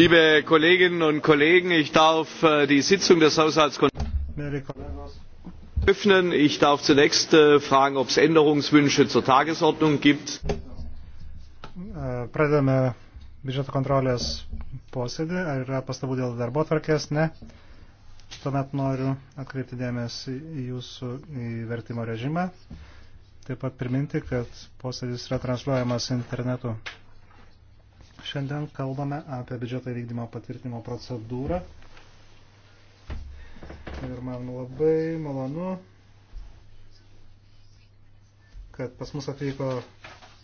liebe kolleginnen und kollegen! ich darf äh, die sitzung des haushaltskontrollausschusses eröffnen. ich darf zunächst äh, fragen ob es änderungswünsche zur tagesordnung gibt. Äh, pradedame biudžeto kontrolės posėdį. Ar yra pastabų dėl darbo tvarkės? Ne. Tuomet noriu atkreipti dėmesį į jūsų įvertimo režimą. Taip pat priminti, kad posėdis yra transliuojamas internetu. Šiandien kalbame apie biudžeto įvykdymo patvirtinimo procedūrą. Ir man labai malonu, kad pas mus atvyko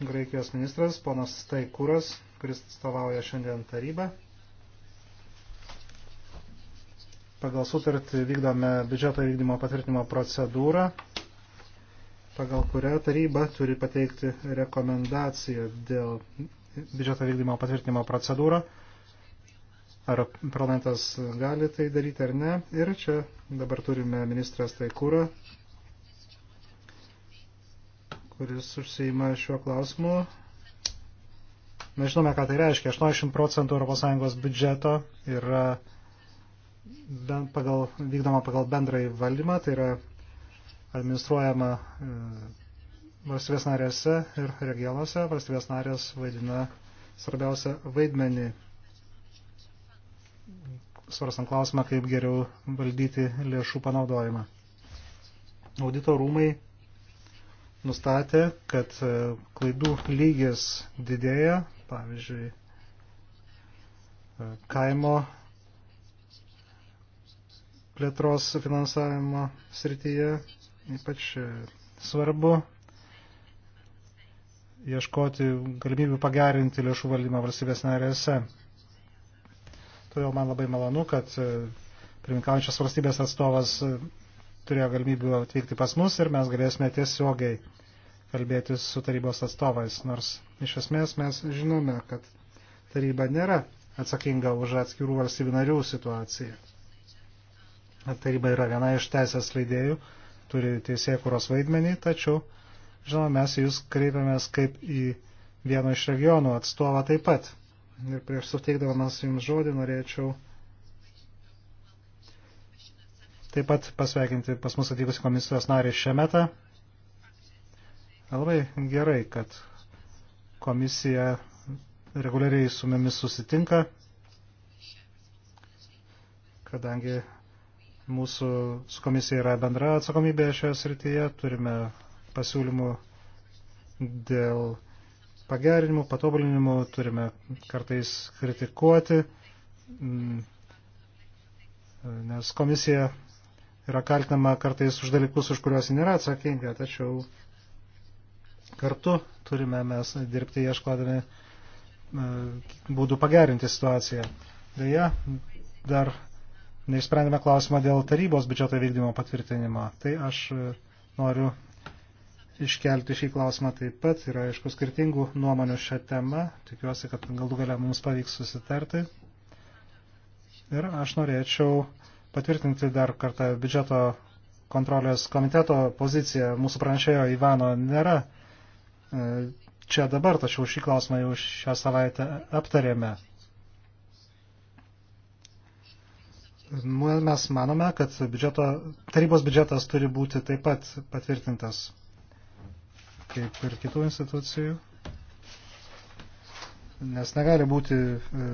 Graikijos ministras, ponas Staikūras, kuris atstovauja šiandien tarybą. Pagal sutartį vykdome biudžeto vykdymo patvirtinimo procedūrą, pagal kurią taryba turi pateikti rekomendaciją dėl biudžeto vykdymo patvirtinimo procedūrą. Ar parlamentas gali tai daryti ar ne. Ir čia dabar turime ministras Taikūrą, kuris užsieima šiuo klausimu. Mes žinome, ką tai reiškia. 80 procentų ES biudžeto yra bent pagal, vykdoma pagal bendrąjį valdymą, tai yra administruojama e, valstybės narėse ir regionuose valstybės narės vaidina svarbiausią vaidmenį, svarstant klausimą, kaip geriau valdyti lėšų panaudojimą. Audito rūmai nustatė, kad e, klaidų lygis didėja, pavyzdžiui, e, kaimo plėtros finansavimo srityje, ypač e, svarbu ieškoti galimybių pagerinti lėšų valdymą valstybės narėse. Todėl man labai malonu, kad e, pirminkaujančios valstybės atstovas e, turėjo galimybių atvykti pas mus ir mes galėsime tiesiogiai kalbėti su tarybos atstovais, nors iš esmės mes žinome, kad taryba nėra atsakinga už atskirų valstybių narių situaciją. Taryba yra viena iš teisės leidėjų, turi teisėkuros vaidmenį, tačiau Žinoma, mes jūs kreipiamės kaip į vieno iš regionų atstovą taip pat. Ir prieš suteikdamas jums žodį norėčiau taip pat pasveikinti pas mus atvykusi komisijos narį Šemetą. Labai gerai, kad komisija reguliariai su mumis susitinka, kadangi mūsų su komisija yra bendra atsakomybė šioje srityje, turime pasiūlymų dėl pagerinimų, patobulinimų, turime kartais kritikuoti, mm, nes komisija yra kaltinama kartais už dalykus, už kuriuos ji nėra atsakinga, tačiau kartu turime mes dirbti ieškodami mm, būdų pagerinti situaciją. Deja, dar neišsprendėme klausimą dėl tarybos biudžeto vykdymo patvirtinimo. Tai aš mm, noriu iškelti šį klausimą taip pat. Yra, aišku, skirtingų nuomonių šią temą. Tikiuosi, kad galų galia mums pavyks susitarti. Ir aš norėčiau patvirtinti dar kartą biudžeto kontrolės komiteto poziciją. Mūsų pranešėjo Ivano nėra e, čia dabar, tačiau šį klausimą jau šią savaitę aptarėme. Mes manome, kad biudžeto, tarybos biudžetas turi būti taip pat patvirtintas kaip ir kitų institucijų, nes negali būti e,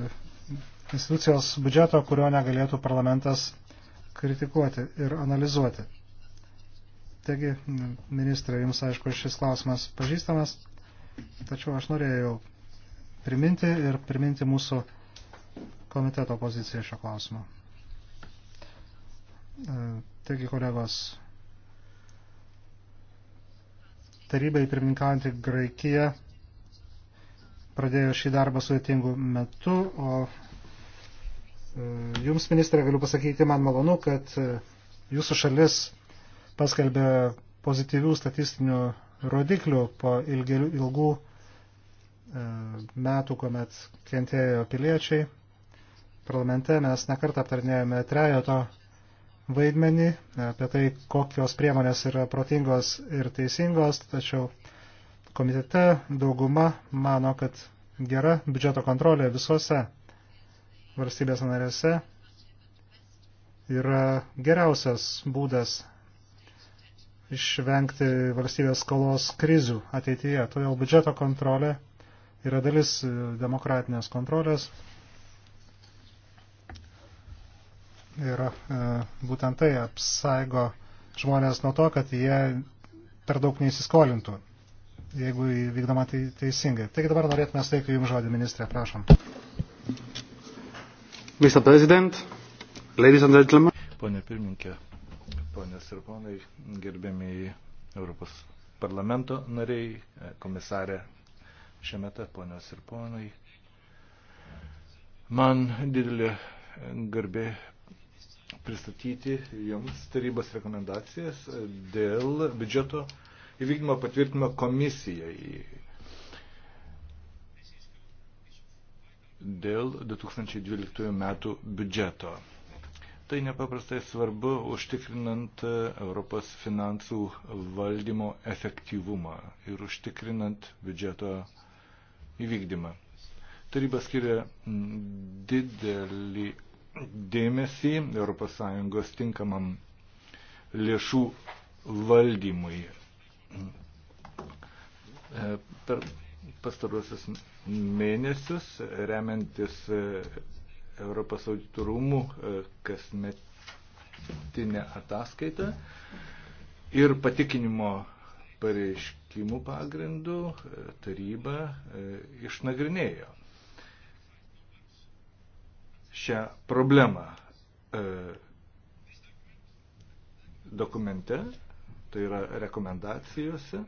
institucijos biudžeto, kurio negalėtų parlamentas kritikuoti ir analizuoti. Taigi, ministrė, jums aišku šis klausimas pažįstamas, tačiau aš norėjau priminti ir priminti mūsų komiteto poziciją šio klausimo. E, taigi, kolegos, tarybai pirmininkaujantį Graikiją pradėjo šį darbą sudėtingų metu, o e, jums, ministrė, galiu pasakyti, man malonu, kad e, jūsų šalis paskelbė pozityvių statistinių rodiklių po ilgelių, ilgų e, metų, kuomet kentėjo piliečiai. Parlamente mes nekart aptarnėjome trejoto vaidmenį, apie tai, kokios priemonės yra protingos ir teisingos, tačiau komitete dauguma mano, kad gera biudžeto kontrolė visose valstybės narėse yra geriausias būdas išvengti valstybės skolos krizių ateityje. Todėl biudžeto kontrolė yra dalis demokratinės kontrolės Ir e, būtent tai apsaigo žmonės nuo to, kad jie per daug neįsiskolintų, jeigu vykdoma tai teisingai. Taigi dabar norėtume steikti Jums žodį, ministrė, prašom. Mr. President, ladies and gentlemen. Pone pirmininkė, ponės ir ponai, gerbėmiai Europos parlamento nariai, komisarė šiame metu, ponios ir ponai. Man didelė garbė pristatyti jums tarybos rekomendacijas dėl biudžeto įvykdymo patvirtinimo komisijai dėl 2012 metų biudžeto. Tai nepaprastai svarbu užtikrinant Europos finansų valdymo efektyvumą ir užtikrinant biudžeto įvykdymą. Taryba skiria didelį dėmesį ES tinkamam lėšų valdymui. E, per pastarosius mėnesius, remiantis e, Europos auditų rūmų e, kasmetinę ataskaitą ir patikinimo pareiškimų pagrindų taryba išnagrinėjo šią problemą e, dokumente, tai yra rekomendacijose,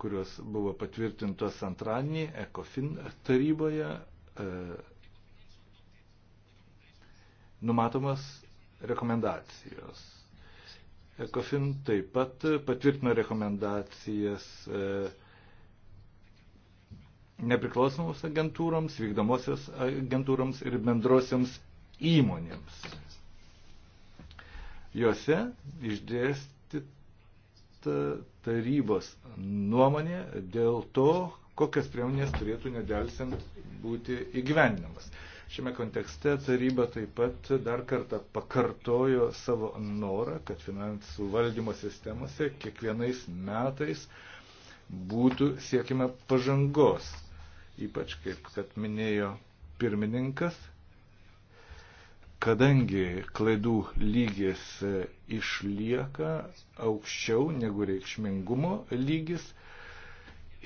kurios buvo patvirtintos antradienį ECOFIN taryboje, e, numatomos rekomendacijos. ECOFIN taip pat patvirtino rekomendacijas e, nepriklausomoms agentūroms, vykdomosios agentūroms ir bendrosiams įmonėms. Juose išdėstyta tarybos nuomonė dėl to, kokias priemonės turėtų nedelsiant būti įgyvendinamas. Šiame kontekste taryba taip pat dar kartą pakartojo savo norą, kad finansų valdymo sistemose kiekvienais metais būtų siekime pažangos ypač kaip kad minėjo pirmininkas, kadangi klaidų lygis išlieka aukščiau negu reikšmingumo lygis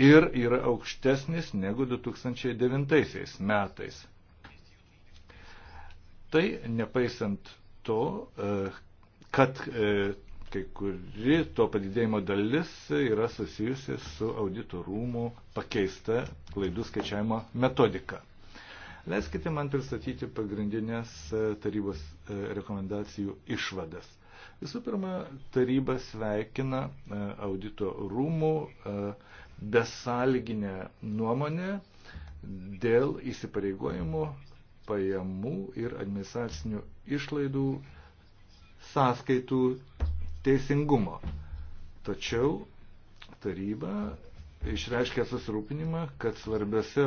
ir yra aukštesnis negu 2009 metais. Tai nepaisant to, e, kad e, kai kuri to padidėjimo dalis yra susijusi su audito rūmų pakeista klaidų skaičiavimo metodika. Leiskite man pristatyti pagrindinės e, tarybos e, rekomendacijų išvadas. Visų pirma, taryba sveikina e, audito rūmų besalginę nuomonę dėl įsipareigojimų pajamų ir administracinių išlaidų sąskaitų teisingumo. Tačiau taryba išreiškė susirūpinimą, kad svarbiose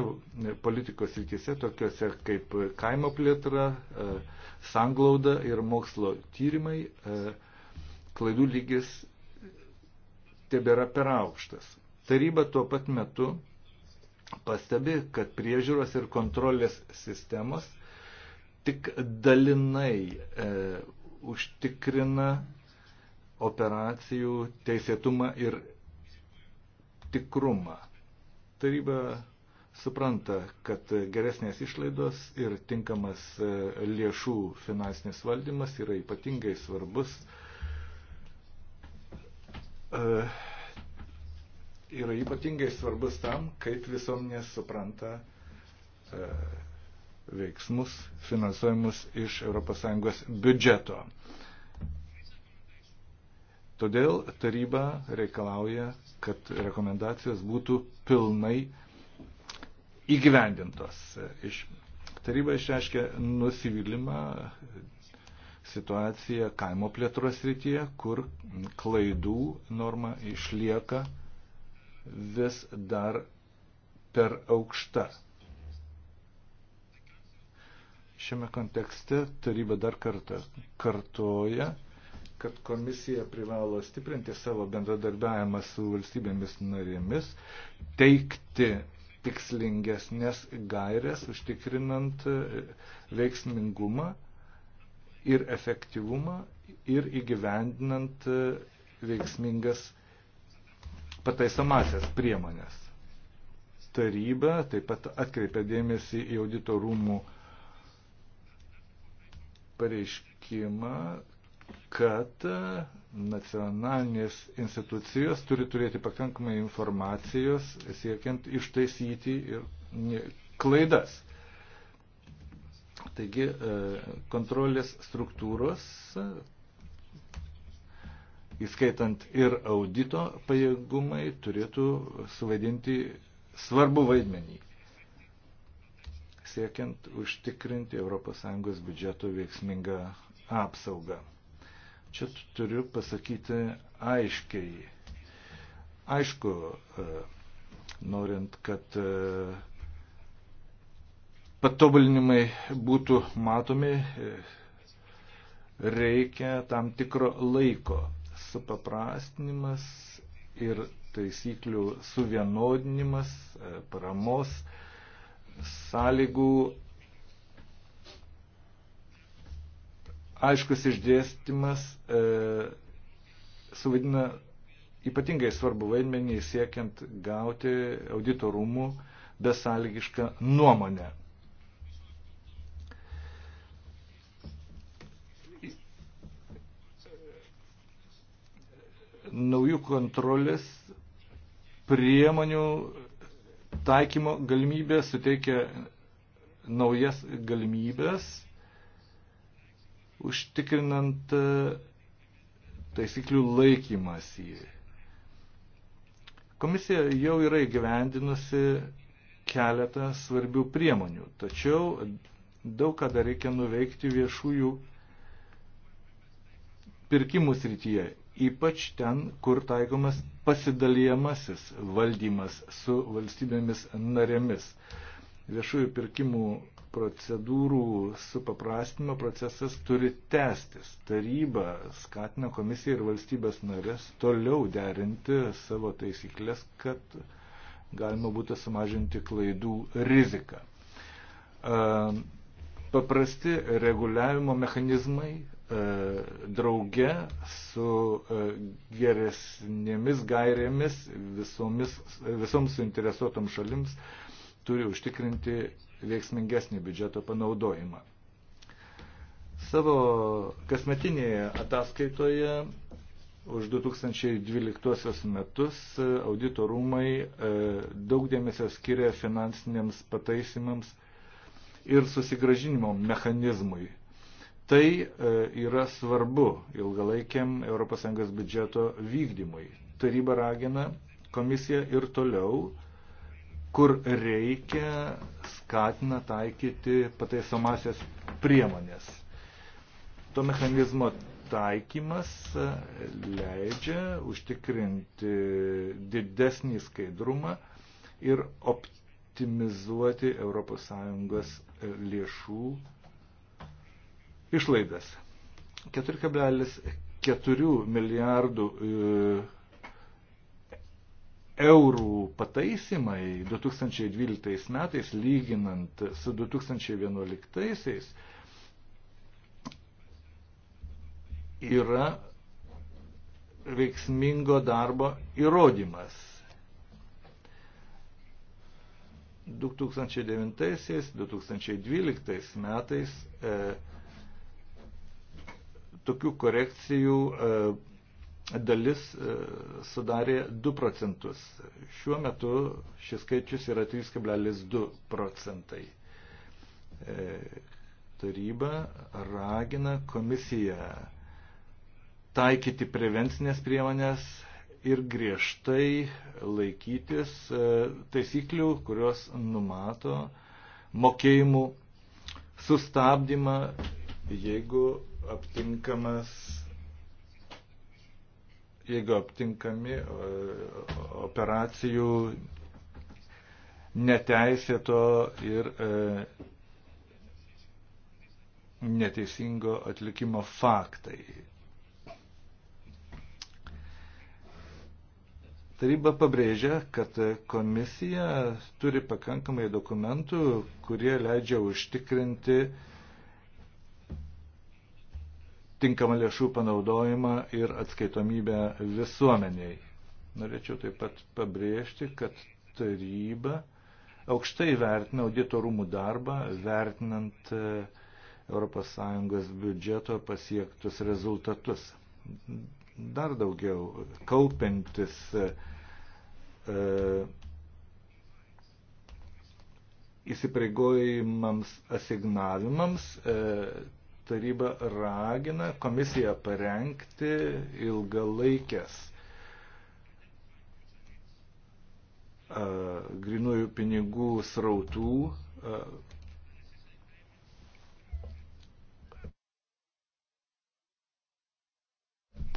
politikos rytise, tokiuose kaip kaimo plėtra, e, sanglauda ir mokslo tyrimai, e, klaidų lygis tebėra per aukštas. Taryba tuo pat metu pastebi, kad priežiūros ir kontrolės sistemos tik dalinai e, užtikrina operacijų teisėtumą ir tikrumą. Taryba supranta, kad geresnės išlaidos ir tinkamas e, lėšų finansinis valdymas yra ypatingai svarbus. E, yra ypatingai svarbus tam, kaip visuomenės supranta e, veiksmus finansuojimus iš ES biudžeto. Todėl taryba reikalauja, kad rekomendacijos būtų pilnai įgyvendintos. Iš, taryba išreiškė nusivylimą situaciją kaimo plėtros rytyje, kur klaidų norma išlieka vis dar per aukšta. Šiame kontekste taryba dar kartą kartoja, kad komisija privalo stiprinti savo bendradarbiavimą su valstybėmis narėmis, teikti tikslingesnės gairias, užtikrinant e, veiksmingumą ir efektyvumą ir įgyvendinant e, veiksmingas pataisomasias priemonės. Taryba taip pat atkreipia dėmesį į audito rūmų pareiškimą, kad e, nacionalinės institucijos turi turėti pakankamai informacijos siekiant ištaisyti ir klaidas. Taigi e, kontrolės struktūros, įskaitant ir audito pajėgumai, turėtų suvaidinti svarbu vaidmenį siekiant užtikrinti ES biudžeto veiksmingą apsaugą. Čia turiu pasakyti aiškiai. Aišku, e, norint, kad e, patobulinimai būtų matomi, e, reikia tam tikro laiko. Supaprastinimas ir taisyklių suvienodinimas, paramos sąlygų aiškus išdėstymas e, suvaidina ypatingai svarbu vaidmenį siekiant gauti auditorumų besąlygišką nuomonę. Naujų kontrolės priemonių taikymo galimybės suteikia naujas galimybės užtikrinant e, taisyklių laikymasi. Komisija jau yra įgyvendinusi keletą svarbių priemonių, tačiau daug ką dar reikia nuveikti viešųjų pirkimų srityje, ypač ten, kur taikomas pasidalijamasis valdymas su valstybėmis narėmis. Viešųjų pirkimų procedūrų supaprastinimo procesas turi tęstis. Taryba skatina komisiją ir valstybės narės toliau derinti savo taisyklės, kad galima būtų sumažinti klaidų riziką. Paprasti reguliavimo mechanizmai drauge su geresnėmis gairėmis visomis, visoms suinteresuotom šalims turi užtikrinti veiksmingesnį biudžeto panaudojimą. Savo kasmetinėje ataskaitoje už 2012 metus audito rūmai e, daug dėmesio skiria finansiniams pataisimams ir susigražinimo mechanizmui. Tai e, yra svarbu ilgalaikiam ES biudžeto vykdymui. Taryba ragina komisiją ir toliau kur reikia, skatina taikyti pataisomasias priemonės. To mechanizmo taikymas e, leidžia užtikrinti didesnį skaidrumą ir optimizuoti ES lėšų išlaidas. 4,4 milijardų e, eurų pataisimai 2012 metais lyginant su 2011 yra veiksmingo darbo įrodymas. 2009-2012 metais e, tokių korekcijų e, dalis e, sudarė 2 procentus. Šiuo metu šis skaičius yra 3,2 procentai. E, taryba ragina komisiją taikyti prevencinės priemonės ir griežtai laikytis e, taisyklių, kurios numato mokėjimų sustabdymą, jeigu aptinkamas jeigu aptinkami e, operacijų neteisėto ir e, neteisingo atlikimo faktai. Taryba pabrėžia, kad komisija turi pakankamai dokumentų, kurie leidžia užtikrinti uh, tinkamą lėšų panaudojimą ir atskaitomybę visuomeniai. Norėčiau taip pat pabrėžti, kad taryba aukštai vertina auditorumų darbą, vertinant ES biudžeto pasiektus rezultatus. Dar daugiau, kaupiantis e, e, įsipareigojimams asignavimams, e, taryba ragina komisiją parengti ilgalaikės grinųjų pinigų srautų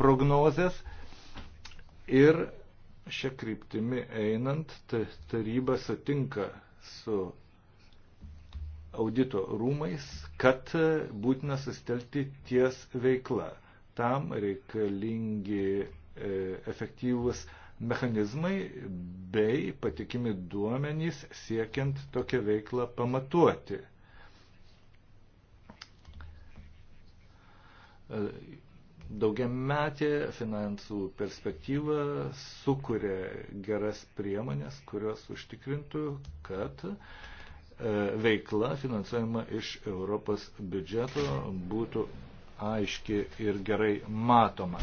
prognozės ir šią kryptimį einant taryba sutinka su audito rūmais, kad būtina sustelti ties veikla. Tam reikalingi e, efektyvus mechanizmai bei patikimi duomenys siekiant tokią veiklą pamatuoti. E, daugiametė finansų perspektyva sukuria geras priemonės, kurios užtikrintų, kad uh, E, veikla finansuojama iš Europos biudžeto būtų aiški ir gerai matoma.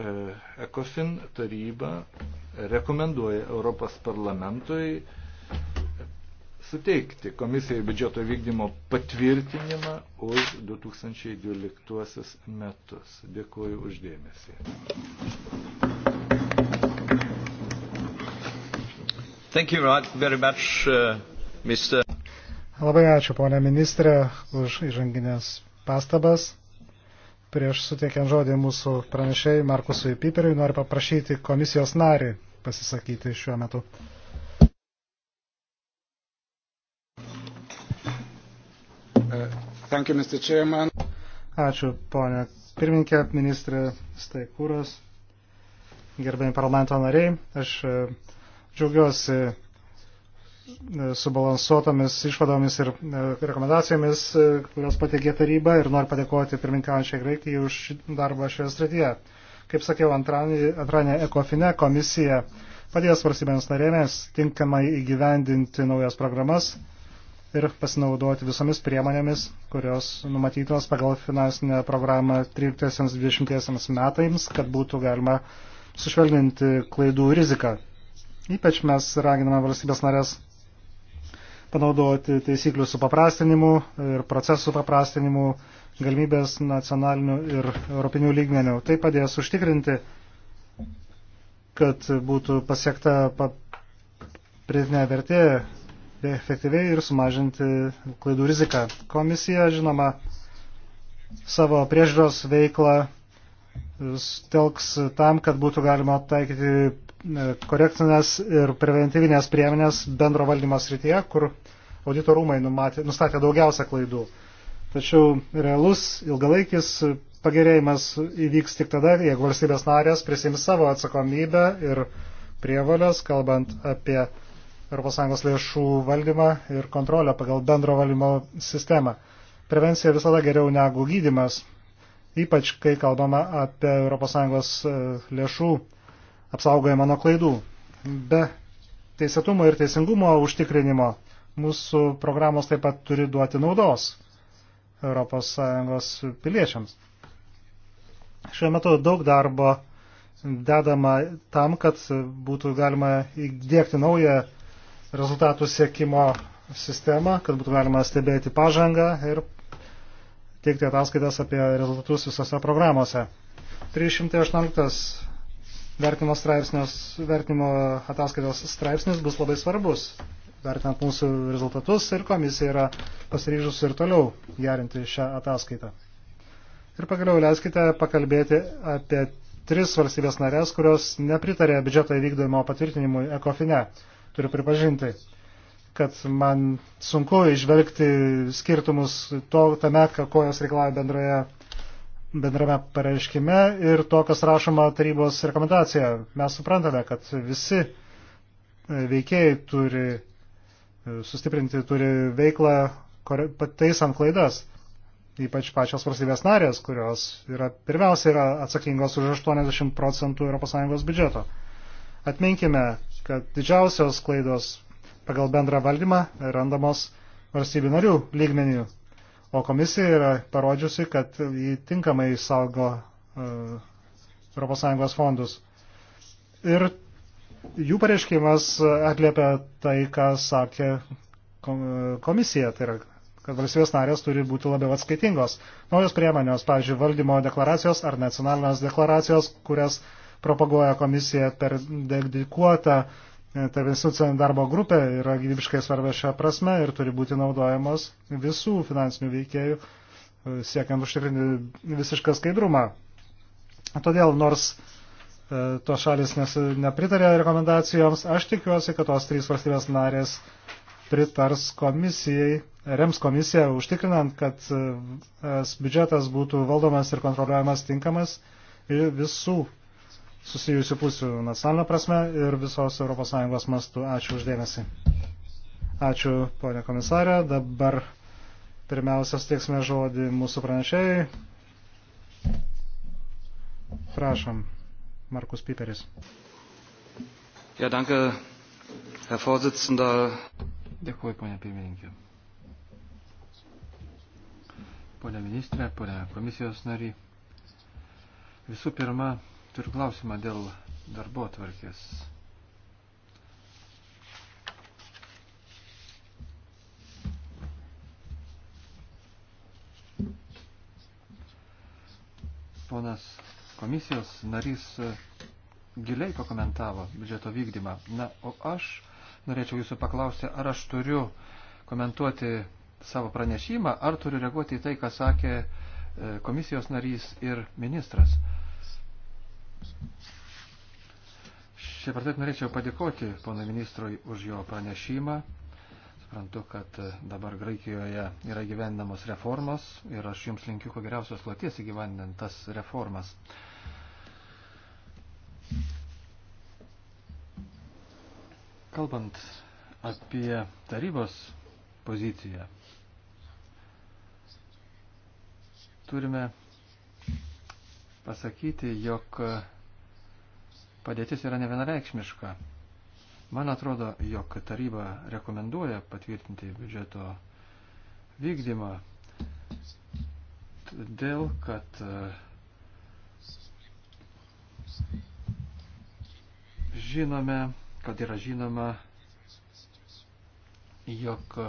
E, ECOFIN taryba rekomenduoja Europos parlamentui suteikti komisijai biudžeto vykdymo patvirtinimą už 2012 metus. Dėkuoju uždėmesį. Thank you very much, uh, Mr. Labai ačiū, ponė ministrė, už įžanginės pastabas. Prieš suteikiant žodį mūsų pranešėjai Markusui Piperiui noriu paprašyti komisijos narį pasisakyti šiuo metu. Uh, thank you, Mr. Chairman. Ačiū, ponė pirmininkė, ministrė Staikūros, gerbėjai parlamento nariai. Aš uh, Džiaugiuosi e, subalansuotomis išvadomis ir e, rekomendacijomis, e, kurios pateikė taryba ir noriu padėkoti pirminkaujančiai Graikijai už darbą šioje srityje. Kaip sakiau, antranė ekofine komisija padės valstybėms narėmės tinkamai įgyvendinti naujas programas ir pasinaudoti visomis priemonėmis, kurios numatytos pagal finansinę programą 13-20 metams, kad būtų galima sušvelninti klaidų riziką. Ypač mes raginame valstybės narės panaudoti taisyklių supaprastinimu ir procesų supaprastinimu galimybės nacionalinių ir europinių lygmenių. Tai padės užtikrinti, kad būtų pasiekta pridėtinė vertė efektyviai ir sumažinti klaidų riziką. Komisija, žinoma, savo priežiūros veiklą telks tam, kad būtų galima taikyti E, korekcinės ir preventyvinės priemonės bendro valdymo srityje, kur audito rūmai numatė, nustatė daugiausia klaidų. Tačiau realus ilgalaikis pagerėjimas įvyks tik tada, jeigu valstybės narės prisims savo atsakomybę ir prievalės, kalbant apie ES lėšų valdymą ir kontrolę pagal bendro valdymo sistemą. Prevencija visada geriau negu gydimas, ypač kai kalbama apie ES lėšų valdymą apsaugoja mano klaidų. Be teisėtumo ir teisingumo užtikrinimo mūsų programos taip pat turi duoti naudos ES piliečiams. Šiuo metu daug darbo dedama tam, kad būtų galima įdėkti naują rezultatų siekimo sistemą, kad būtų galima stebėti pažangą ir teikti ataskaitas apie rezultatus visose programuose. 318 vertinimo, vertinimo ataskaitos straipsnis bus labai svarbus, vertinant mūsų rezultatus ir komisija yra pasiryžusi ir toliau gerinti šią ataskaitą. Ir pagaliau leiskite pakalbėti apie tris valstybės narės, kurios nepritarė biudžeto įvykdymo patvirtinimui ekofine. Turiu pripažinti, kad man sunku išvelgti skirtumus to, tame, ko jos reikalauja bendroje bendrame pareiškime ir to, kas rašoma tarybos rekomendacija. Mes suprantame, kad visi e, veikėjai turi e, sustiprinti, turi veiklą pataisant klaidas, ypač pačios valstybės narės, kurios yra, pirmiausia yra atsakingos už 80 procentų ES biudžeto. Atminkime, kad didžiausios klaidos pagal bendrą valdymą randamos valstybių narių lygmenių O komisija yra parodžiusi, kad jį tinkamai saugo e, ES fondus. Ir jų pareiškimas atliepia tai, ką sakė komisija, tai yra, kad valstybės narės turi būti labiau atskaitingos. Naujos priemonės, pavyzdžiui, valdymo deklaracijos ar nacionalinės deklaracijos, kurias propaguoja komisija per dedikuotą uh, E, Tarpinstitucinė darbo grupė yra gyvybiškai svarbia šią prasme ir turi būti naudojamos visų finansinių veikėjų, e, siekiant užtikrinti visišką skaidrumą. Todėl, nors e, tos šalis nes, nepritarė rekomendacijoms, aš tikiuosi, kad tos trys valstybės narės pritars komisijai, rems komisiją, užtikrinant, kad biudžetas būtų valdomas ir kontroliuojamas tinkamas visų susijusių pusių nacionalinio prasme ir visos ES mastu. Ačiū uždėmesi. Ačiū, ponė komisarė. Dabar pirmiausia, steiksime žodį mūsų pranešėjai. Prašom, Markus Piperis. Ja, danke, Herr Vorsitzender. Dėkuoju, ponia pirmininkė. Pone ministrė, pone komisijos nariai. Visų pirma, Turiu klausimą dėl darbo tvarkės. Ponas komisijos narys giliai pakomentavo biudžeto vykdymą. Na, o aš norėčiau jūsų paklausti, ar aš turiu komentuoti savo pranešimą, ar turiu reaguoti į tai, ką sakė e, komisijos narys ir ministras. Šiaip ar taip norėčiau padėkoti ponui ministrui už jo pranešimą. Suprantu, kad dabar Graikijoje yra gyvendamos reformos ir aš jums linkiu ko geriausios kloties įgyvendinant tas reformas. Kalbant apie tarybos poziciją, turime pasakyti, jog padėtis yra nevienareikšmiška. Man atrodo, jog taryba rekomenduoja patvirtinti biudžeto vykdymą, todėl kad e, žinome, kad yra žinoma, jog e,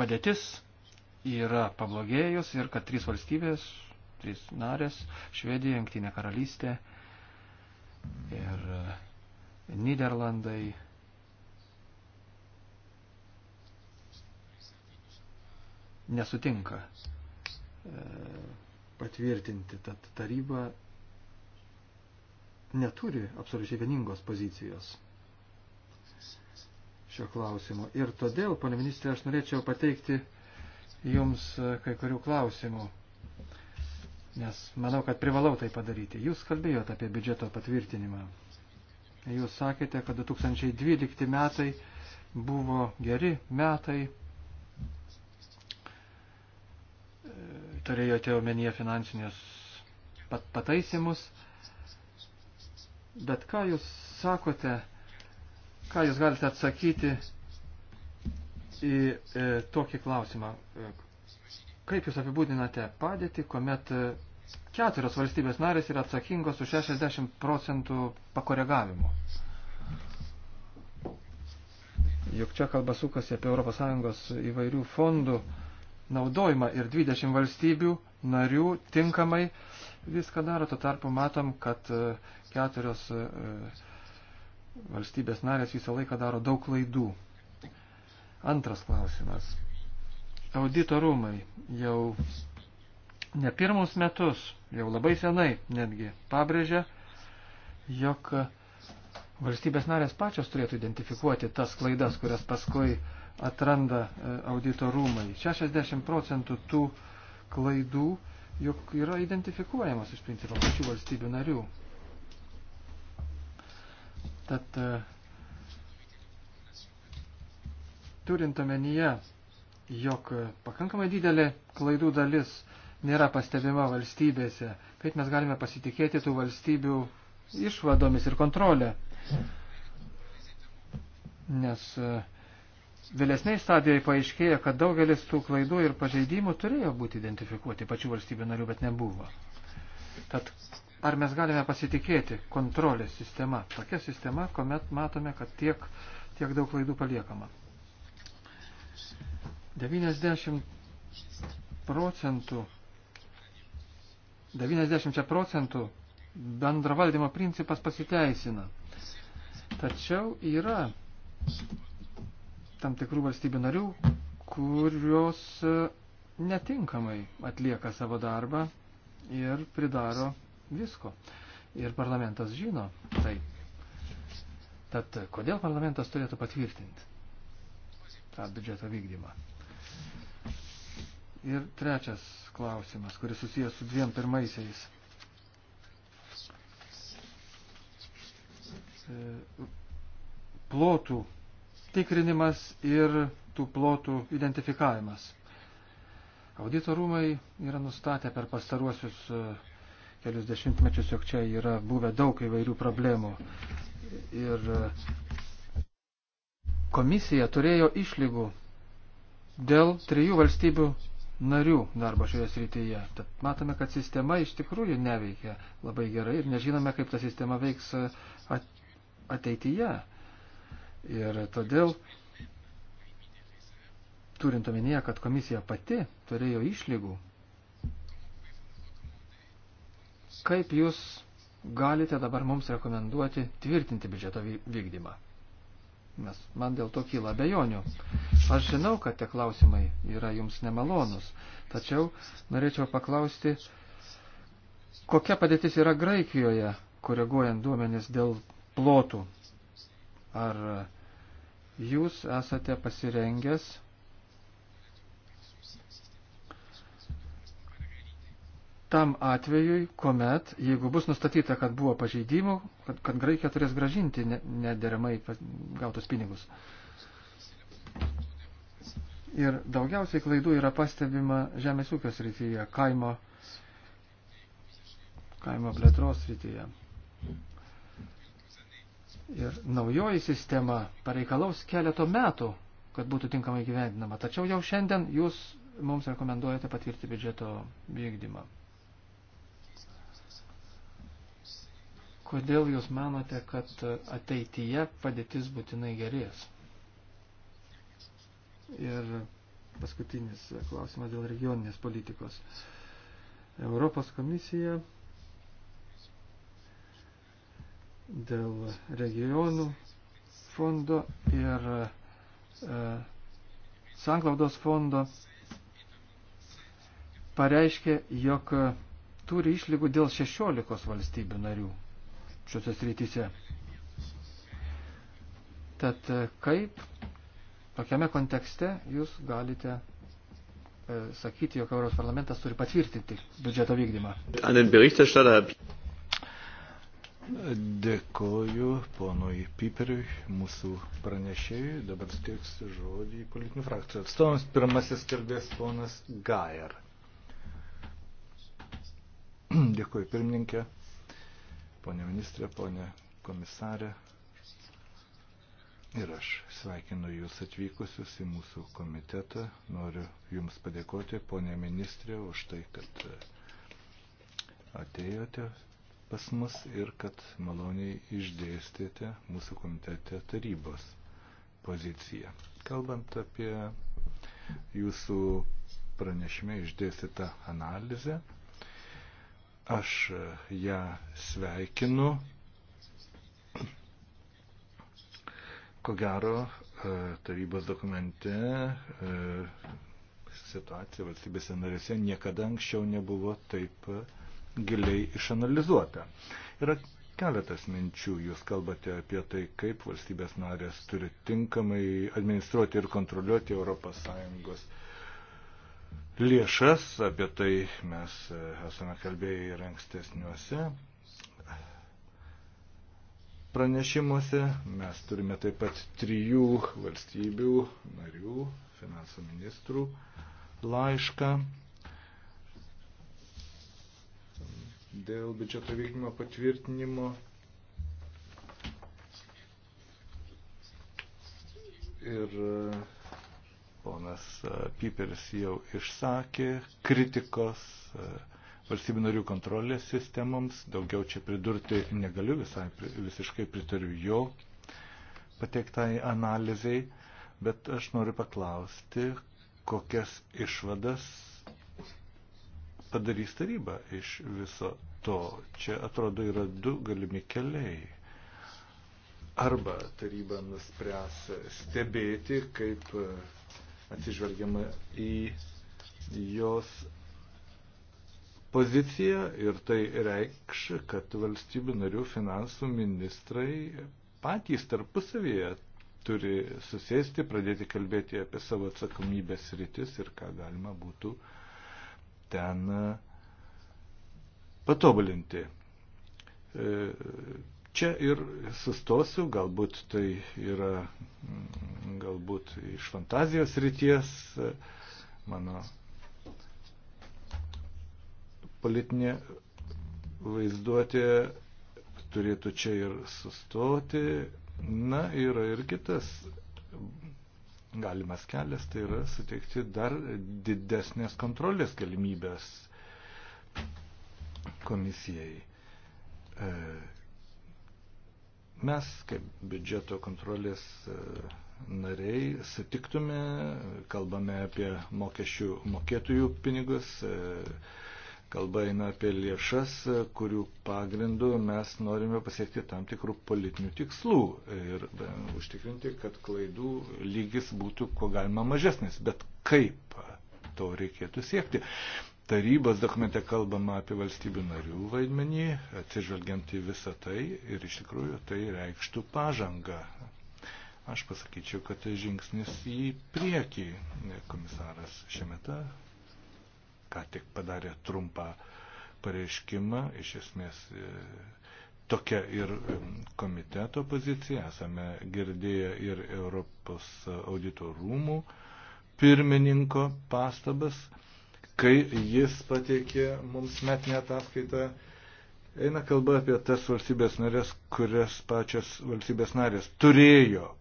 padėtis yra pablogėjus ir kad trys valstybės, trys narės, Švedija, Jungtinė karalystė ir e, Niderlandai. Nesutinka e, patvirtinti, tad taryba neturi absoliučiai vieningos pozicijos šio klausimo. Ir todėl, pane ministrė, aš norėčiau pateikti Jums e, kai kurių klausimų nes manau, kad privalau tai padaryti. Jūs kalbėjote apie biudžeto patvirtinimą. Jūs sakėte, kad 2012 metai buvo geri metai. E, turėjote omenyje finansinės pat pataisimus. Bet ką jūs sakote, ką jūs galite atsakyti į e, tokį klausimą? E, kaip jūs apibūdinate padėtį, kuomet e, Keturios valstybės narės yra atsakingos už 60 procentų pakoregavimo. Juk čia kalba sukasi apie ES įvairių fondų naudojimą ir 20 valstybių narių tinkamai viską daro. Tuo tarpu matom, kad e, keturios e, valstybės narės visą laiką daro daug klaidų. Antras klausimas. Auditorumai jau ne pirmus metus jau labai senai netgi pabrėžia, jog valstybės narės pačios turėtų identifikuoti tas klaidas, kurias paskui atranda e, audito rūmai. 60 procentų tų klaidų juk yra identifikuojamas iš principo pačių valstybių narių. Tad e, turint omenyje, jog pakankamai didelė klaidų dalis nėra pastebima valstybėse. Kaip mes galime pasitikėti tų valstybių išvadomis ir kontrolę? Nes e, vėlesniai stadijai paaiškėja, kad daugelis tų klaidų ir pažeidimų turėjo būti identifikuoti pačių valstybių narių, bet nebuvo. Tad ar mes galime pasitikėti kontrolės sistema, tokia sistema, kuomet matome, kad tiek, tiek daug klaidų paliekama. 90 procentų 90 procentų bendro valdymo principas pasiteisina. Tačiau yra tam tikrų valstybių narių, kurios e, netinkamai atlieka savo darbą ir pridaro visko. Ir parlamentas žino tai. Tad kodėl parlamentas turėtų patvirtinti tą biudžeto vykdymą? Ir trečias klausimas, kuris susijęs su dviem pirmaisiais. E, plotų tikrinimas ir tų plotų identifikavimas. Audito rūmai yra nustatę per pastaruosius e, kelius dešimtmečius, jog čia yra buvę daug įvairių problemų. Ir e, komisija turėjo išlygų dėl trijų valstybių narių darbo šioje srityje. Tad matome, kad sistema iš tikrųjų neveikia labai gerai ir nežinome, kaip ta sistema veiks ateityje. Ir todėl, turint omenyje, kad komisija pati turėjo išlygų, kaip jūs galite dabar mums rekomenduoti tvirtinti biudžeto vykdymą? Mes, man dėl to kyla bejonių. Aš žinau, kad tie klausimai yra jums nemalonus, tačiau norėčiau paklausti, kokia padėtis yra Graikijoje, koreguojant duomenis dėl plotų. Ar jūs esate pasirengęs tam atvejui, kuomet, jeigu bus nustatyta, kad buvo pažeidimų, kad, kad Graikija turės gražinti nederamai gautus pinigus. Ir daugiausiai klaidų yra pastebima žemės ūkio srityje, kaimo, kaimo plėtros srityje. Ir naujoji sistema pareikalaus keleto metų, kad būtų tinkamai gyvendinama. Tačiau jau šiandien jūs mums rekomenduojate patvirti biudžeto vykdymą. Kodėl jūs manote, kad ateityje padėtis būtinai gerės? Ir paskutinis klausimas dėl regioninės politikos. Europos komisija dėl regionų fondo ir e, sanklaudos fondo pareiškė, jog turi išlygų dėl 16 valstybių narių šiuose srityse. Tad e, kaip tokiame kontekste jūs galite e, sakyti, jog Europos parlamentas turi patvirtinti biudžeto vykdymą? Dėkoju ponui Piperiui, mūsų pranešėjui. Dabar steiksiu žodį politinių frakcijų atstovams. Pirmasis kalbės ponas Gajer. Dėkoju pirmininkė ponė ministrė, ponė komisarė. Ir aš sveikinu Jūs atvykusius į mūsų komitetą. Noriu Jums padėkoti, ponė ministrė, už tai, kad e, atėjote pas mus ir kad maloniai išdėstėte mūsų komitete tarybos poziciją. Kalbant apie Jūsų pranešime išdėstytą analizę, Aš ją sveikinu. Ko gero, e, tarybos dokumente e, situacija valstybėse narėse niekada anksčiau nebuvo taip giliai išanalizuota. Yra keletas minčių. Jūs kalbate apie tai, kaip valstybės narės turi tinkamai administruoti ir kontroliuoti ES lėšas, apie tai mes e, esame kalbėję ir ankstesniuose pranešimuose. Mes turime taip pat trijų valstybių narių, finansų ministrų laišką dėl biudžeto vykdymo patvirtinimo. Ir uh, Ponas e, Piperis jau išsakė kritikos e, valstybių narių kontrolės sistemoms. Daugiau čia pridurti negaliu, visai, visiškai pritariu jo pateiktai analizai, bet aš noriu paklausti, kokias išvadas padarys taryba iš viso to. Čia atrodo yra du galimi keliai. Arba taryba nuspręs stebėti, kaip atsižvelgiama į jos poziciją ir tai reikš, kad valstybių narių finansų ministrai patys tarpusavyje turi susėsti, pradėti kalbėti apie savo atsakomybės rytis ir ką galima būtų ten patobulinti. E, Čia ir sustosiu, galbūt tai yra mm, galbūt iš fantazijos ryties e, mano politinė vaizduotė turėtų čia ir sustoti. Na, yra ir kitas galimas kelias, tai yra suteikti dar didesnės kontrolės galimybės komisijai. E, Mes, kaip biudžeto kontrolės e, nariai, sutiktume, kalbame apie mokesčių mokėtojų pinigus, e, kalba eina apie lėšas, e, kurių pagrindų mes norime pasiekti tam tikrų politinių tikslų ir užtikrinti, kad klaidų lygis būtų kuo galima mažesnis. Bet kaip to reikėtų siekti? tarybos dokumente kalbama apie valstybių narių vaidmenį, atsižvelgiant į visą tai ir iš tikrųjų tai reikštų pažangą. Aš pasakyčiau, kad tai žingsnis į priekį. Komisaras Šemeta ką tik padarė trumpą pareiškimą, iš esmės e, tokia ir e, komiteto pozicija, esame girdėję ir Europos audito rūmų pirmininko pastabas kai jis pateikė mums metinę ataskaitą. Eina kalba apie tas valstybės narės, kurias pačias valstybės narės turėjo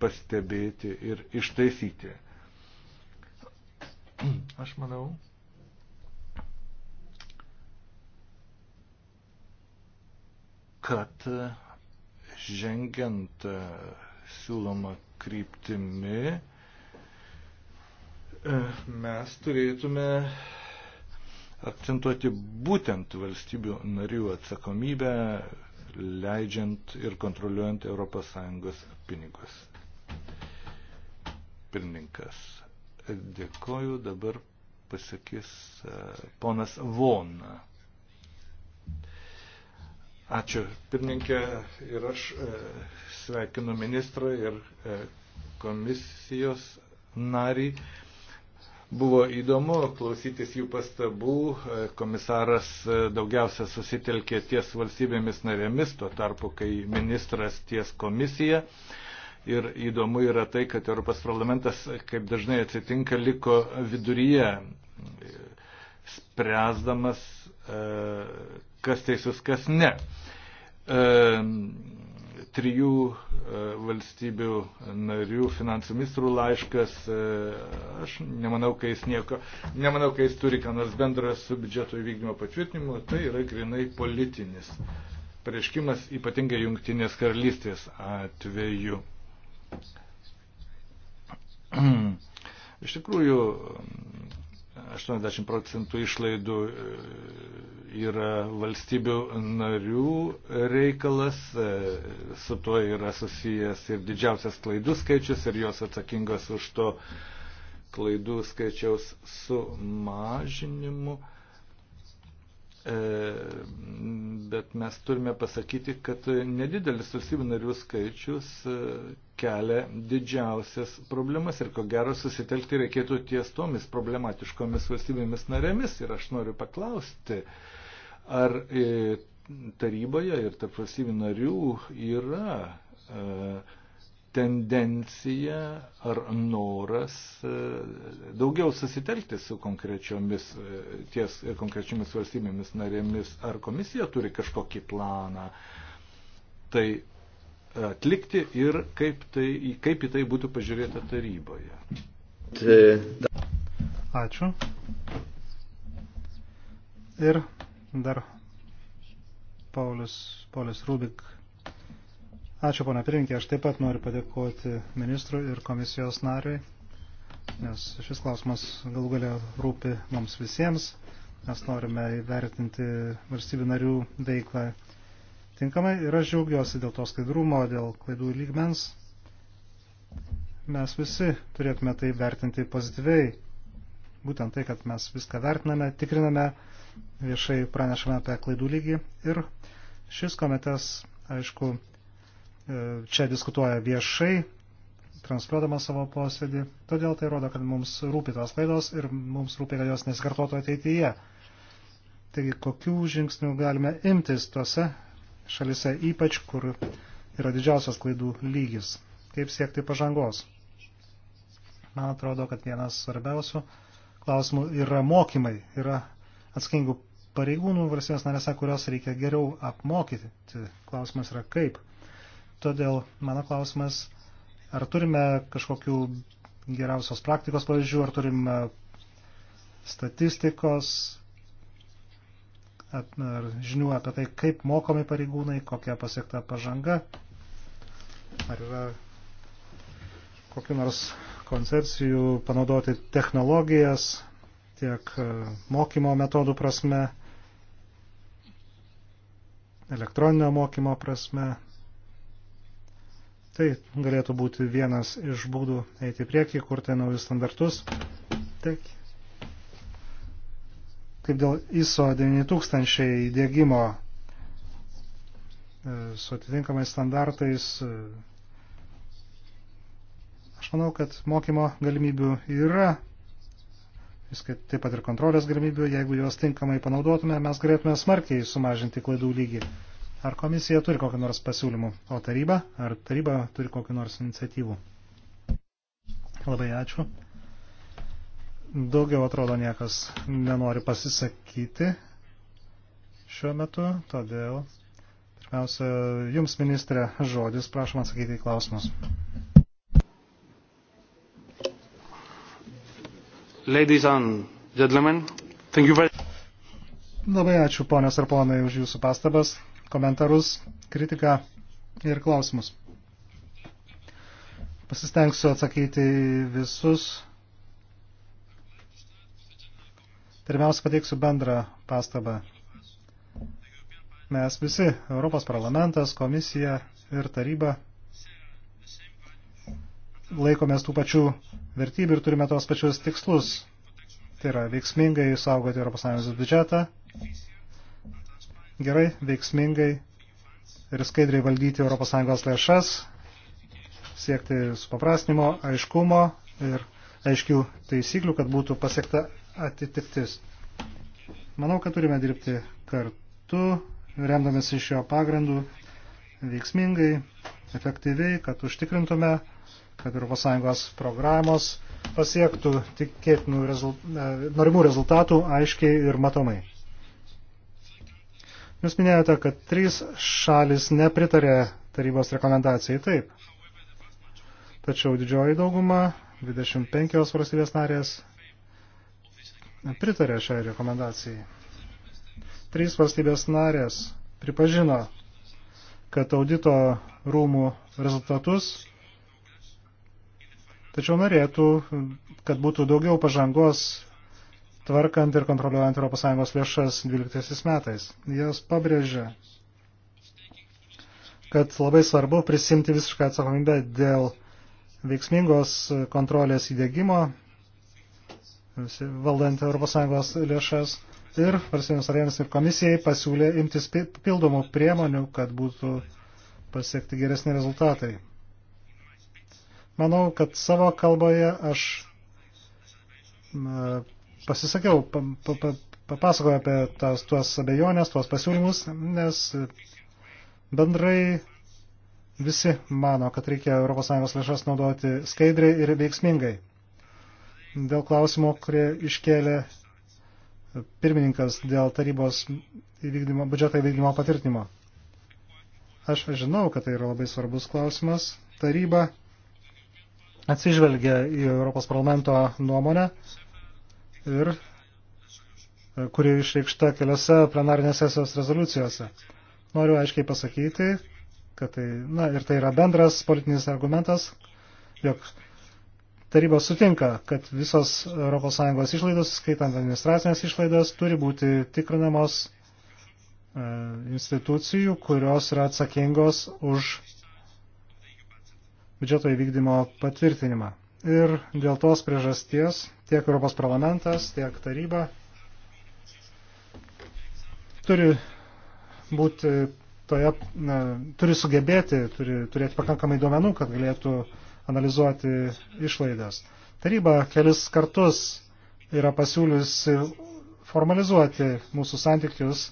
pastebėti ir ištaisyti. Aš manau, kad žengiant e, siūloma kryptimi, mes turėtume akcentuoti būtent valstybių narių atsakomybę, leidžiant ir kontroliuojant ES pinigus. Pirmininkas. Dėkoju, dabar pasakys e, ponas Vona. Ačiū, pirmininkė, ir aš e, sveikinu ministrą ir e, komisijos narį. Buvo įdomu klausytis jų pastabų. E, komisaras e, daugiausia susitelkė ties valstybėmis narėmis, tuo tarpu, kai ministras ties komisija. Ir įdomu yra tai, kad Europos parlamentas, kaip dažnai atsitinka, liko viduryje, spręsdamas, e, kas teisus, kas ne trijų e, valstybių narių finansų ministrų laiškas. E, aš nemanau, kai jis, nieko, nemanau, kai jis turi ką nors bendrą su biudžeto įvykdymo patvirtinimu. Tai yra grinai politinis pareiškimas, ypatingai jungtinės karalystės atveju. Iš tikrųjų, 80 procentų išlaidų e, yra valstybių narių reikalas, e, su tuo yra susijęs ir didžiausias klaidų skaičius ir jos atsakingos už to klaidų skaičiaus sumažinimu. E, bet mes turime pasakyti, kad nedidelis valstybių narių skaičius e, kelia didžiausias problemas ir ko gero susitelkti reikėtų ties tomis problematiškomis valstybėmis narėmis. Ir aš noriu paklausti, ar e, taryboje ir tarp valstybių narių yra tendencija ar noras e, daugiau susitelkti su konkrečiomis, e, ties e, konkrečiomis valstybėmis narėmis, ar komisija turi kažkokį planą tai atlikti ir kaip, tai, kaip į tai būtų pažiūrėta taryboje. Ačiū. Ir dar Paulius, Paulius Rubik Ačiū, pana pirinkė. Aš taip pat noriu padėkoti ministrui ir komisijos nariui, nes šis klausimas galų galia rūpi mums visiems. Mes norime įvertinti valstybių narių veiklą tinkamai ir aš džiaugiuosi dėl to skaidrumo, dėl klaidų lygmens. Mes visi turėtume tai vertinti pozityviai. Būtent tai, kad mes viską vertiname, tikriname, viešai pranešame apie klaidų lygį ir šis komitetas, aišku, E, čia diskutuoja viešai, transliuodamas savo posėdį. Todėl tai rodo, kad mums rūpi tos klaidos ir mums rūpi, kad jos nesikartotų ateityje. Taigi, kokių žingsnių galime imtis tuose šalise, ypač kur yra didžiausias klaidų lygis. Kaip siekti pažangos? Man atrodo, kad vienas svarbiausių klausimų yra mokymai, yra atskingų pareigūnų valstybės narėse, kurios reikia geriau apmokyti. Klausimas yra kaip. Todėl mano klausimas, ar turime kažkokių geriausios praktikos pavyzdžių, ar turime statistikos, ar žinių apie tai, kaip mokomi pareigūnai, kokia pasiekta pažanga, ar yra kokiu nors koncepcijų panaudoti technologijas tiek e, mokymo metodų prasme, elektroninio mokymo prasme. Tai galėtų būti vienas iš būdų eiti į priekį, kurti naujus standartus. Taip. Kaip dėl ISO 9000 įdėgymo e, su atitinkamais standartais, e, aš manau, kad mokymo galimybių yra, viskait taip pat ir kontrolės galimybių, jeigu juos tinkamai panaudotume, mes galėtume smarkiai sumažinti klaidų lygį. Ar komisija turi kokį nors pasiūlymų, o taryba, ar taryba turi kokį nors iniciatyvų? Labai ačiū. Daugiau atrodo niekas nenori pasisakyti šiuo metu, todėl pirmiausia, jums ministrė žodis, prašom atsakyti į klausimus. Ladies and gentlemen, thank you very much. Labai ačiū ponios ir ponai už jūsų pastabas komentarus, kritiką ir klausimus. Pasistengsiu atsakyti visus. Pirmiausia, pateiksiu bendrą pastabą. Mes visi, Europos parlamentas, komisija ir taryba, laikomės tų pačių vertybių ir turime tos pačius tikslus. Tai yra veiksmingai saugoti ES biudžetą, gerai, veiksmingai ir skaidriai valdyti ES lėšas, siekti supaprastinimo, aiškumo ir aiškių taisyklių, kad būtų pasiekta atitiktis. Manau, kad turime dirbti kartu, remdamės iš jo pagrindų, veiksmingai, efektyviai, kad užtikrintume, kad ES programos pasiektų tikėtinų rezult... E, norimų rezultatų aiškiai ir matomai. Jūs minėjote, kad trys šalis nepritarė tarybos rekomendacijai taip. Tačiau didžioji dauguma, 25 valstybės narės, pritarė šiai rekomendacijai. Trys valstybės narės pripažino, kad audito rūmų rezultatus, tačiau norėtų, kad būtų daugiau pažangos tvarkant ir kontroliuojant ES lėšas 12 metais. Jos pabrėžia, kad labai svarbu prisimti visišką atsakomybę dėl veiksmingos kontrolės įdėgymo, valdant ES lėšas ir valstybės arėms ir komisijai pasiūlė imtis pildomų priemonių, kad būtų pasiekti geresni rezultatai. Manau, kad savo kalboje aš pasisakiau, pa, pa, papasakojau apie tas, tuos abejonės, tuos pasiūlymus, nes bendrai visi mano, kad reikia ES lėšas naudoti skaidriai ir veiksmingai. Dėl klausimų, kurie iškėlė pirmininkas dėl tarybos įvykdymo, biudžeto įvykdymo patvirtinimo. Aš žinau, kad tai yra labai svarbus klausimas. Taryba atsižvelgia į Europos parlamento nuomonę ir e, kuri išreikšta keliose plenarinės sesijos rezoliucijose. Noriu aiškiai pasakyti, kad tai, na, ir tai yra bendras politinis argumentas, jog taryba sutinka, kad visos ES išlaidos, skaitant administracinės išlaidas, turi būti tikrinamos e, institucijų, kurios yra atsakingos už biudžeto įvykdymo patvirtinimą. Ir dėl tos priežasties tiek Europos parlamentas, tiek taryba turi būti toje, na, turi sugebėti, turi turėti pakankamai duomenų, kad galėtų analizuoti išlaidas. Taryba kelis kartus yra pasiūliusi formalizuoti mūsų santykius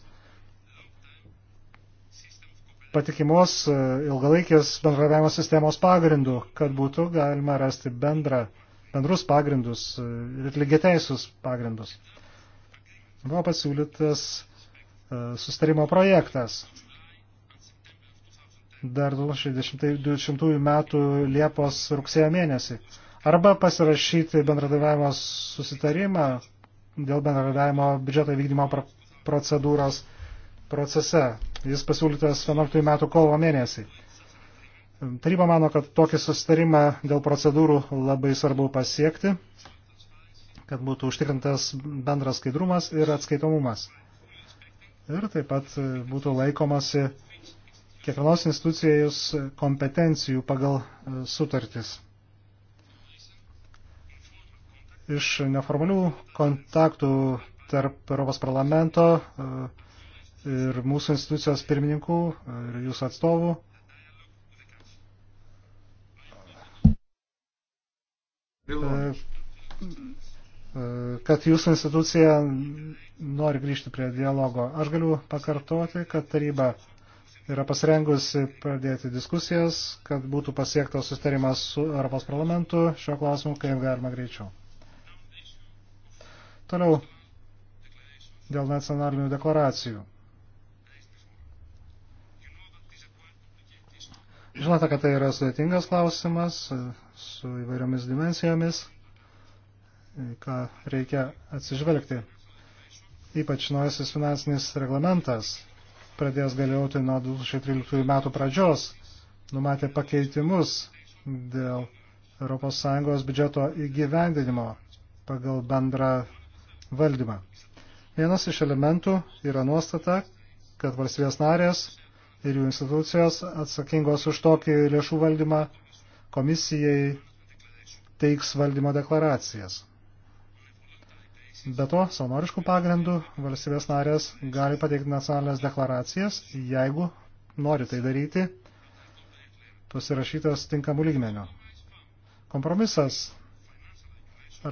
patikimos e, ilgalaikės bendradarbiavimo sistemos pagrindų, kad būtų galima rasti bendrą, bendrus pagrindus e, ir lygiateisius pagrindus. Buvo pasiūlytas e, sustarimo projektas. Dar 2020 metų Liepos rugsėjo mėnesį. Arba pasirašyti bendradarbiavimo susitarimą dėl bendradarbiavimo biudžeto vykdymo procedūros procese Jis pasiūlytas 11 metų kovo mėnesį. Taryba mano, kad tokį susitarimą dėl procedūrų labai svarbu pasiekti, kad būtų užtikrintas bendras skaidrumas ir atskaitomumas. Ir taip pat būtų laikomasi kiekvienos institucijos kompetencijų pagal e, sutartis. Iš neformalių kontaktų tarp Europos parlamento uh, ir mūsų institucijos pirmininkų ir jūsų atstovų. E, e, kad jūsų institucija nori grįžti prie dialogo. Aš galiu pakartoti, kad taryba yra pasirengusi pradėti diskusijas, kad būtų pasiektas sustarimas su Europos parlamentu šio klausimu, kaip galima greičiau. Toliau dėl nacionalinių deklaracijų. Žinote, kad tai yra sudėtingas klausimas e, su įvairiomis dimensijomis, ką reikia atsižvelgti. Ypač naujasis finansinis reglamentas pradės galioti nuo 2013 metų pradžios, numatė pakeitimus dėl ES biudžeto įgyvendinimo pagal bendrą valdymą. Vienas iš elementų yra nuostata, kad valstybės narės ir jų institucijos atsakingos už tokį lėšų valdymą komisijai teiks valdymo deklaracijas. Be to, savanoriškų pagrindų valstybės narės gali pateikti nacionalinės deklaracijas, jeigu nori tai daryti, pasirašytas tinkamų lygmenio. Kompromisas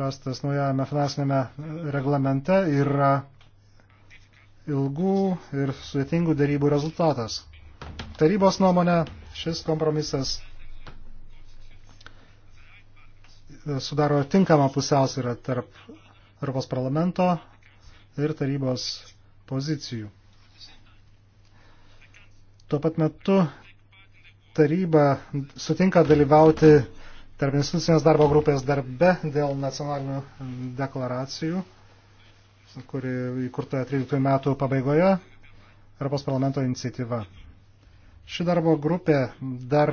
rastas naujame finansinėme reglamente yra ilgų ir sudėtingų darybų rezultatas. Tarybos nuomonė šis kompromisas sudaro tinkamą pusiausvyrą tarp Europos parlamento ir tarybos pozicijų. Tuo pat metu taryba sutinka dalyvauti tarp institucinės darbo grupės darbe dėl nacionalinių deklaracijų, kuri įkurta 13 metų pabaigoje Europos parlamento iniciatyva. Ši darbo grupė dar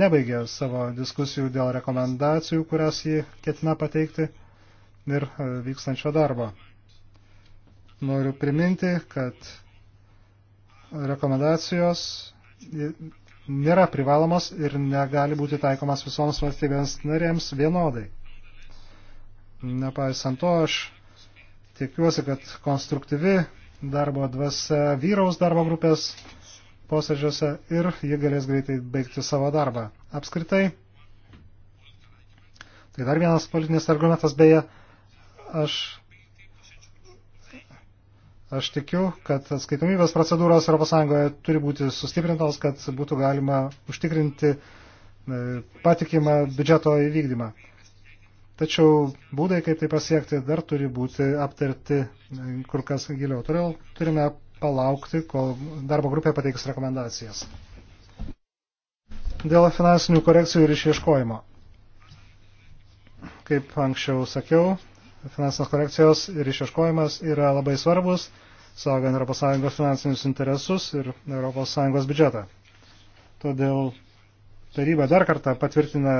nebaigė savo diskusijų dėl rekomendacijų, kurias jį ketina pateikti ir e, vykstančio darbo. Noriu priminti, kad rekomendacijos nėra privalomos ir negali būti taikomas visoms valstybėms narėms vienodai. Nepaisant to, aš tikiuosi, kad konstruktyvi darbo dvasia vyraus darbo grupės posėdžiuose ir ji galės greitai baigti savo darbą. Apskritai, tai dar vienas politinis argumentas, beje, aš, aš tikiu, kad atskaitomybės procedūros ES turi būti sustiprintos, kad būtų galima užtikrinti e, patikimą biudžeto įvykdymą. Tačiau būdai, kaip tai pasiekti, dar turi būti aptarti e, kur kas giliau. Todėl turime palaukti, kol darbo grupė pateiks rekomendacijas. Dėl finansinių korekcijų ir išieškojimo. Kaip anksčiau sakiau, finansinės korekcijos ir išieškojimas yra labai svarbus, saugant ES finansinius interesus ir ES biudžetą. Todėl taryba dar kartą patvirtina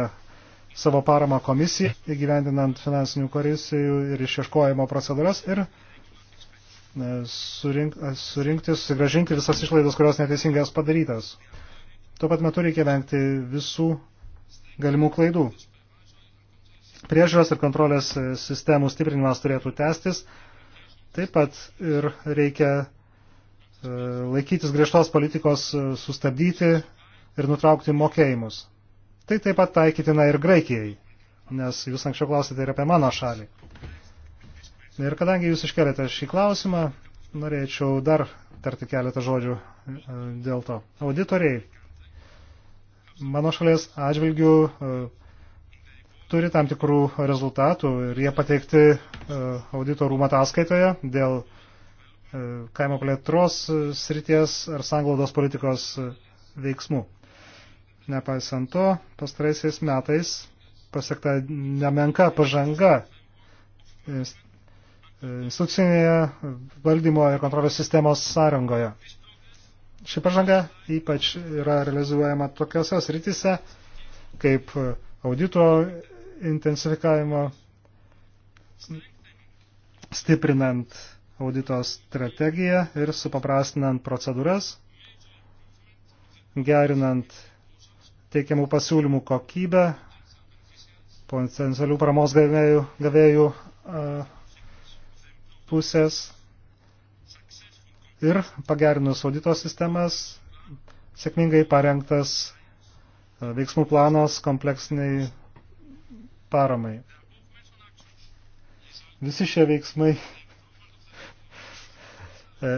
savo paramą komisijai, įgyvendinant finansinių korekcijų ir išieškojimo procedūras ir E, surink, e, surinkti, susigražinti visas išlaidas, kurios neteisingas padarytas. Tuo pat metu reikia vengti visų galimų klaidų. Priežiūros ir kontrolės e, sistemų stiprinimas turėtų tęstis. Taip pat ir reikia laikytis griežtos politikos sustabdyti ir nutraukti mokėjimus. Tai taip pat taikytina ir Graikijai, nes jūs anksčiau klausėte ir apie mano šalį. Ir kadangi jūs iškelėte šį klausimą, norėčiau dar tarti keletą žodžių e, dėl to. Auditoriai mano šalies atžvilgių e, turi tam tikrų rezultatų ir jie pateikti e, audito rūmų ataskaitoje dėl kaimo plėtros srities ar sanglaudos politikos veiksmų. Nepaisant to, pastaraisiais metais pasiekta nemenka pažanga institucinėje valdymo ir kontrolės sistemos sąrangoje. Ši pažanga ypač yra realizuojama tokiose sritise, kaip audito intensifikavimo, stiprinant audito strategiją ir supaprastinant procedūras, gerinant teikiamų pasiūlymų kokybę, potencialių paramos gavėjų, gavėjų pusės ir pagerinus audito sistemas, sėkmingai parengtas e, veiksmų planas kompleksiniai paramai. Visi šie veiksmai e, e,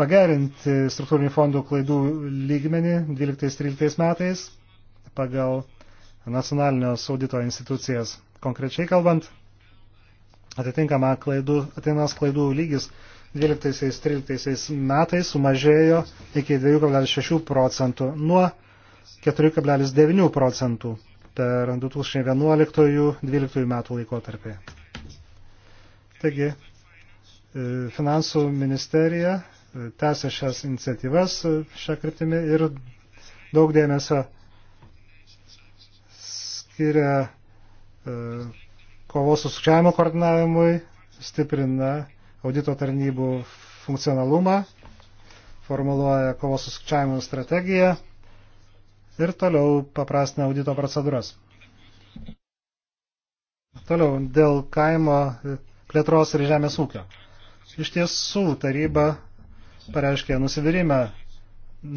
pagerinti struktūrinių fondų klaidų lygmenį 12-13 metais pagal nacionalinės audito institucijas. Konkrečiai kalbant, atitinkama klaidų, atinas klaidų lygis 12-13 metais sumažėjo iki 2,6 procentų nuo 4,9 procentų per 2011-2012 metų laikotarpį. Taigi, e, finansų ministerija e, tęsia šias iniciatyvas e, šią kryptimį ir daug dėmesio skiria kovos su sukčiavimo koordinavimui, stiprina audito tarnybų funkcionalumą, formuluoja kovos su sukčiavimo strategiją ir toliau paprastina audito procedūras. Toliau, dėl kaimo plėtros ir žemės ūkio. Iš tiesų, taryba pareiškė nusivylimą,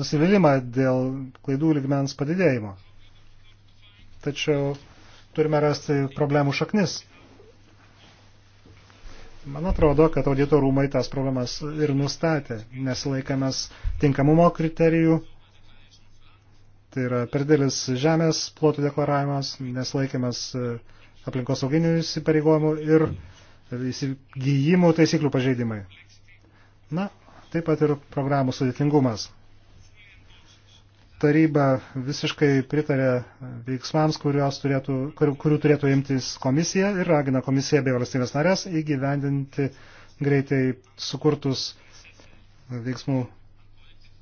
nusivylimą dėl klaidų ligmens padidėjimo. Tačiau turime rasti problemų šaknis. Man atrodo, kad audito rūmai tas problemas ir nustatė, nes laikamės tinkamumo kriterijų, tai yra per didelis žemės plotų deklaravimas, nes laikėmės e, aplinkos sauginių įsipareigojimų ir įsigijimų taisyklių pažeidimai. Na, taip pat ir programų sudėtingumas taryba visiškai pritarė veiksmams, turėtų, kur, kurių turėtų imtis komisija ir ragina komisiją bei valstybės narės įgyvendinti greitai sukurtus veiksmų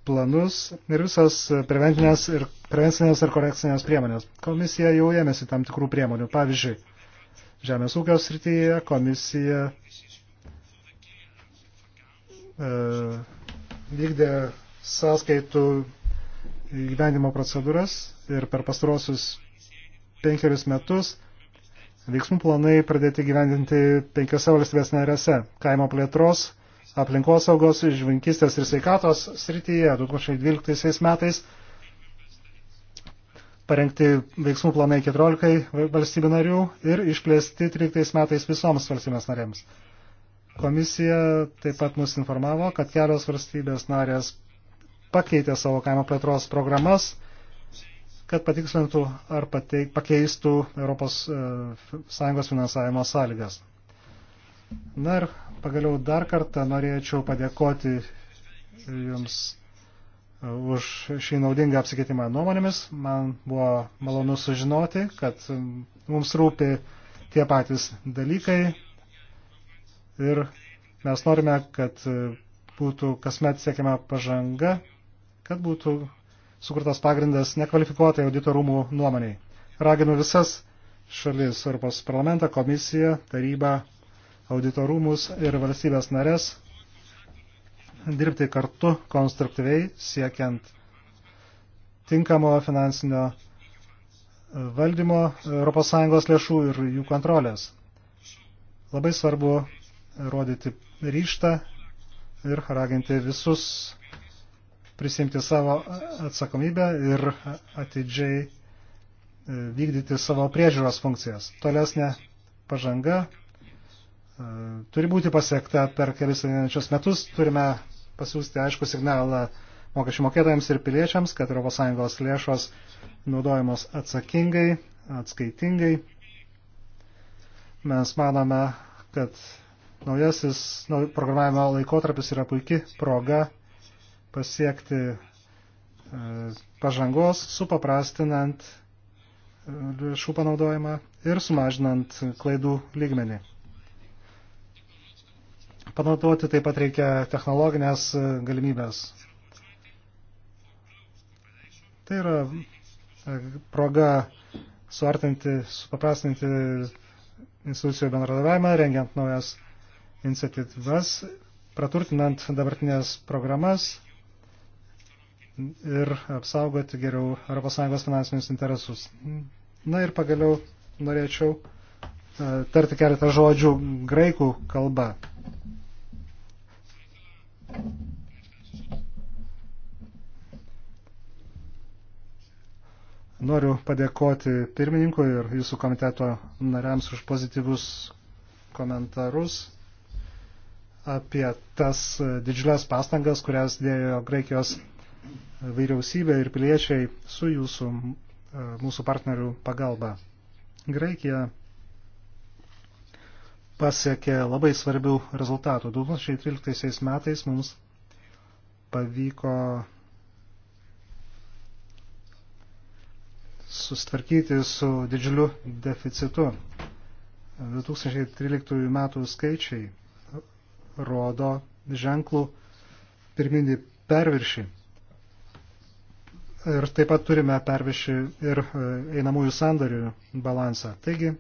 planus ir visas prevencinės ir, prevencinės ir korekcinės priemonės. Komisija jau ėmėsi tam tikrų priemonių. Pavyzdžiui, žemės ūkio srityje komisija e, vykdė sąskaitų gyvenimo procedūras ir per pastarosius penkerius metus veiksmų planai pradėti gyvendinti penkiose valstybės narėse - kaimo plėtros, aplinkosaugos, žvinkistės ir sveikatos srityje 2012 metais parengti veiksmų planai 14 valstybių narių ir išplėsti 13 metais visoms valstybės narėms. Komisija taip pat mus informavo, kad kelios valstybės narės pakeitė savo kaimo plėtros programas, kad patikslintų ar pateik, pakeistų Europos e, Sąjungos finansavimo sąlygas. Na ir pagaliau dar kartą norėčiau padėkoti Jums e, už šį naudingą apsikeitimą nuomonėmis. Man buvo malonu sužinoti, kad e, mums rūpi tie patys dalykai ir mes norime, kad būtų kasmet siekiama pažanga kad būtų sukurtas pagrindas nekvalifikuotai auditorumų nuomoniai. Raginu visas šalis, Europos parlamentą, komisiją, tarybą, auditorumus ir valstybės narės dirbti kartu konstruktyviai siekiant tinkamo finansinio valdymo ES lėšų ir jų kontrolės. Labai svarbu rodyti ryštą ir raginti visus prisimti savo atsakomybę ir atidžiai e, vykdyti savo priežiūros funkcijas. Tolesnė pažanga e, turi būti pasiekta per kelis ateinančius metus. Turime pasiūsti aišku signalą mokesčių mokėtojams ir piliečiams, kad ES lėšos naudojamos atsakingai, atskaitingai. Mes manome, kad naujasis programavimo laikotarpis yra puikia proga pasiekti e, pažangos, supaprastinant e, lėšų panaudojimą ir sumažinant klaidų lygmenį. Panaudoti taip pat reikia technologinės e, galimybės. Tai yra proga suartinti, supaprastinti institucijų bendradarbiavimą, rengiant naujas iniciatyvas, praturtinant dabartinės programas ir apsaugoti geriau ES finansinius interesus. Na ir pagaliau norėčiau e, tarti keletą žodžių graikų kalba. Noriu padėkoti pirmininkui ir jūsų komiteto nariams už pozityvus komentarus apie tas didžiulės pastangas, kurias dėjo Graikijos vyriausybė ir piliečiai su jūsų e, mūsų partnerių pagalba. Graikija pasiekė labai svarbių rezultatų. 2013 metais mums pavyko sustvarkyti su didžiuliu deficitu. 2013 metų skaičiai rodo ženklų pirminį perviršį ir taip pat turime pervišį ir e, einamųjų sandarių balansą. Taigi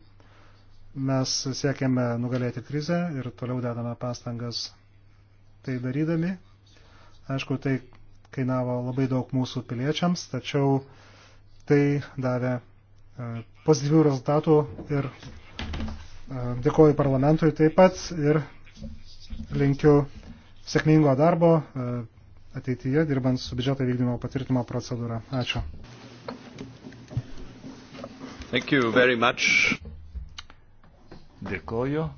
mes siekiame nugalėti krizę ir toliau dedame pastangas tai darydami. Aišku, tai kainavo labai daug mūsų piliečiams, tačiau tai davė e, pozityvių rezultatų ir e, dėkoju parlamentui taip pat ir linkiu sėkmingo darbo, ateityje, dirbant su biudžeto vykdymo patvirtimo procedūra. Ačiū. Thank you very much. Dėkoju.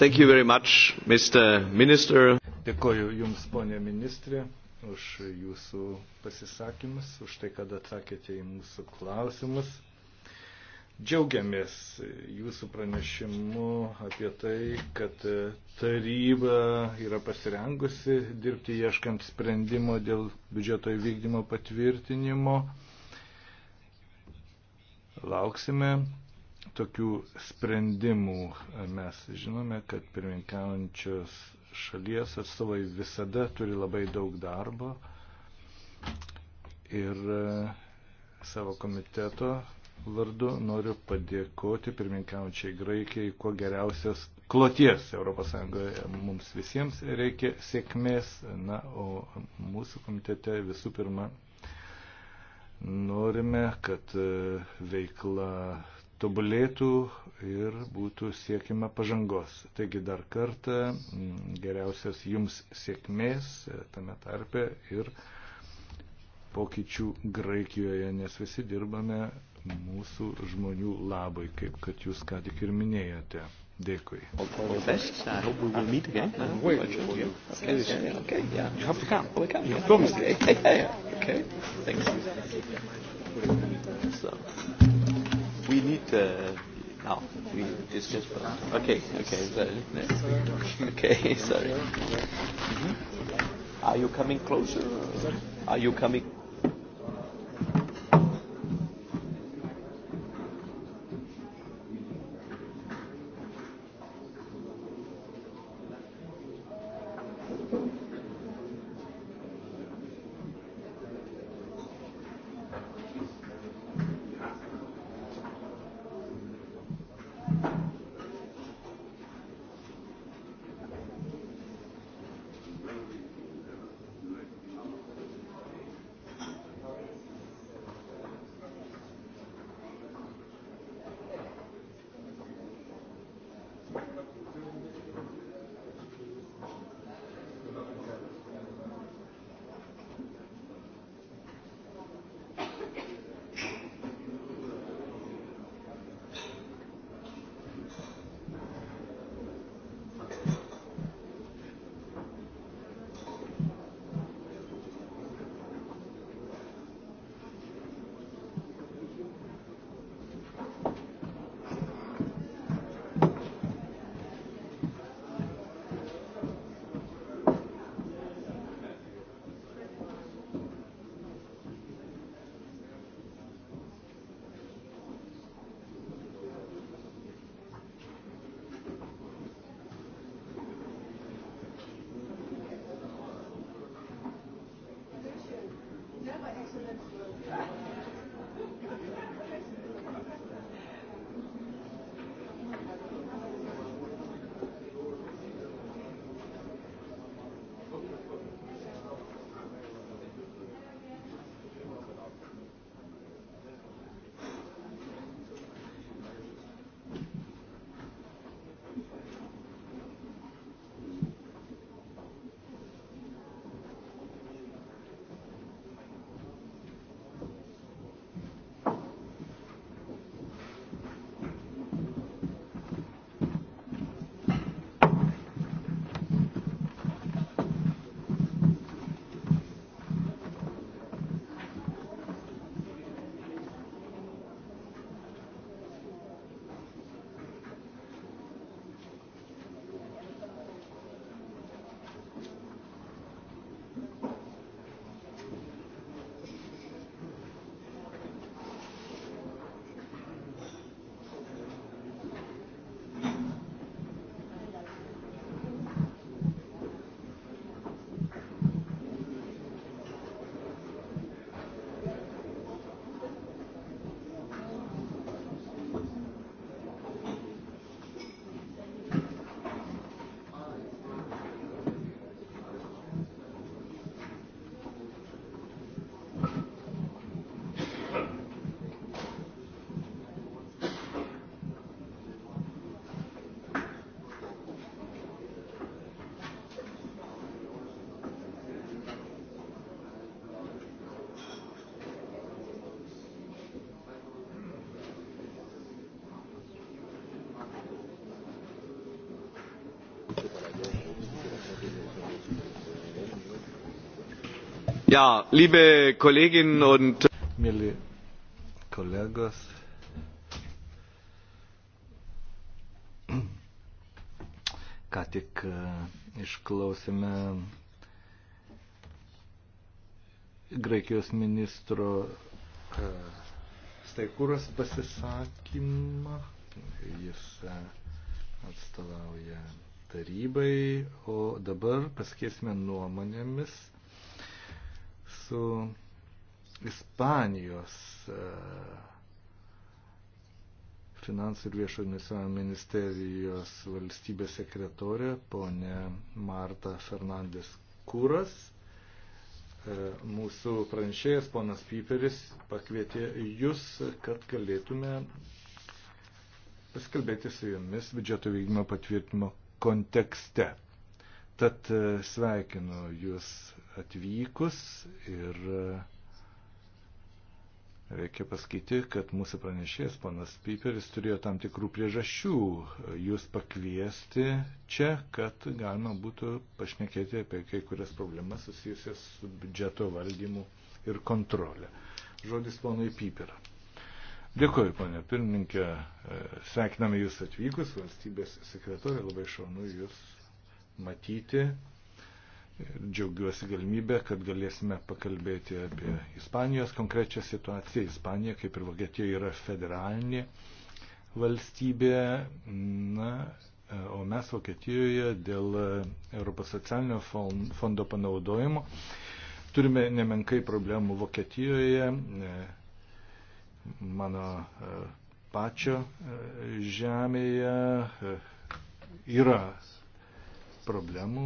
Thank you very much, Mr. Minister. Dėkoju Jums, ponė ministrė, už Jūsų pasisakymus, už tai, kad atsakėte į mūsų klausimus. Džiaugiamės jūsų pranešimu apie tai, kad taryba yra pasirengusi dirbti ieškant sprendimo dėl biudžeto įvykdymo patvirtinimo. Lauksime tokių sprendimų. Mes žinome, kad pirmininkaujančios šalies atstovai visada turi labai daug darbo ir savo komiteto vardu noriu padėkoti pirmininkiaučiai Graikijai kuo geriausias kloties ES mums visiems reikia sėkmės, na, o mūsų komitete visų pirma norime, kad e, veikla tobulėtų ir būtų siekima pažangos. Taigi dar kartą geriausias jums sėkmės e, tame tarpe ir pokyčių Graikijoje, nes visi dirbame mūsų žmonių labai, kaip kad jūs ką tik ir minėjote. Dėkui. We need uh, No, we, it's just okay. Okay, sorry. Okay, sorry. Mm -hmm. Are you coming closer? Are you coming? Ja, liebe Kolleginnen und Mėly kolegos, ką tik e, išklausėme Graikijos ministro e, Staikūros pasisakymą. Jis e, atstovauja tarybai, o dabar pasikėsime nuomonėmis su Ispanijos e, finansų ir viešo administravimo ministerijos valstybės sekretorė ponė Marta Fernandės Kūras. E, mūsų pranešėjas ponas Piperis pakvietė jūs, kad galėtume pasikalbėti su jumis biudžeto vykdymo patvirtimo kontekste. Tad e, sveikinu jūs atvykus ir e, reikia pasakyti, kad mūsų pranešėjas panas Piperis turėjo tam tikrų priežasčių jūs pakviesti čia, kad galima būtų pašnekėti apie kai kurias problemas susijusias su biudžeto valdymu ir kontrolė. Žodis ponui Piperą. Dėkuoju, ponė pirmininkė, e, sveikiname jūs atvykus, valstybės sekretorė, labai šaunu jūs matyti Džiaugiuosi galimybę, kad galėsime pakalbėti apie Ispanijos konkrečią situaciją. Ispanija, kaip ir Vokietija, yra federalinė valstybė. Na, o mes Vokietijoje dėl Europos socialinio fondo panaudojimo turime nemenkai problemų Vokietijoje. Mano e, pačio e, žemėje e, yra problemų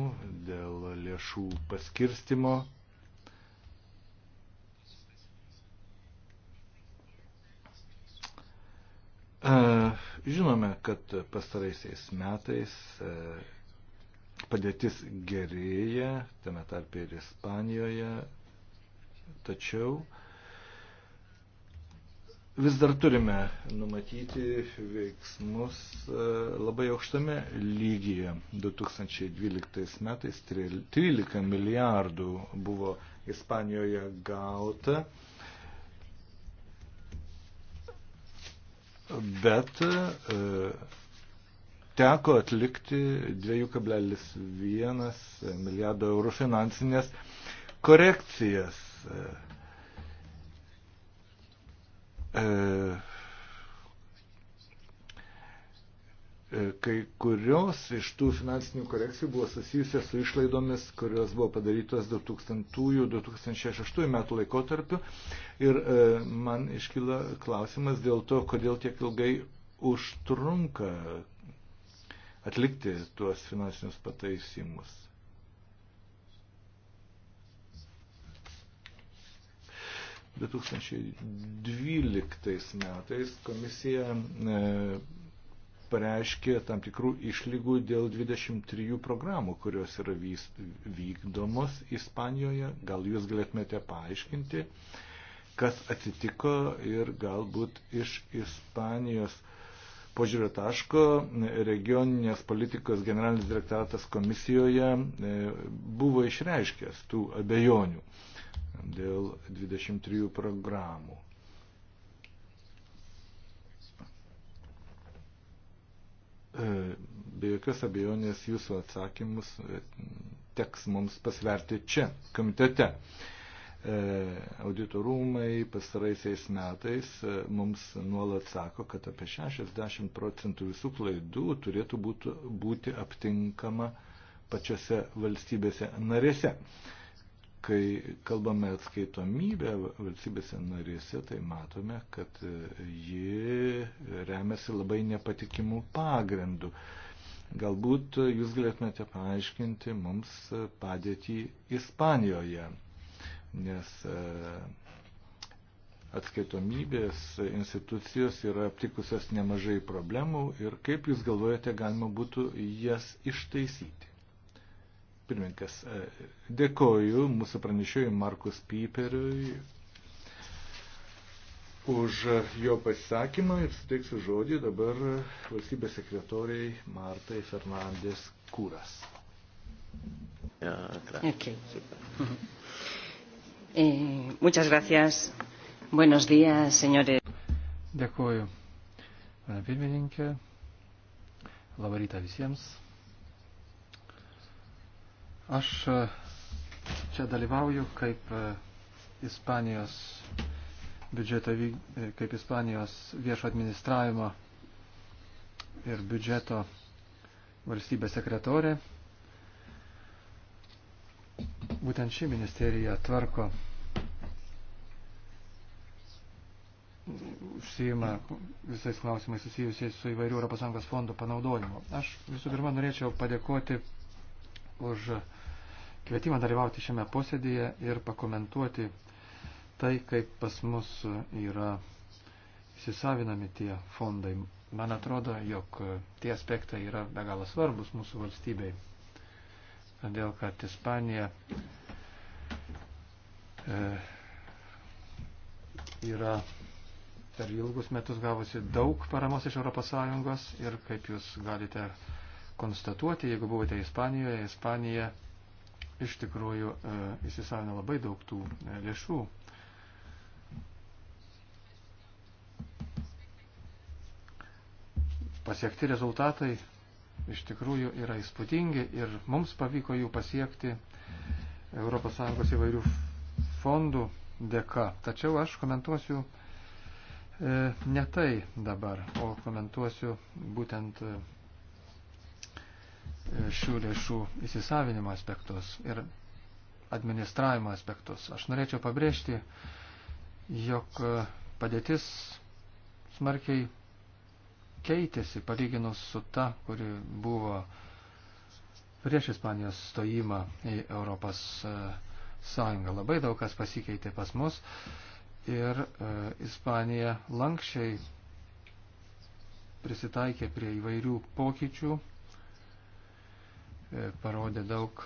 dėl lėšų paskirstimo. E, žinome, kad pastaraisiais metais e, padėtis gerėja, tame tarpe ir Ispanijoje, tačiau vis dar turime numatyti veiksmus e, labai aukštame lygyje. 2012 metais 13 milijardų buvo Ispanijoje gauta, bet e, teko atlikti 2,1 milijardo eurų finansinės korekcijas e, E, e, kai kurios iš tų finansinių korekcijų buvo susijusios su išlaidomis, kurios buvo padarytos 2000-2006 metų laikotarpiu. Ir e, man iškyla klausimas dėl to, kodėl tiek ilgai užtrunka atlikti tuos finansinius pataisimus. 2012 metais komisija e, pareiškė tam tikrų išlygų dėl 23 programų, kurios yra vykdomos Ispanijoje. Gal jūs galėtumėte paaiškinti, kas atsitiko ir galbūt iš Ispanijos požiūrio taško regioninės politikos generalinis direktoratas komisijoje e, buvo išreiškęs tų abejonių dėl 23 programų. E, be jokios abejonės jūsų atsakymus e, teks mums pasverti čia, komitete. E, Auditorumai pastaraisiais metais mums nuolat sako, kad apie 60 procentų visų klaidų turėtų būti, būti aptinkama pačiose valstybėse narėse. E, Kai kalbame atskaitomybę valstybėse narėse, tai matome, kad ji remiasi labai nepatikimų pagrindų. Galbūt jūs galėtumėte paaiškinti mums padėtį Ispanijoje, nes e, atskaitomybės institucijos yra aptikusios nemažai problemų ir kaip jūs galvojate galima būtų jas ištaisyti. Pirmininkas, e, dėkoju mūsų pranešėjui Markus Piperiui už jo pasisakymą ir suteiksiu žodį dabar valstybės sekretoriai Martai Fernandės Kūras. Ja, okay. eh, muchas gracias. Buenos días, señores. Dėkuoju. Pana pirmininkė, labą rytą visiems. Aš e, čia dalyvauju kaip e, Ispanijos biudžeto, e, kaip Ispanijos viešo administravimo ir biudžeto valstybės sekretorė. Būtent ši ministerija tvarko užsijima visais klausimais susijusiais su įvairių ES fondų panaudojimu. Aš visų pirma norėčiau padėkoti už uh, kvietimą dalyvauti šiame posėdėje ir pakomentuoti tai, kaip pas mus yra įsisavinami tie fondai. Man atrodo, jog tie aspektai yra be galo svarbus mūsų valstybei. Todėl, kad Ispanija e, yra per ilgus metus gavusi daug paramos iš ES ir kaip jūs galite konstatuoti, jeigu buvote Ispanijoje, Ispanija iš tikrųjų e, įsisavina labai daug tų e, lėšų. Pasiekti rezultatai iš tikrųjų yra įspūdingi ir mums pavyko jų pasiekti ES įvairių fondų dėka. Tačiau aš komentuosiu e, ne tai dabar, o komentuosiu būtent e, šių lėšų įsisavinimo aspektus ir administravimo aspektus. Aš norėčiau pabrėžti, jog padėtis smarkiai keitėsi palyginus su ta, kuri buvo prieš Ispanijos stojimą į Europos e, sąjungą. Labai daug kas pasikeitė pas mus ir e, Ispanija lankščiai prisitaikė prie įvairių pokyčių E, parodė daug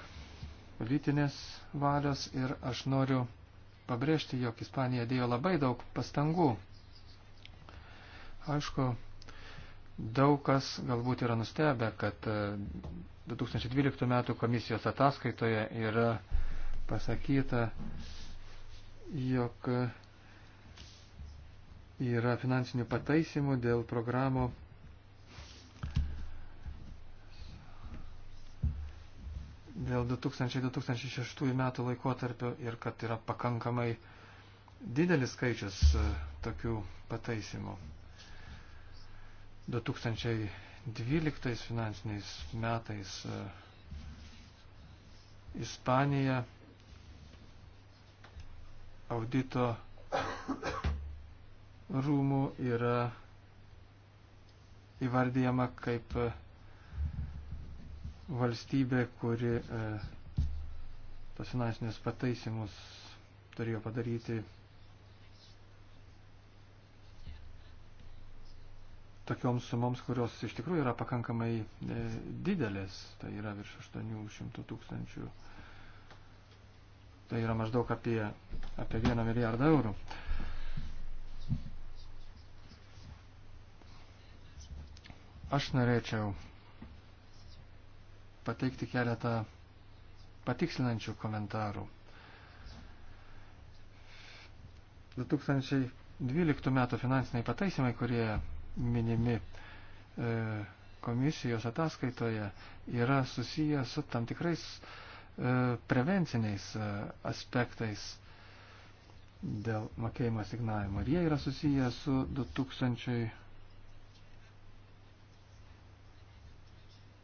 politinės valios ir aš noriu pabrėžti, jog Ispanija dėjo labai daug pastangų. Aišku, daug kas galbūt yra nustebę, kad 2012 e, m. komisijos ataskaitoje yra pasakyta, jog e, yra finansinių pataisimų dėl programų dėl 2000-2006 metų laikotarpio ir kad yra pakankamai didelis skaičius e, tokių pataisimų. 2012 finansiniais metais e, Ispanija audito rūmų yra įvardyjama kaip valstybė, kuri e, tas finansinius pataisimus turėjo padaryti tokioms sumoms, kurios iš tikrųjų yra pakankamai e, didelės, tai yra virš 800 tūkstančių, tai yra maždaug apie, apie 1 milijardą eurų. Aš norėčiau pateikti keletą patikslinančių komentarų. 2012 metų finansiniai pataisimai, kurie minimi e, komisijos ataskaitoje, yra susiję su tam tikrais e, prevenciniais e, aspektais dėl mokėjimo signavimo. Ir jie yra susiję su 2000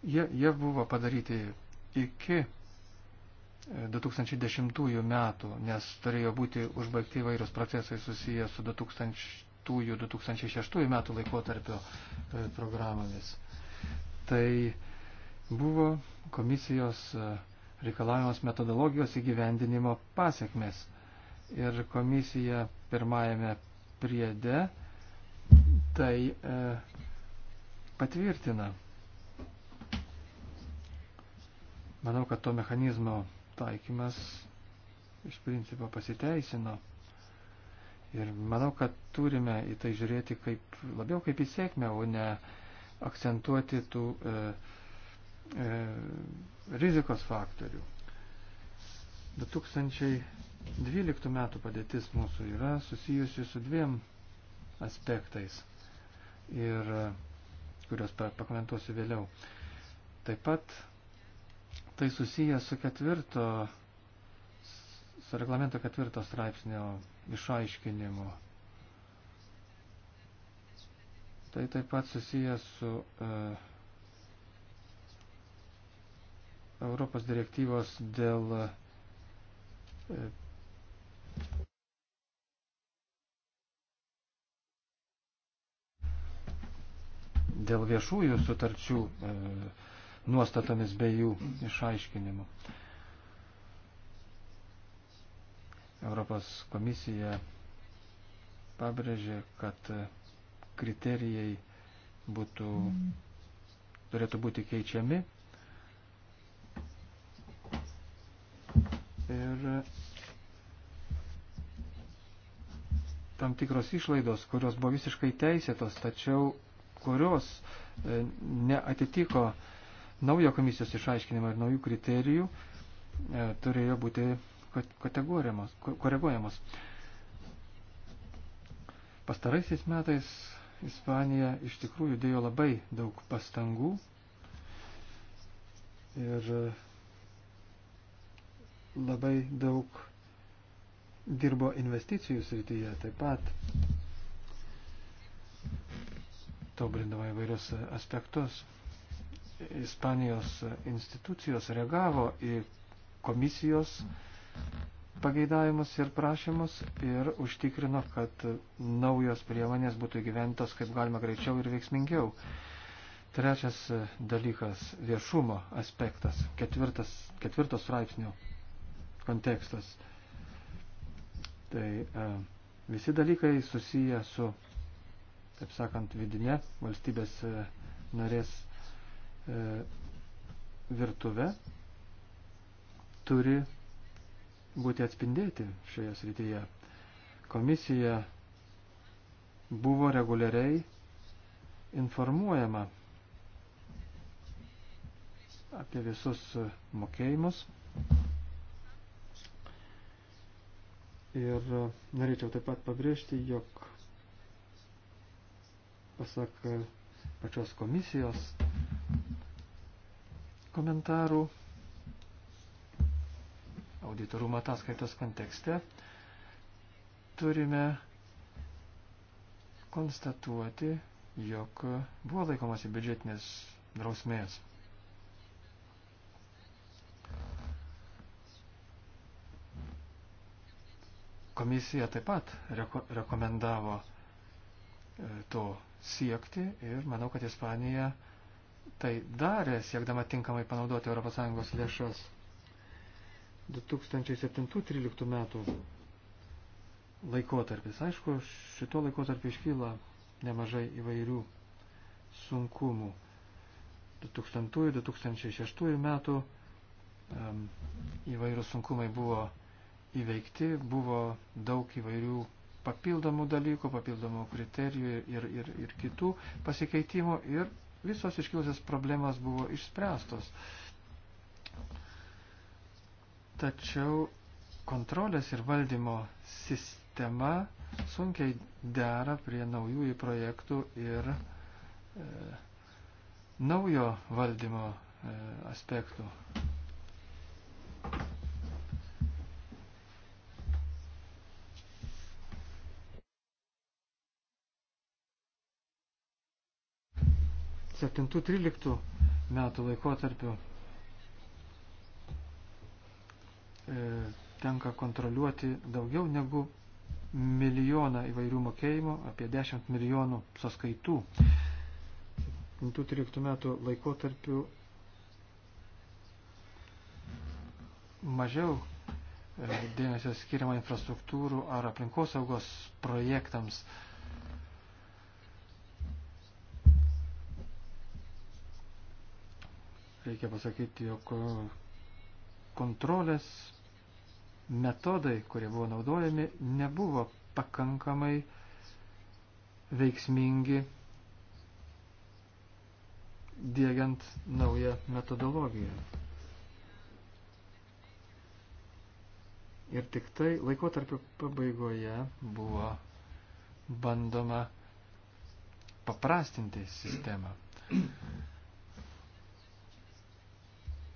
Jie, jie buvo padaryti iki 2010 e, metų, nes turėjo būti užbaigti vairūs procesai susiję su 2000-2006 metų laikotarpio e, programomis. Tai buvo komisijos e, reikalavimas metodologijos įgyvendinimo pasiekmes. Ir komisija pirmajame priede tai e, patvirtina Manau, kad to mechanizmo taikymas iš principo pasiteisino. Ir manau, kad turime į tai žiūrėti kaip, labiau kaip į sėkmę, o ne akcentuoti tų e, e, rizikos faktorių. 2012 metų padėtis mūsų yra susijusi su dviem aspektais, ir kuriuos pakomentuosiu vėliau. Taip pat Tai susijęs su ketvirto, su reglamento ketvirto straipsnio išaiškinimu. Tai taip pat susijęs su uh, Europos direktyvos dėl uh, dėl viešųjų sutarčių uh, nuostatomis bei jų išaiškinimu. Europos komisija pabrėžė, kad kriterijai būtų, turėtų būti keičiami ir tam tikros išlaidos, kurios buvo visiškai teisėtos, tačiau kurios e, neatitiko e, naujo komisijos išaiškinimo ir naujų kriterijų e, turėjo būti koreguojamos. Pastaraisiais metais Ispanija iš tikrųjų dėjo labai daug pastangų ir e, labai daug dirbo investicijų srityje taip pat tobulindama įvairius aspektus. Ispanijos institucijos reagavo į komisijos pageidavimus ir prašymus ir užtikrino, kad naujos priemonės būtų gyventos kaip galima greičiau ir veiksmingiau. Trečias dalykas - viešumo aspektas. Ketvirtas, ketvirtos straipsnio kontekstas. Tai e, visi dalykai susiję su, taip sakant, vidinė valstybės e, narės E, virtuve turi būti atspindėti šioje srityje. Komisija buvo reguliariai informuojama apie visus mokėjimus. Ir norėčiau taip pat pabrėžti, jog pasak pačios komisijos komentarų auditorumo ataskaitos kontekste. Turime konstatuoti, jog buvo laikomasi biudžetinės drausmės. Komisija taip pat reko rekomendavo e, to siekti ir manau, kad Ispanija tai darė, siekdama tinkamai panaudoti ES lėšas. 2007-2013 metų laikotarpis. Aišku, šito laikotarpio iškyla nemažai įvairių sunkumų. 2000-2006 metų um, įvairūs sunkumai buvo įveikti, buvo daug įvairių papildomų dalykų, papildomų kriterijų ir, ir, ir kitų pasikeitimų ir visos iškilusios problemas buvo išspręstos. Tačiau kontrolės ir valdymo sistema sunkiai dera prie naujųjų projektų ir e, naujo valdymo e, aspektų. 7-13 metų laikotarpiu e, tenka kontroliuoti daugiau negu milijoną įvairių mokėjimų, apie 10 milijonų sąskaitų. 2013 metų laikotarpiu mažiau e, dėmesio skiriama infrastruktūrų ar aplinkosaugos projektams. E, reikia pasakyti, jog kontrolės metodai, kurie buvo naudojami, nebuvo pakankamai veiksmingi dėgiant naują metodologiją. Ir tik tai laikotarpio pabaigoje buvo bandoma paprastinti sistemą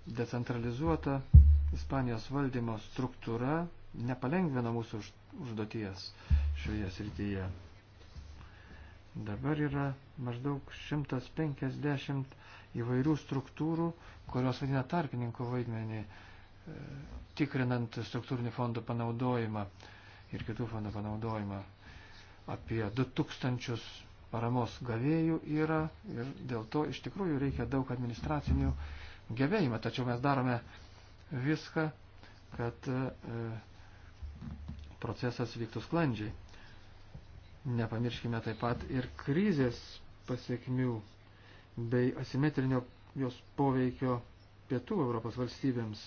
decentralizuota Ispanijos valdymo struktūra nepalengvina mūsų užduoties šioje srityje. Dabar yra maždaug 150 įvairių struktūrų, kurios vadina tarpininko vaidmenį, e, tikrinant struktūrinį fondų panaudojimą ir kitų fondų panaudojimą. Apie 2000 paramos gavėjų yra ir dėl to iš tikrųjų reikia daug administracinių gebėjimą, tačiau mes darome viską, kad e, procesas vyktų sklandžiai. Nepamirškime taip pat ir krizės pasiekmių bei asimetrinio jos poveikio pietų Europos valstybėms.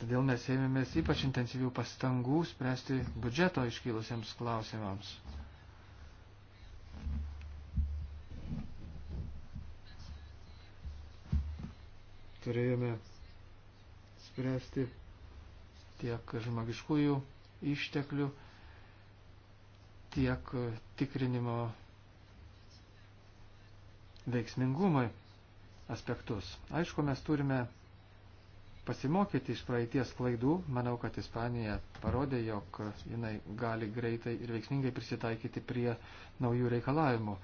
Todėl mes ėmėmės ypač intensyvių pastangų spręsti biudžeto iškylusiems klausimams. turėjome spręsti tiek žmogiškųjų išteklių, tiek tikrinimo veiksmingumai aspektus. Aišku, mes turime pasimokyti iš praeities klaidų. Manau, kad Ispanija parodė, jog jinai gali greitai ir veiksmingai prisitaikyti prie naujų reikalavimų.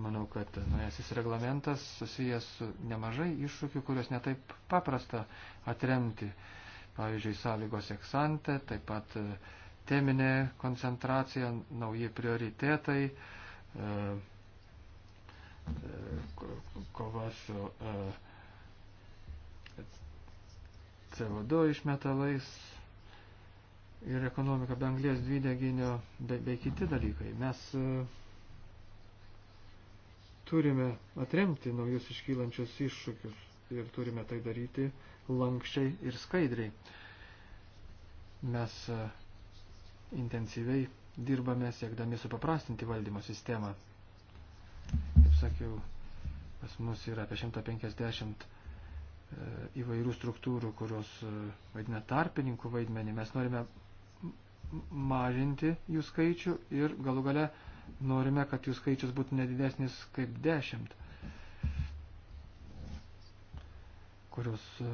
Manau, kad naujasis reglamentas susijęs su nemažai iššūkių, kuriuos netaip paprasta atremti. Pavyzdžiui, sąlygos eksante, taip pat e, teminė koncentracija, nauji prioritetai, e, e, kova su CO2 išmetalais ir ekonomika be anglės dvideginio bei kiti dalykai. Mes Turime atremti naujus iškylančius iššūkius ir turime tai daryti lankščiai ir skaidriai. Mes e, intensyviai dirbame siekdami supaprastinti valdymo sistemą. Kaip sakiau, pas mus yra apie 150 e, įvairių struktūrų, kurios e, vaidina tarpininkų vaidmenį. Mes norime mažinti jų skaičių ir galų gale norime, kad jų skaičius būtų nedidesnis kaip 10, kurios e,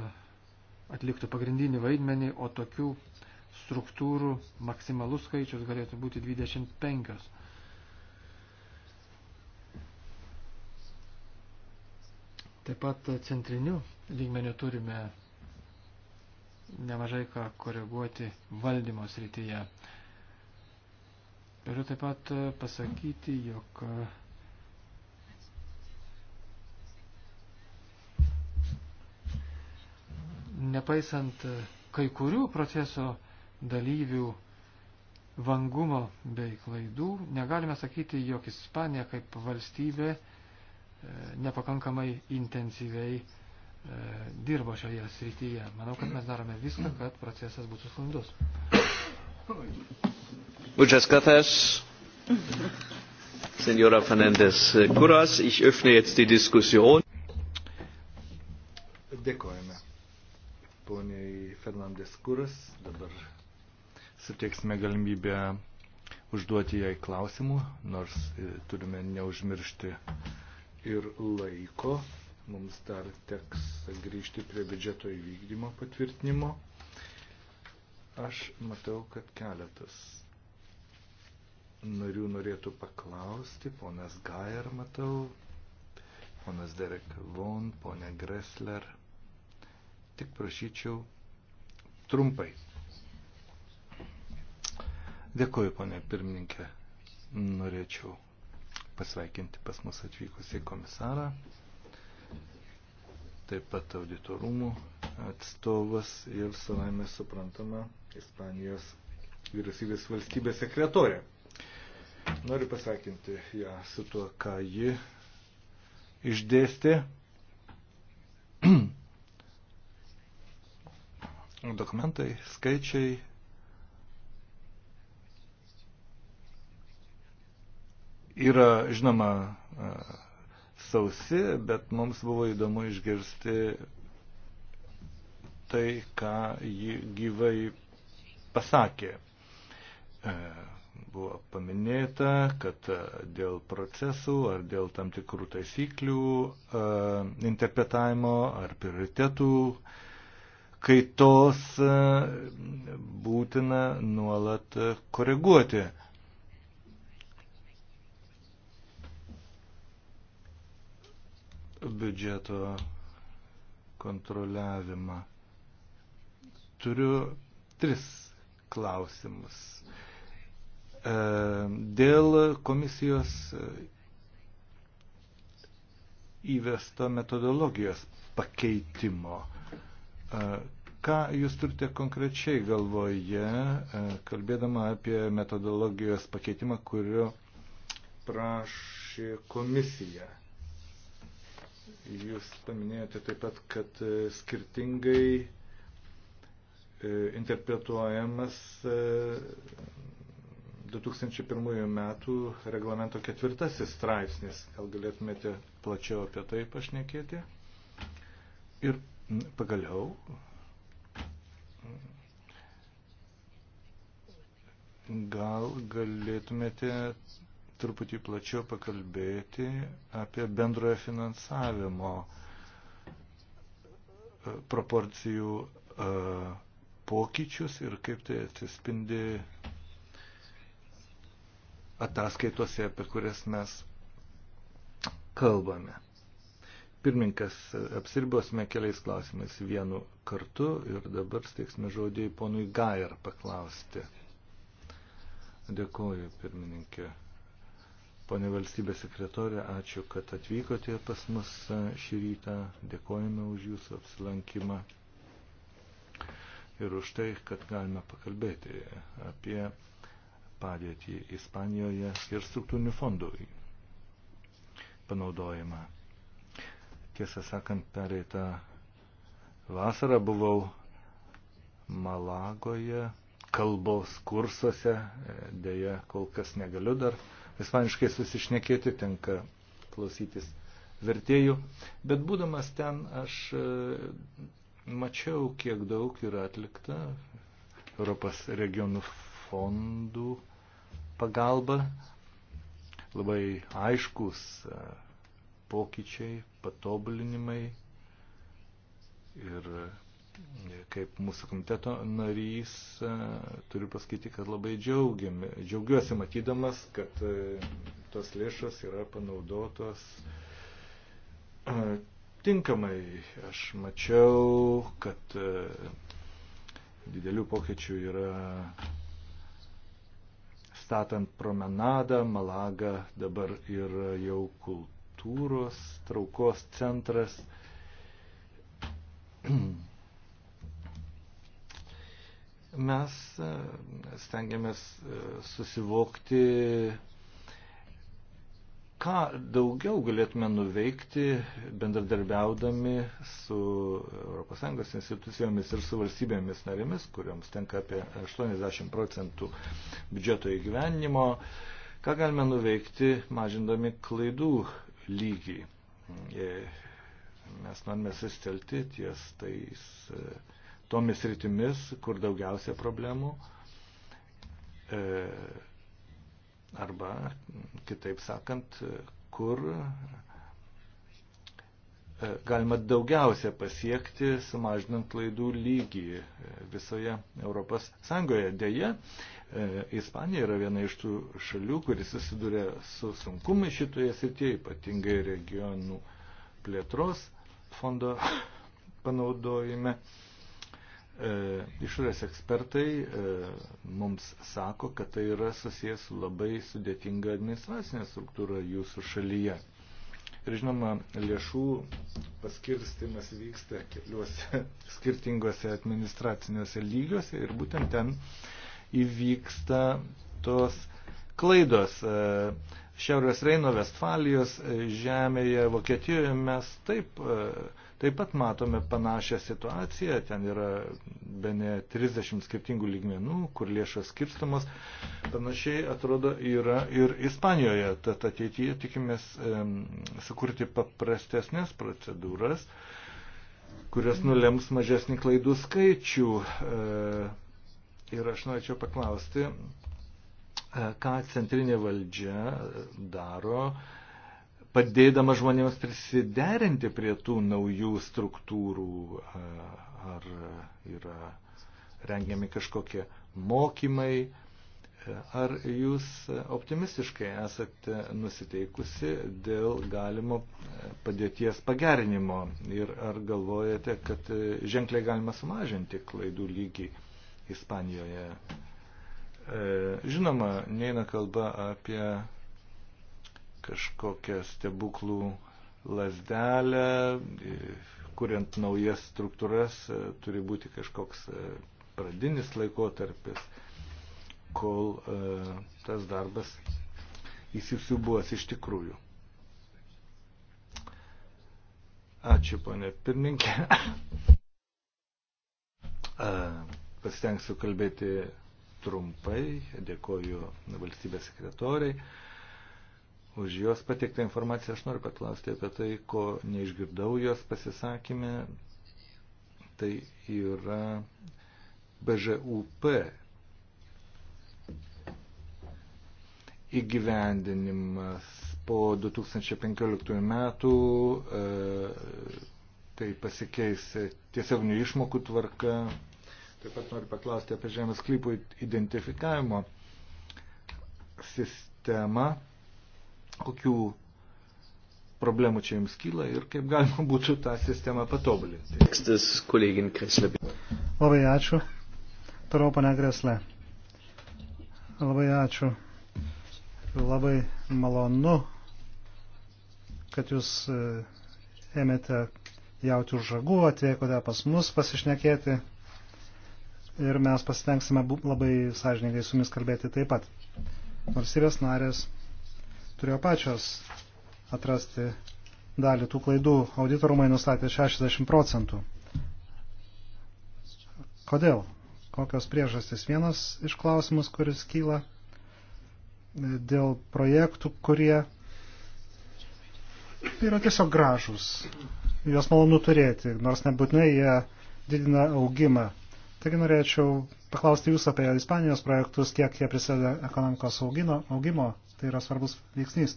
atliktų pagrindinį vaidmenį, o tokių struktūrų maksimalus skaičius galėtų būti 25. Taip pat centriniu lygmeniu turime nemažai ką koreguoti valdymo srityje. Galiu taip pat e, pasakyti, jog e, nepaisant e, kai kurių proceso dalyvių vangumo bei klaidų, negalime sakyti, jog Ispanija kaip valstybė nepakankamai intensyviai dirbo šioje srityje. Manau, kad mes darome viską, kad procesas būtų sklandus. Muchas gracias, señora Fernandez Kuras. Ich öffne jetzt die Diskussion. Dėkojame. Poniai Fernandės Kuras, dabar suteiksime galimybę užduoti jai klausimų, nors e, turime neužmiršti ir laiko. Mums dar teks grįžti prie biudžeto įvykdymo patvirtinimo. Aš matau, kad keletas narių norėtų paklausti. Ponas Gajer matau, ponas Derek Von, ponė Gressler. Tik prašyčiau trumpai. Dėkuoju, ponė pirmininkė. Norėčiau pasveikinti pas mus atvykusį komisarą, taip pat auditorumų atstovas ir savame suprantama Ispanijos vyriausybės valstybės sekretorė. Noriu pasakinti ją su tuo, ką ji išdėstė. Dokumentai, skaičiai. Yra, žinoma, sausi, bet mums buvo įdomu išgirsti tai, ką ji gyvai pasakė buvo paminėta, kad e, dėl procesų ar dėl tam tikrų taisyklių e, interpretavimo ar prioritetų kaitos e, būtina nuolat koreguoti. biudžeto kontroliavimą. Turiu tris klausimus. E, dėl komisijos e, įvesto metodologijos pakeitimo. E, ką jūs turite konkrečiai galvoje, kalbėdama apie metodologijos pakeitimą, kurio prašė komisija? Jūs paminėjote taip pat, kad skirtingai interpretuojamas 2001 metų reglamento ketvirtasis straipsnis. Gal galėtumėte plačiau apie tai pašnekėti? Ir pagaliau gal galėtumėte truputį plačiau pakalbėti apie bendrojo finansavimo e, proporcijų e, pokyčius ir kaip tai atsispindi ataskaitose, apie kurias mes kalbame. Pirmininkas, apsiribosime keliais klausimais vienu kartu ir dabar steiksime žodį ponui Gair paklausti. Dėkuoju, pirmininkė. Pone valstybės sekretorė, ačiū, kad atvykote pas mus e, šį rytą. Dėkojame už jūsų apsilankymą ir už tai, kad galime pakalbėti apie padėtį Ispanijoje ir struktūrinių fondų panaudojimą. Tiesą sakant, pereitą vasarą buvau Malagoje kalbos kursuose, dėja kol kas negaliu dar ispaniškai susišnekėti, tenka klausytis vertėjų, bet būdamas ten aš e, mačiau, kiek daug yra atlikta Europos regionų fondų pagalba. Labai aiškus e, pokyčiai, patobulinimai ir e, kaip mūsų komiteto narys e, turiu pasakyti, kad labai džiaugiam, džiaugiuosi matydamas, kad tos lėšos yra panaudotos tinkamai. Aš mačiau, kad didelių pokyčių yra statant promenadą, Malaga dabar yra jau kultūros traukos centras. Mes e, stengiamės e, susivokti ką daugiau galėtume nuveikti bendradarbiaudami su ES institucijomis ir su valstybėmis narėmis, kuriuoms tenka apie 80 procentų biudžeto įgyvenimo, ką galime nuveikti mažindami klaidų lygį. E, mes norime sustelti ties tais e, tomis rytimis, kur daugiausia problemų. E, arba, kitaip sakant, kur e, galima daugiausia pasiekti, sumažinant klaidų lygį e, visoje Europos Sąjungoje. Deja, e, Ispanija yra viena iš tų šalių, kuris susiduria su sunkumai šitoje srityje, ypatingai regionų plėtros fondo panaudojime. E, išorės ekspertai e, mums sako, kad tai yra susijęs su labai sudėtinga administracinė struktūra jūsų šalyje. Ir žinoma, lėšų paskirstimas vyksta keliuose skirtinguose administraciniuose lygiuose ir būtent ten įvyksta tos klaidos. E, Šiaurės Reino Vestfalijos žemėje, Vokietijoje mes taip uh, Taip pat matome panašią situaciją, ten yra be ne 30 skirtingų lygmenų, kur lėšos skirstamos. Panašiai atrodo yra ir Ispanijoje, tad ateityje tikimės e, sukurti paprastesnės procedūras, kurios nulems mažesnį klaidų skaičių. E, ir aš norėčiau paklausti, e, ką centrinė valdžia daro, e, padėdama žmonėms prisiderinti prie tų naujų struktūrų, ar yra rengiami kažkokie mokymai, ar jūs optimistiškai esate nusiteikusi dėl galimo padėties pagerinimo ir ar galvojate, kad ženkliai galima sumažinti klaidų lygį Ispanijoje? E, žinoma, neina kalba apie kažkokią stebuklų lasdelę, e, kuriant naujas struktūras, e, turi būti kažkoks e, pradinis laikotarpis, kol tas darbas įsisiubuos iš tikrųjų. Ačiū, ponė pirmininkė. Pasitengsiu kalbėti trumpai. Dėkoju valstybės sekretoriai už jos pateiktą informaciją. Aš noriu paklausti apie tai, ko neišgirdau jos pasisakymę. Tai yra BŽUP įgyvendinimas po 2015 metų, e, tai pasikeis tiesioginių išmokų tvarka. Taip pat noriu paklausti apie žemės klypų identifikavimo sistemą kokių problemų čia jums kyla ir kaip galima būtų tą sistemą patobulinti. Tekstas kolegin Kreslė. Labai ačiū. Toliau pane Kreslė. Labai ačiū. Labai malonu, kad jūs e, ėmėte jauti už žagų, atvykote pas mus pasišnekėti ir mes pasitengsime labai sąžininkai su jumis kalbėti taip pat. Valstybės narės turėjo pačios atrasti dalį tų klaidų. Auditorumai nustatė 60 procentų. Kodėl? Kokios priežastys? Vienas iš klausimus, kuris kyla dėl projektų, kurie yra tiesiog gražus. Juos malonu turėti, nors nebūtinai jie didina augimą. Taigi norėčiau paklausti Jūs apie Ispanijos projektus, kiek jie prisideda ekonomikos augino, augimo Tai yra svarbus veiksnys.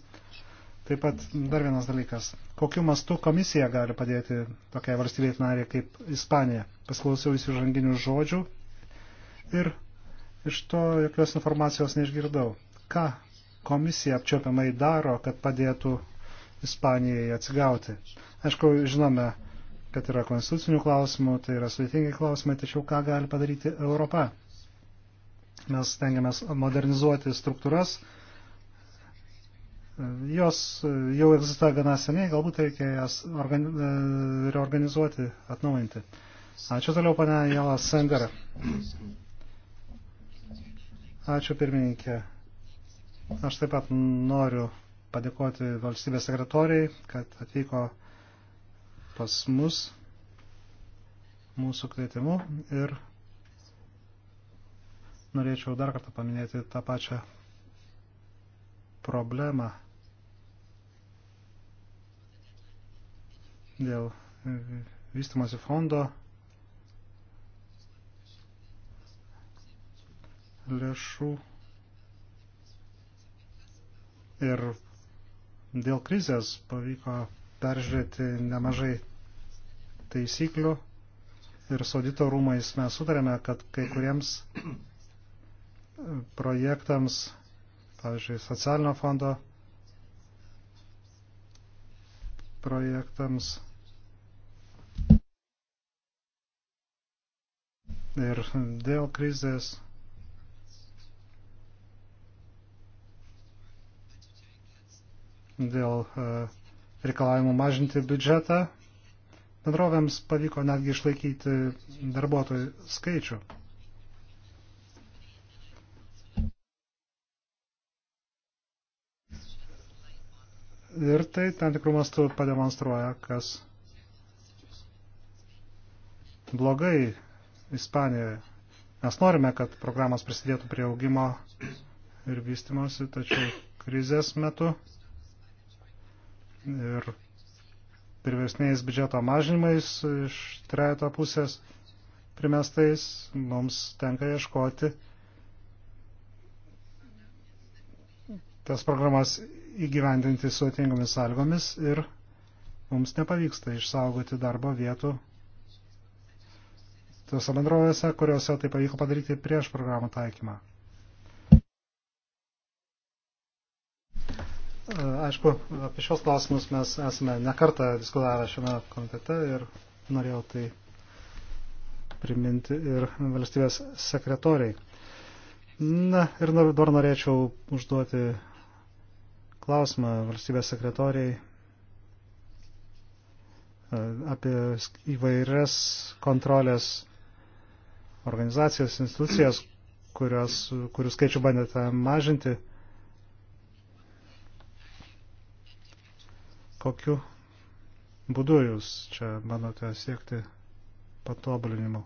Taip pat dar vienas dalykas. Kokiu mastu komisija gali padėti tokiai valstybei narė kaip Ispanija? Pasklausiau įsižanginių žodžių ir iš to jokios informacijos neišgirdau. Ką komisija apčiopiamai daro, kad padėtų Ispanijai atsigauti? Aišku, žinome, kad yra konstitucinių klausimų, tai yra sudėtingi klausimai, tačiau ką gali padaryti Europa? Mes stengiamės modernizuoti struktūras, Jos e, jau egzistuoja gana seniai, galbūt reikia jas organi e, reorganizuoti, atnaujinti. Ačiū toliau, pane Jela Sender. Ačiū pirmininkė. Aš taip pat noriu padėkoti valstybės sekretoriai, kad atvyko pas mus mūsų kvietimu ir norėčiau dar kartą paminėti tą pačią problemą dėl vystimosi fondo lėšų ir dėl krizės pavyko peržiūrėti nemažai taisyklių ir saudito rūmais mes sutarėme, kad kai kuriems projektams pavyzdžiui, socialinio fondo projektams. Ir dėl krizės dėl e, reikalavimų mažinti biudžetą, bendrovėms pavyko netgi išlaikyti darbuotojų skaičių. ir tai tam tikrų mastų pademonstruoja, kas blogai Ispanijoje. Mes norime, kad programos prisidėtų prie augimo ir vystimosi, tačiau krizės metu ir priversniais biudžeto mažinimais iš trejato pusės primestais mums tenka ieškoti tas programas įgyvendinti suotingomis sąlygomis ir mums nepavyksta išsaugoti darbo vietų tose bendrovėse, kuriuose tai pavyko padaryti prieš programų taikymą. Aišku, apie šios klausimus mes esame nekartą diskutavę šiame komitete ir norėjau tai priminti ir valstybės sekretoriai. Na, ir dar norėčiau užduoti klausimą valstybės sekretoriai e, apie įvairias kontrolės organizacijas, institucijas, kurios, kurių skaičių bandėte mažinti. Kokiu būdu jūs čia bandote siekti patobulinimo?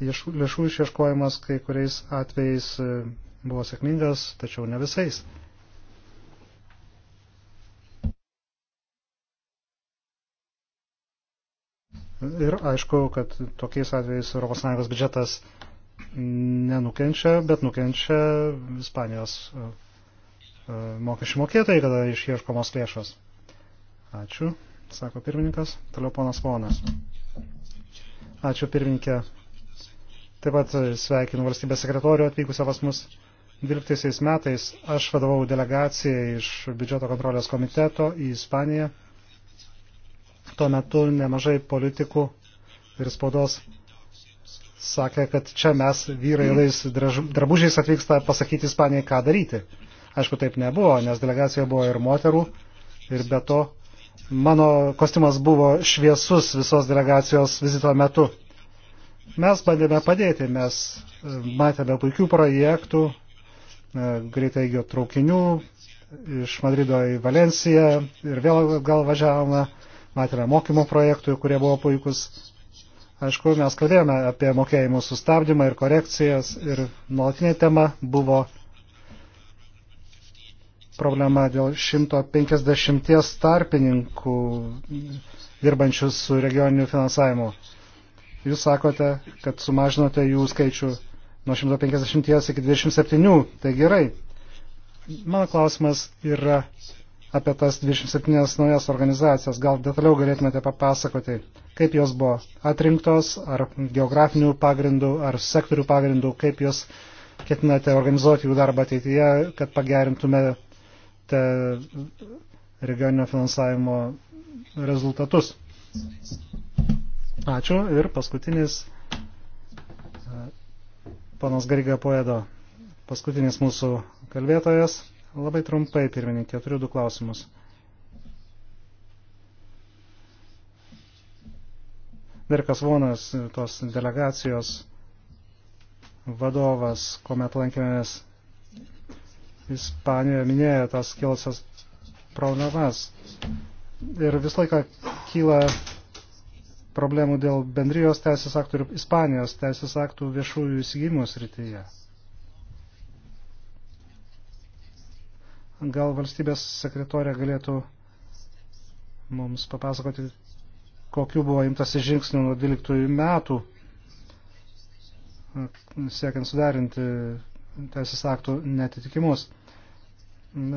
Lėšų išieškojimas kai kuriais atvejais e, buvo sėkmingas, tačiau ne visais. Ir aišku, kad tokiais atvejais ES biudžetas nenukenčia, bet nukenčia Ispanijos e, e, mokesčių mokėtojai, kada išieškomos lėšos. Ačiū, sako pirmininkas. Toliau ponas Vonas. Ačiū pirmininkė. Taip pat sveikinu valstybės sekretorių atvykusią pas mus. 12 metais aš vadovau delegaciją iš biudžeto kontrolės komiteto į Ispaniją. Tuo metu nemažai politikų ir spaudos sakė, kad čia mes vyrai lais drabužiais atvyksta pasakyti Ispanijai, ką daryti. Aišku, taip nebuvo, nes delegacijoje buvo ir moterų, ir be to mano kostiumas buvo šviesus visos delegacijos vizito metu. Mes bandėme padėti, mes e, matėme puikių projektų, e, greitai jo traukinių iš Madrido į Valenciją ir vėl gal važiavome, matėme mokymo projektų, kurie buvo puikus. Aišku, mes kalbėjome apie mokėjimų sustabdymą ir korekcijas ir nuolatinė tema buvo problema dėl 150 tarpininkų dirbančių su regioniniu finansavimu. Jūs sakote, kad sumažinote jų skaičių nuo 150 iki 27. Tai gerai. Mano klausimas yra apie tas 27 naujas organizacijas. Gal detaliau galėtumėte papasakoti, kaip jos buvo atrinktos, ar geografinių pagrindų, ar sektorių pagrindų, kaip jos ketinate organizuoti jų darbą ateityje, kad pagerintume regioninio finansavimo rezultatus. Ačiū. Ir paskutinis, e, panas Gariga Poedo, paskutinis mūsų kalbėtojas. Labai trumpai, pirmininkė, turiu du klausimus. Dirkas Vonas, tos delegacijos vadovas, kuomet lankėmės Ispanijoje, minėjo tas kilusias problemas. Ir visą laiką kyla problemų dėl bendrijos teisės aktų ir Ispanijos teisės aktų viešųjų įsigymų srityje. Gal valstybės sekretorė galėtų mums papasakoti, kokiu buvo imtasi žingsnių nuo 12 metų, siekiant sudarinti teisės aktų netitikimus.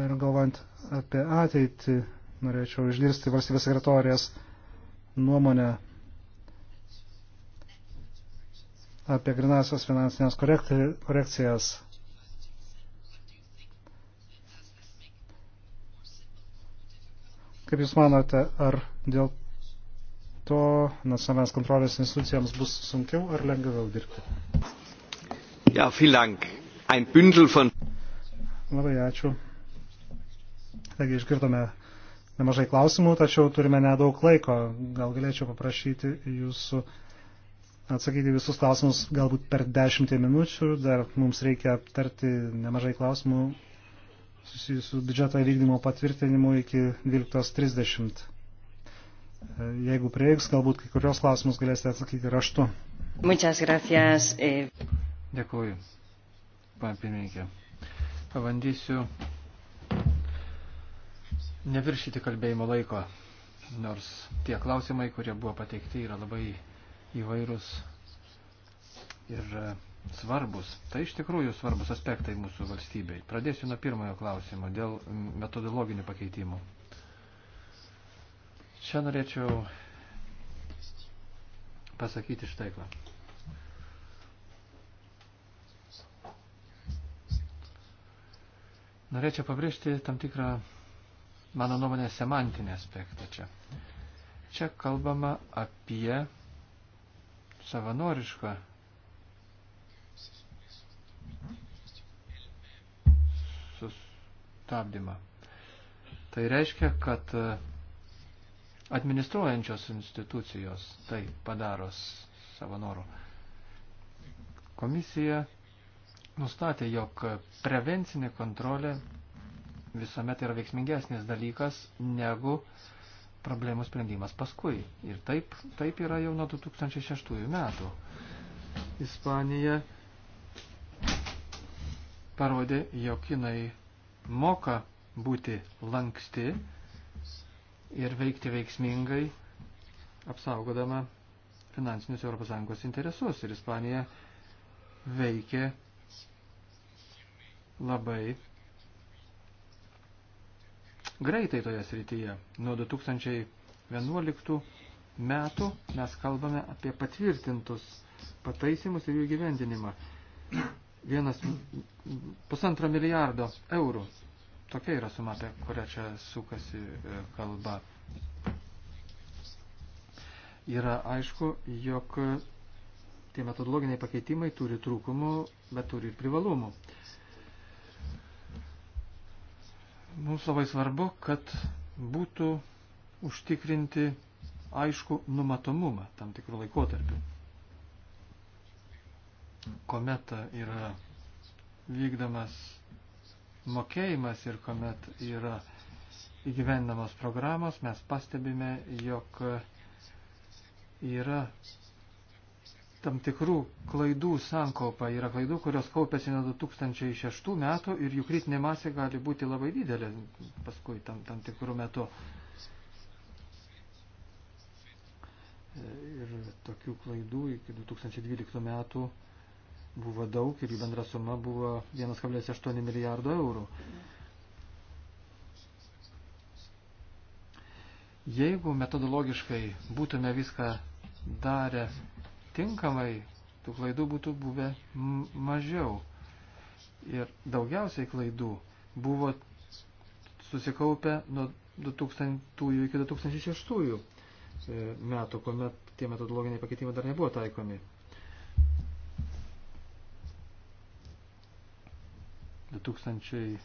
Ir galvant apie ateitį, norėčiau išgirsti valstybės sekretorės nuomonę apie grinasios finansinės korekcijas. Kaip Jūs manote, ar dėl to nacionalinės kontrolės institucijams bus sunkiau ar lengviau dirbti? Ja, vielen Dank. Ein Bündel von. Labai ačiū. Taigi išgirdome nemažai klausimų, tačiau turime nedaug laiko. Gal galėčiau paprašyti jūsų atsakyti visus klausimus galbūt per dešimtį minučių. Dar mums reikia aptarti nemažai klausimų susijusių biudžeto vykdymo patvirtinimu iki 12.30. E, jeigu prieiks, galbūt kai kurios klausimus galėsite atsakyti raštu. Muchas gracias. Eh. Dėkuoju, pan pirmininkė. Pabandysiu neviršyti kalbėjimo laiko, nors tie klausimai, kurie buvo pateikti, yra labai įvairūs ir e, svarbus. Tai iš tikrųjų svarbus aspektai mūsų valstybei. Pradėsiu nuo pirmojo klausimo dėl metodologinių pakeitimų. Čia norėčiau pasakyti štai ką. Norėčiau pabrėžti tam tikrą, mano nuomonę, semantinį aspektą čia. Čia kalbama apie savanoriška. Sustabdymą. Tai reiškia, kad e, administruojančios institucijos tai padaros savo norų. Komisija nustatė, jog prevencinė kontrolė visuomet yra veiksmingesnis dalykas negu uh, problemų sprendimas paskui. Ir taip, taip yra jau nuo 2006 metų. Ispanija parodė, jog jinai moka būti lanksti ir veikti veiksmingai, apsaugodama finansinius ES interesus. Ir Ispanija veikė labai greitai toje srityje. Nuo 2011 metų mes kalbame apie patvirtintus pataisimus ir jų gyvendinimą. Vienas pusantro milijardo eurų. Tokia yra suma, apie kurią čia sukasi e, kalba. Yra aišku, jog tie metodologiniai pakeitimai turi trūkumų, bet turi ir privalumų. mums labai svarbu, kad būtų užtikrinti aišku numatomumą tam tikrų laikotarpių. Komet yra vykdamas mokėjimas ir kuomet yra įgyvendamos programos, mes pastebime, jog yra tam tikrų klaidų sankopa. Yra klaidų, kurios kaupėsi nuo 2006 metų ir jų kritinė masė gali būti labai didelė paskui tam, tam tikrų metų. Ir tokių klaidų iki 2012 metų buvo daug ir jų bendra suma buvo 1,8 milijardo eurų. Jeigu metodologiškai būtume viską darę tinkamai, tų klaidų būtų buvę mažiau. Ir daugiausiai klaidų buvo susikaupę nuo 2000 iki 2006 e, metų, kuomet tie metodologiniai pakeitimai dar nebuvo taikomi. 2000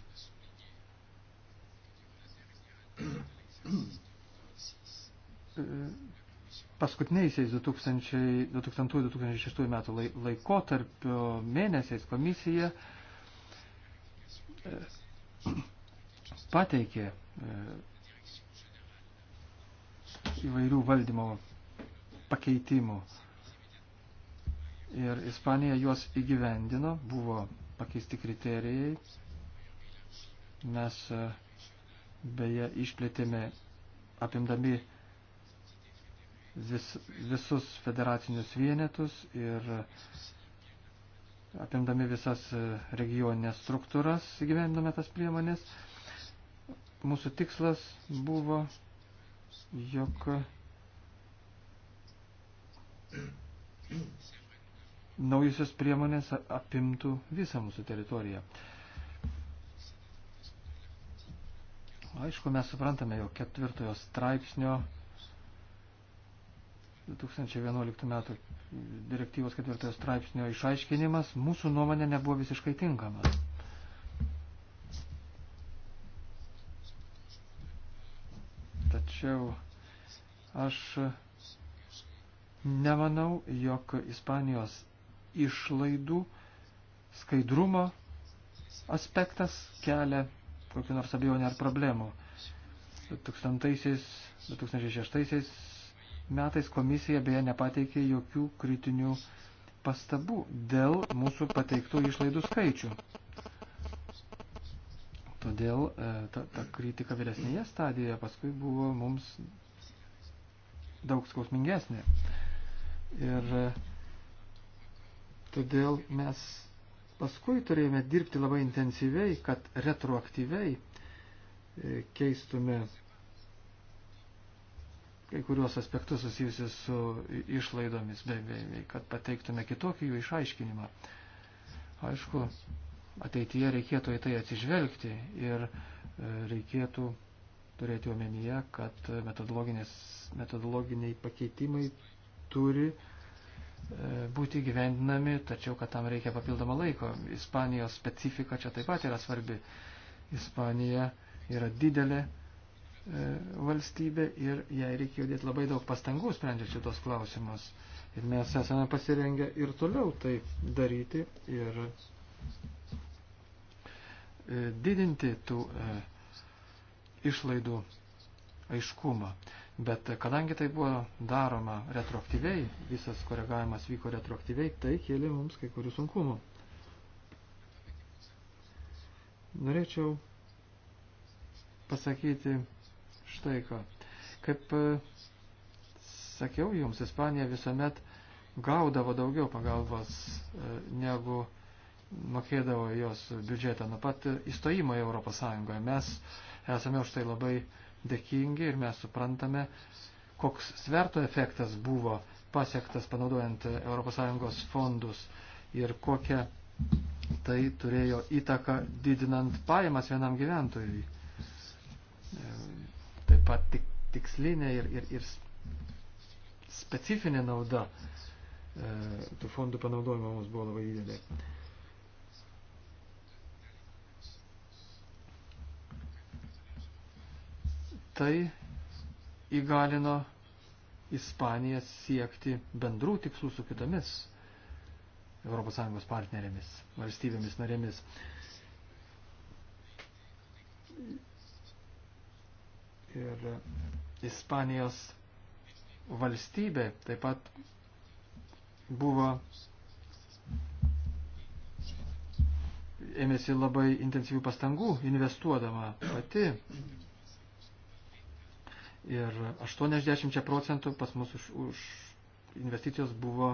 e, paskutiniaisiais 2000-2006 metų laikotarpio mėnesiais komisija e, pateikė e, įvairių valdymo pakeitimų. Ir Ispanija juos įgyvendino, buvo pakeisti kriterijai. Mes e, beje išplėtėme apimdami vis, visus federacinius vienetus ir apimdami visas e, regioninės struktūras įgyvendome tas priemonės. Mūsų tikslas buvo, jog naujusios priemonės apimtų visą mūsų teritoriją. Aišku, mes suprantame jau ketvirtojo straipsnio 2011 metų direktyvos ketvirtojo straipsnio išaiškinimas mūsų nuomonė nebuvo visiškai tinkamas. Tačiau aš nemanau, jog Ispanijos išlaidų skaidrumo aspektas kelia kokį nors abejonę ar problemų. 2006 metais komisija beje nepateikė jokių kritinių pastabų dėl mūsų pateiktų išlaidų skaičių. Todėl e, ta, ta kritika vėlesnėje stadijoje paskui buvo mums daug skausmingesnė. Ir e, todėl mes paskui turėjome dirbti labai intensyviai, kad retroaktyviai e, keistume kai kuriuos aspektus susijusius su išlaidomis, be, be, be, kad pateiktume kitokį jų išaiškinimą. Aišku, ateityje reikėtų į tai atsižvelgti ir e, reikėtų turėti omenyje, kad metodologiniai pakeitimai turi e, būti gyvendinami, tačiau kad tam reikia papildomą laiko. Ispanijos specifika čia taip pat yra svarbi. Ispanija yra didelė E, valstybė ir jai reikėjo dėti labai daug pastangų sprendžiant šitos klausimus. Ir mes esame pasirengę ir toliau tai daryti ir e, didinti tų e, išlaidų aiškumą. Bet kadangi tai buvo daroma retroaktyviai, visas koregavimas vyko retroaktyviai, tai kėlė mums kai kurių sunkumų. Norėčiau pasakyti štai ko. Kaip e, sakiau jums, Ispanija visuomet gaudavo daugiau pagalbos e, negu mokėdavo jos biudžetą nuo pat įstojimo į Europos Sąjungoje. Mes esame už tai labai dėkingi ir mes suprantame, koks sverto efektas buvo pasiektas panaudojant ES fondus ir kokią tai turėjo įtaką didinant pajamas vienam gyventojui taip pat tik, tikslinė ir, ir, ir specifinė nauda e, tų fondų panaudojimo mums buvo labai didelė. Tai įgalino Ispaniją siekti bendrų tikslų su kitomis ES partnerėmis, valstybėmis narėmis ir e, Ispanijos valstybė taip pat buvo ėmėsi labai intensyvių pastangų investuodama pati. Ir 80 procentų pas mus už, už investicijos buvo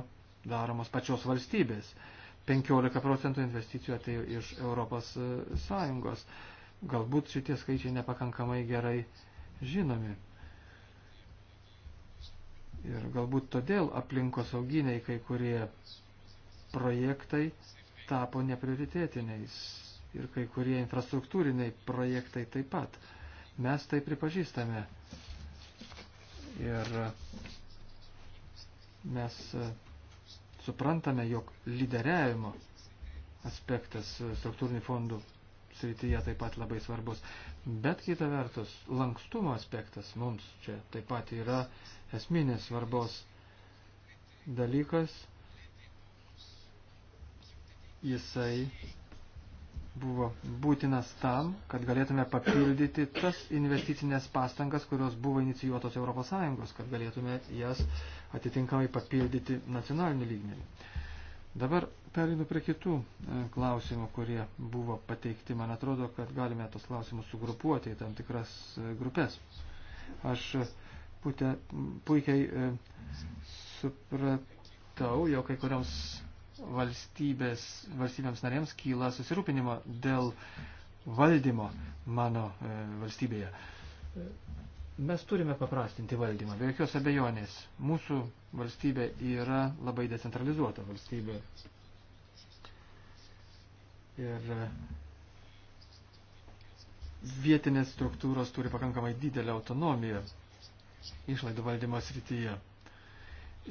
daromos pačios valstybės. 15 procentų investicijų atėjo iš Europos e, Sąjungos. Galbūt šitie skaičiai nepakankamai gerai uh, žinomi. Ir galbūt todėl aplinkosauginiai kai kurie projektai tapo neprioritetiniais ir kai kurie infrastruktūriniai projektai taip pat. Mes tai pripažįstame. Ir mes e, suprantame, jog lyderiavimo aspektas e, struktūrinių fondų srityje taip pat labai svarbus. Bet kita vertus, lankstumo aspektas mums čia taip pat yra esminės svarbos dalykas. Jisai buvo būtinas tam, kad galėtume papildyti tas investicinės pastangas, kurios buvo inicijuotos ES, kad galėtume jas atitinkamai papildyti nacionaliniu lygmeniu. Dabar perinu prie kitų e, klausimų, kurie buvo pateikti. Man atrodo, kad galime tos klausimus sugrupuoti į tam tikras e, grupės. Aš e, putė, puikiai supratau, jog kai kurioms valstybės, valstybėms narėms kyla susirūpinimo dėl valdymo mano valstybėje. Mes turime paprastinti valdymą, be jokios abejonės. Mūsų valstybė yra labai decentralizuota valstybė. Ir vietinės struktūros turi pakankamai didelę autonomiją išlaidų valdymo srityje.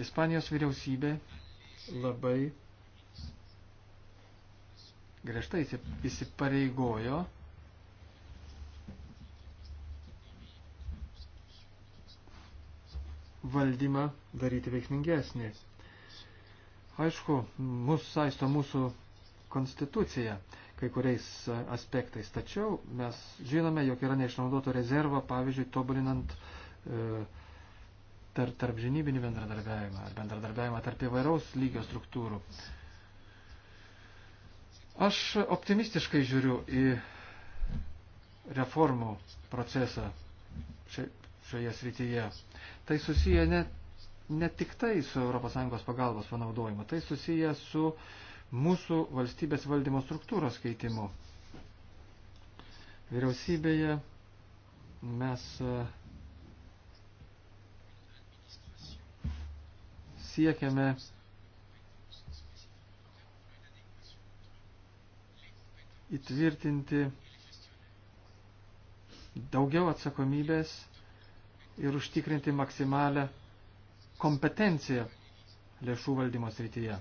Ispanijos vyriausybė labai griežtai įsipareigojo valdymą daryti veiksmingesnį. Aišku, mus saisto mūsų konstitucija kai kuriais aspektais, tačiau mes žinome, jog yra neišnaudoto rezervo, pavyzdžiui, tobulinant e, tarp, tarp žinybinį bendradarbiavimą ar bendradarbiavimą tarp įvairaus lygio struktūrų. Aš optimistiškai žiūriu į reformų procesą šioje srityje. Tai susiję ne, ne tik tai su ES pagalbos panaudojimu, tai susiję su mūsų valstybės valdymo struktūros keitimu. Vyriausybėje mes e, siekiame įtvirtinti daugiau atsakomybės ir užtikrinti maksimalę kompetenciją lėšų valdymo srityje.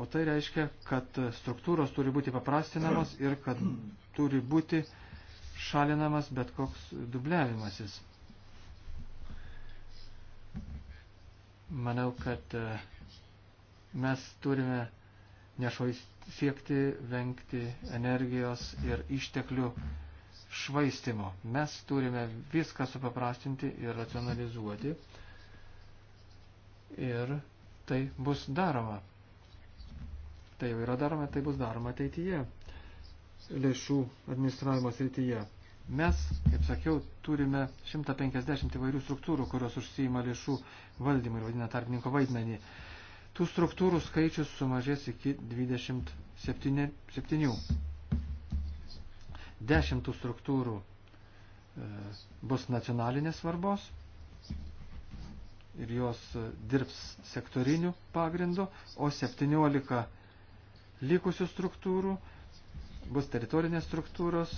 O tai reiškia, kad struktūros turi būti paprastinamos ir kad turi būti šalinamas bet koks dubliavimasis. Manau, kad e, mes turime nešvai siekti, vengti energijos ir išteklių švaistimo. Mes turime viską supaprastinti ir racionalizuoti. Ir tai bus daroma. Tai jau yra daroma, tai bus daroma ateityje. Lėšų administravimo srityje. Mes, kaip sakiau, turime 150 įvairių struktūrų, kurios užsijima lėšų valdymą ir vadina tarpininko vaidmenį. Tų struktūrų skaičius sumažės iki 27 dešimtų struktūrų e, bus nacionalinės svarbos ir jos e, dirbs sektoriniu pagrindu, o 17 likusių struktūrų bus teritorinės struktūros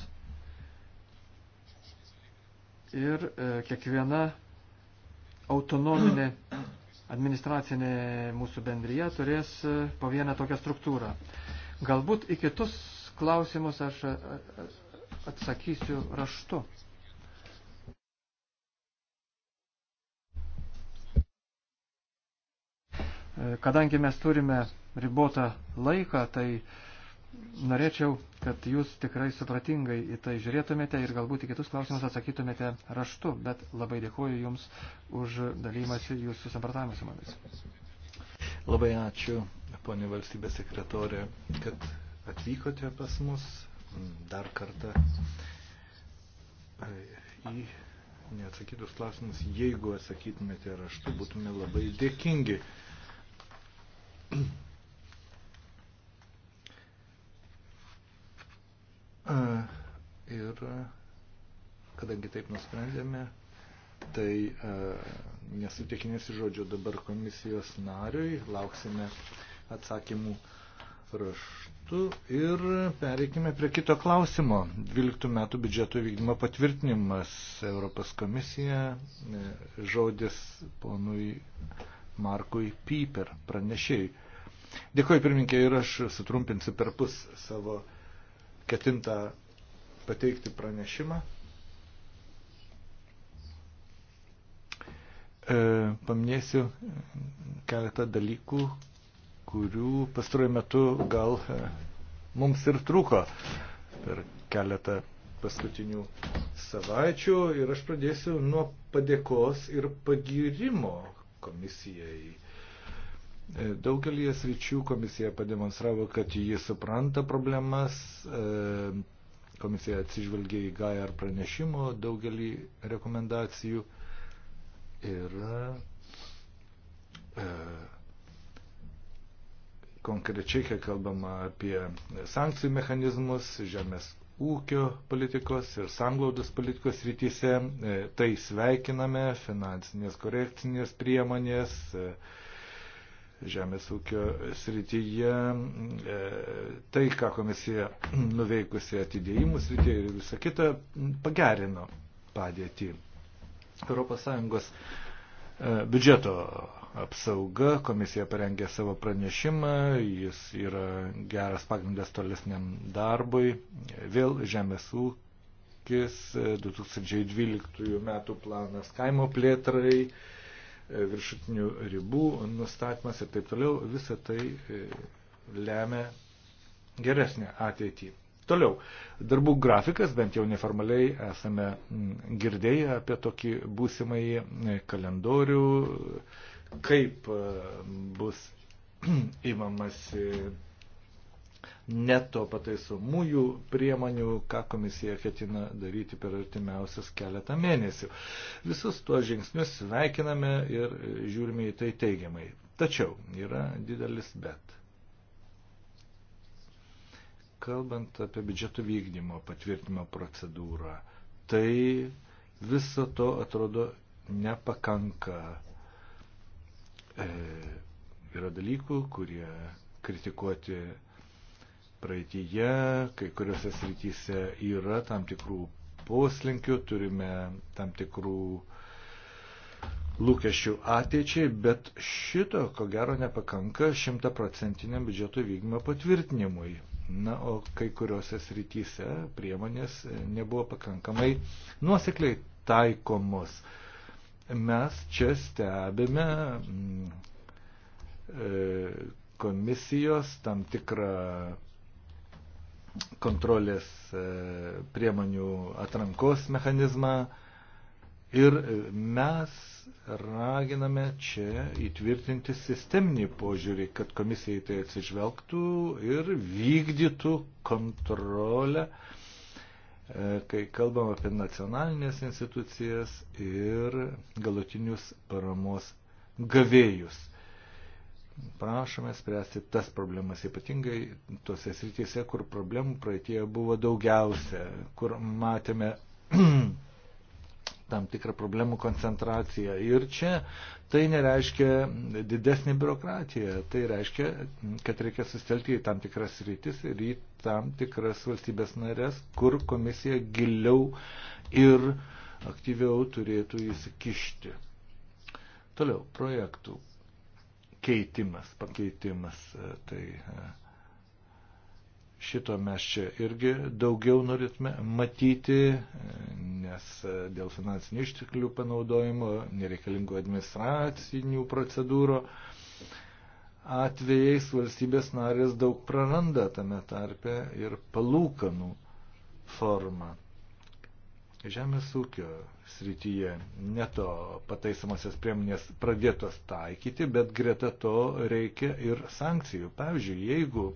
ir e, kiekviena autonominė administracinė mūsų bendryje turės po vieną tokią struktūrą. Galbūt į kitus klausimus aš atsakysiu raštu. Kadangi mes turime ribotą laiką, tai norėčiau, kad jūs tikrai supratingai į tai žiūrėtumėte ir galbūt į kitus klausimus atsakytumėte raštu, bet labai dėkuoju Jums už dalymasi Jūsų sampratavimus su mumis. Labai ačiū, ponė valstybės sekretorė, kad atvykote pas mus dar kartą e, į neatsakytus klausimus. Jeigu atsakytumėte raštu, būtume labai dėkingi. E, ir e, kadangi taip nusprendėme, tai nesutikinėsi žodžio dabar komisijos nariui, lauksime atsakymų raštu ir pereikime prie kito klausimo. 12 metų biudžeto vykdymo patvirtinimas Europos komisija. E, žodis ponui Markui Piper pranešėjai. Dėkuoju pirminkė ir aš sutrumpinsiu per pus savo ketintą pateikti pranešimą. E, paminėsiu keletą dalykų, kurių pastaruoju metu gal e, mums ir trūko per keletą paskutinių savaičių ir aš pradėsiu nuo padėkos ir pagirimo komisijai. E, daugelį sričių komisija pademonstravo, kad jie supranta problemas, e, komisija atsižvelgia į GAIR pranešimo daugelį rekomendacijų ir Konkrečiai, kai kalbama apie sankcijų mechanizmus, žemės ūkio politikos ir sanglaudos politikos rytise, e, tai sveikiname, finansinės korekcinės priemonės, e, žemės ūkio srityje, e, tai, ką komisija nuveikusi atidėjimų srityje ir visą kitą, pagerino padėtį ES biudžeto apsauga. Komisija parengė savo pranešimą, jis yra geras pagrindas tolesniam darbui. Vėl žemės ūkis, 2012 metų planas kaimo plėtrai, viršutinių ribų nustatymas ir taip toliau. Visą tai e, lemia geresnę ateitį. Toliau, darbų grafikas, bent jau neformaliai esame girdėję apie tokį būsimąjį e, kalendorių, kaip e, bus įmamasi neto pataisomųjų priemonių, ką komisija ketina daryti per artimiausias keletą mėnesių. Visus tuos žingsnius sveikiname ir žiūrime į tai teigiamai. Tačiau yra didelis bet. Kalbant apie biudžeto vykdymo patvirtimo procedūrą, tai viso to atrodo nepakanka E, yra dalykų, kurie kritikuoti praeitįje, kai kuriuose srityse yra tam tikrų poslinkių, turime tam tikrų lūkesčių ateičiai, bet šito, ko gero, nepakanka šimtaprocentiniam biudžeto vykdymo patvirtinimui. Na, o kai kuriuose srityse priemonės nebuvo pakankamai nuosekliai taikomos. Mes čia stebime mm, e, komisijos tam tikrą kontrolės e, priemonių atrankos mechanizmą ir mes raginame čia įtvirtinti sisteminį požiūrį, kad komisija į tai atsižvelgtų ir vykdytų kontrolę uh, E, kai kalbam apie nacionalinės institucijas ir galutinius paramos gavėjus. Prašome spręsti tas problemas, ypatingai tose srityse, kur problemų praeitie buvo daugiausia, kur matėme tam tikrą problemų koncentraciją. Ir čia tai nereiškia didesnį biurokratiją, tai reiškia, kad reikia sustelti į tam tikras rytis ir į tam tikras valstybės narės, kur komisija giliau ir aktyviau turėtų įsikišti. Toliau, projektų keitimas, pakeitimas. E, tai, uh, Šito mes čia irgi daugiau norėtume matyti, nes dėl finansinių išteklių panaudojimo, nereikalingų administracinių procedūrų atvejais valstybės narės daug praranda tame tarpe ir palūkanų formą. Žemės ūkio srityje neto pataisamasios priemonės pradėtos taikyti, bet greta to reikia ir sankcijų. Pavyzdžiui, jeigu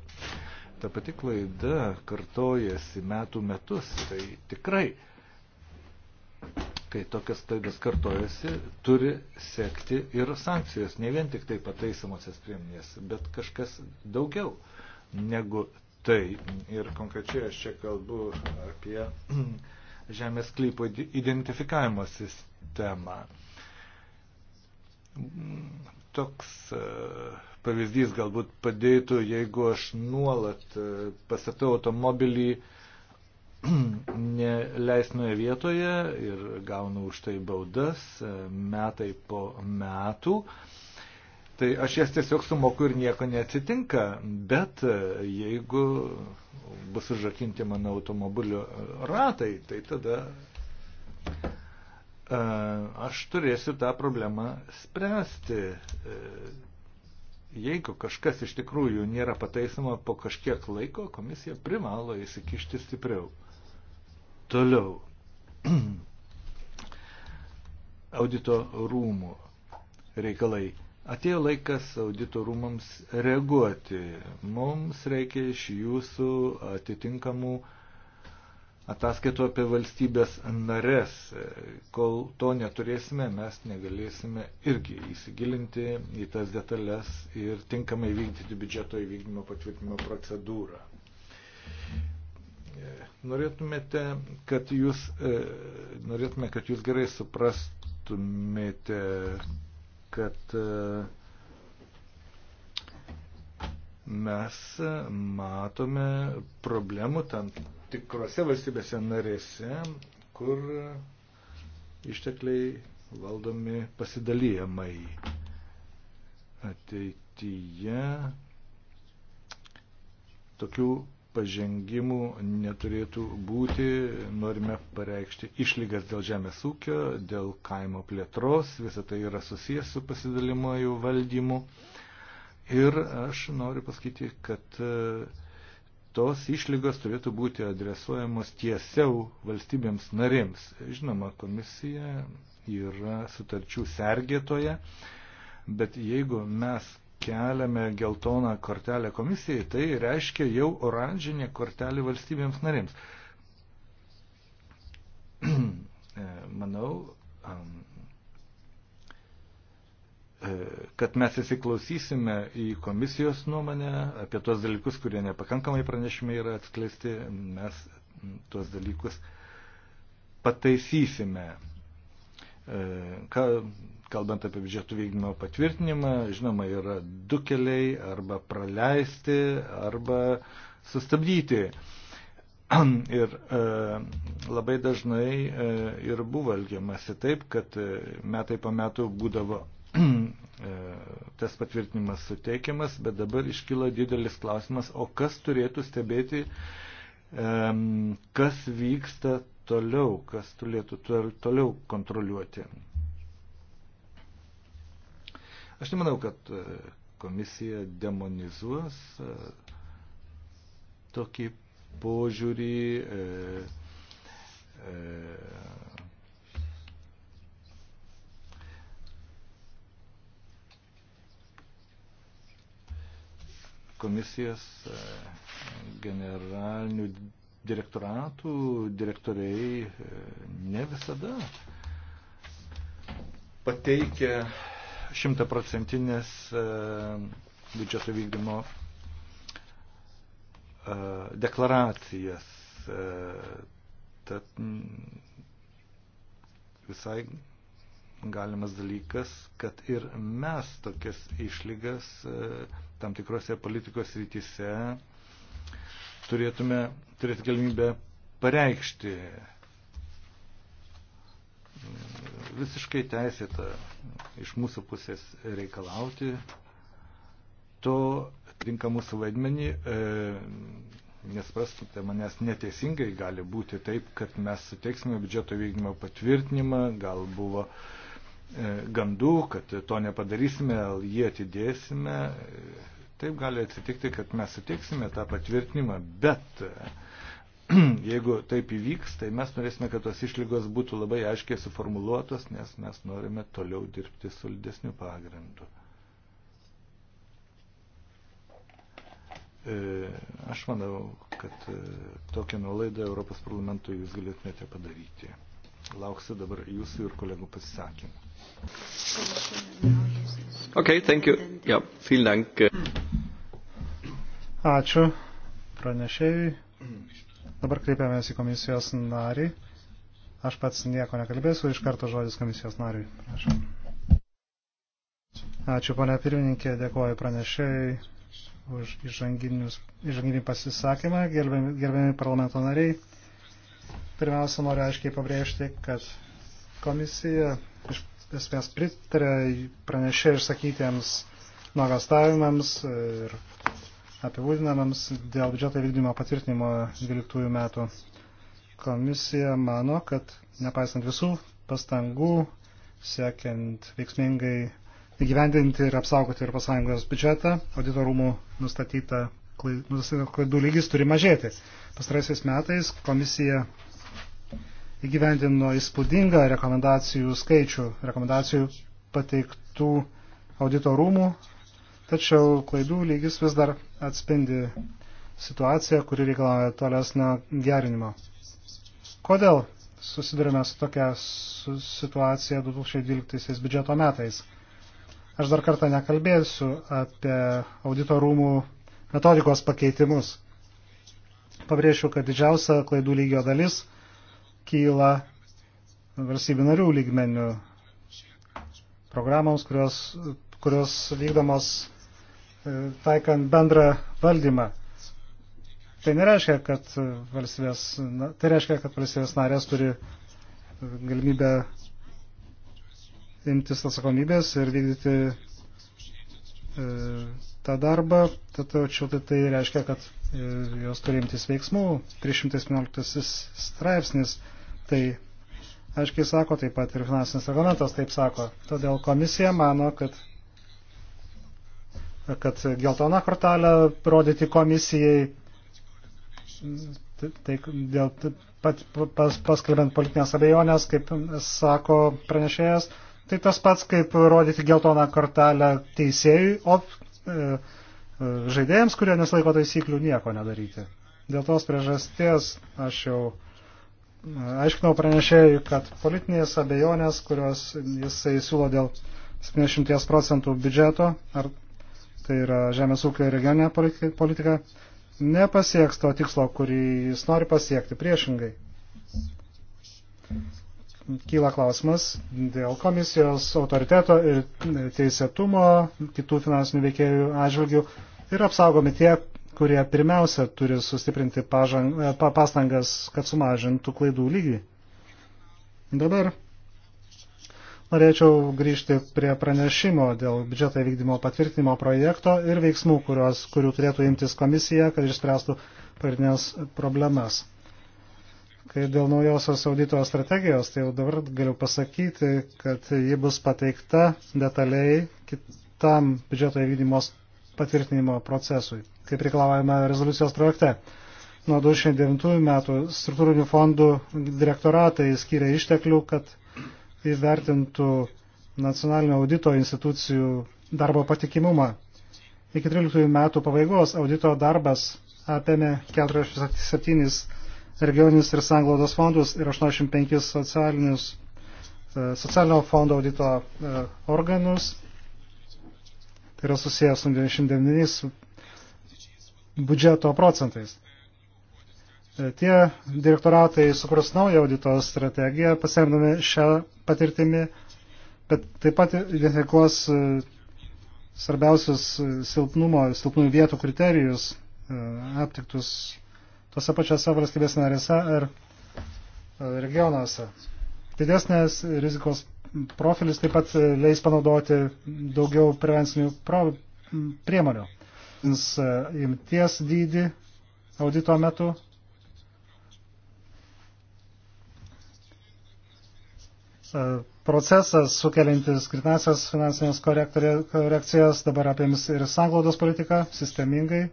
ta pati klaida kartojasi metų metus, tai tikrai, kai tokias klaidas kartojasi, turi sekti ir sankcijos, ne vien tik tai pataisomosios priemonės, bet kažkas daugiau negu tai. Ir konkrečiai aš čia kalbu apie žemės klypo identifikavimo sistemą. Toks uh, pavyzdys galbūt padėtų, jeigu aš nuolat e, pastatau automobilį neleisnoje vietoje ir gaunu už tai baudas e, metai po metų. Tai aš jas tiesiog sumoku ir nieko neatsitinka, bet e, jeigu bus užrakinti mano automobilio ratai, tai tada aš turėsiu tą problemą spręsti jeigu kažkas iš tikrųjų nėra pataisoma po kažkiek laiko, komisija privalo įsikišti stipriau. Toliau. Audito rūmų reikalai. Atėjo laikas audito rūmams reaguoti. Mums reikia iš jūsų atitinkamų uh, ataskaitų apie valstybės nares. Kol to neturėsime, mes negalėsime irgi įsigilinti į tas detalės ir tinkamai vykdyti biudžeto įvykdymo patvirtinimo procedūrą. Norėtumėte, kad jūs, e, norėtume, kad jūs gerai suprastumėte, kad uh, mes matome problemų tam tikrose valstybėse narėse, kur ištekliai valdomi pasidalyjamai. Ateityje tokių pažengimų neturėtų būti. Norime pareikšti išlygas dėl žemės ūkio, dėl kaimo plėtros, visa tai yra susijęs su pasidalimuoju valdymu. Ir aš noriu pasakyti, kad e, tos išlygos turėtų būti adresuojamos tiesiau valstybėms narėms. Žinoma, komisija yra sutarčių sergėtoje, bet jeigu mes keliame geltoną kortelę komisijai, tai reiškia jau oranžinė kortelė valstybėms narėms. E, manau, um, E, kad mes įsiklausysime į komisijos nuomonę apie tuos dalykus, kurie nepakankamai pranešime yra atskleisti, mes tuos dalykus pataisysime. E, Ką, kalbant apie biudžetų vykdymo patvirtinimą, žinoma, yra du keliai arba praleisti, arba sustabdyti. Ir e, labai dažnai e, ir buvo elgiamasi taip, kad e, metai po metų būdavo E, tas patvirtinimas suteikiamas, bet dabar iškyla didelis klausimas, o kas turėtų stebėti, kas vyksta toliau, kas turėtų toliau kontroliuoti. Aš nemanau, kad e, komisija demonizuos e, tokį požiūrį. E, e, komisijas e, generalinių direktoratų direktoriai e, ne visada pateikia šimtaprocentinės e, biudžeto vykdymo deklaracijas. Tad visai galimas dalykas, kad ir mes tokias išlygas e, tam tikrose politikos rytise turėtume turėti galimybę pareikšti visiškai teisėta iš mūsų pusės reikalauti to tinka mūsų vaidmenį. E, Nesprastumte manęs neteisingai gali būti taip, kad mes suteiksime biudžeto vykdymo patvirtinimą, gal buvo e, E, gandų, kad to nepadarysime, jį atidėsime. Taip gali atsitikti, kad mes suteiksime tą patvirtinimą, bet jeigu taip įvyks, tai mes norėsime, kad tos išlygos būtų labai aiškiai suformuluotos, nes mes norime toliau dirbti solidesnių pagrindų. E, aš manau, kad e, tokią nuolaidą Europos parlamentui jūs galėtumėte padaryti. Lauksiu dabar jūsų ir kolegų pasisakymų. Okay, thank you. Ja, vielen Dank. Ačiū pranešėjui. Dabar kreipiamės į komisijos narį. Aš pats nieko nekalbėsiu, iš karto žodis komisijos nariui. Prašau. Ačiū, ponia pirmininkė, dėkuoju pranešėjai už įžanginį pasisakymą, gerbiami, gerbiami parlamento nariai. Pirmiausia, noriu aiškiai pabrėžti, kad komisija iš esmės pritarė pranešė išsakytiems nuogastavimams ir apibūdinamams dėl biudžeto vykdymo patvirtinimo 12 metų. Komisija mano, kad nepaisant visų pastangų, siekiant veiksmingai įgyvendinti ir apsaugoti ir pasąjungos biudžetą, auditorumų nustatyta klaidų lygis turi mažėti. Pastaraisiais metais komisija įgyvendino įspūdingą rekomendacijų skaičių, rekomendacijų pateiktų audito rūmų, tačiau klaidų lygis vis dar atspindi situaciją, kuri reikalauja tolesnio gerinimo. Kodėl susidurime su tokia situacija 2012 biudžeto metais? Aš dar kartą nekalbėsiu apie audito rūmų metodikos pakeitimus. Pabrėšiu, kad didžiausia klaidų lygio dalis – kyla valstybių narių lygmenių programoms, kurios, kurios vykdomos e, taikant bendrą valdymą. Tai nereiškia, kad valstybės, na, tai reiškia, kad valstybės narės turi galimybę imtis atsakomybės ir vykdyti e, tą darbą, tačiau tai, tai reiškia, kad e, jos turi imtis veiksmų. 311 straipsnis Tai aiškiai sako taip pat ir finansinis reglamentas taip sako. Todėl komisija mano, kad, kad geltona kortelė rodyti komisijai tai, tai dėl pat, pas, paskelbent politinės abejonės, kaip sako pranešėjas, tai tas pats kaip rodyti geltoną kortelę teisėjui, o e, e žaidėjams, kurie nesilaiko taisyklių, nieko nedaryti. Dėl tos priežasties aš jau aiškinau pranešėjui, kad politinės abejonės, kurios jisai siūlo dėl 70 procentų biudžeto, ar tai yra žemės ūkio ir regioninė politika, nepasieks to tikslo, kurį jis nori pasiekti priešingai. Kyla klausimas dėl komisijos autoriteto ir teisėtumo kitų finansinių veikėjų atžvilgių ir apsaugomi tie, kurie pirmiausia turi sustiprinti pažang, e, pastangas, kad sumažintų klaidų lygį. Dabar norėčiau grįžti prie pranešimo dėl biudžeto vykdymo patvirtinimo projekto ir veiksmų, kurios, kurių turėtų imtis komisija, kad išspręstų pagrindinės problemas. Kai dėl naujosios audito strategijos, tai jau dabar galiu pasakyti, kad ji bus pateikta detaliai kitam biudžeto įvykdymos patvirtinimo procesui kaip reikalavome rezoliucijos projekte. Nuo 2009 metų struktūrinių fondų direktoratai skiria išteklių, kad įvertintų nacionalinio audito institucijų darbo patikimumą. Iki 13 metų pabaigos audito darbas apėmė 47 regioninis ir sanglaudos fondus ir 85 socialinius e, socialinio fondo audito e, organus. Tai yra susijęs su 99 biudžeto procentais. E, tie direktoratai sukurs naują audito strategiją, pasiemdami šią patirtimį, bet taip pat identifikuos e, svarbiausius e, silpnumo, silpnųjų vietų kriterijus aptiktus tose pačiose valstybės narėse ar regionuose. Didesnės rizikos profilis taip pat leis panaudoti daugiau prevencinių priemonių. E, imties dydį audito metu. E, procesas sukeliantis kritinasios finansinės korekcijas dabar apims ir sanglaudos politiką sistemingai, e,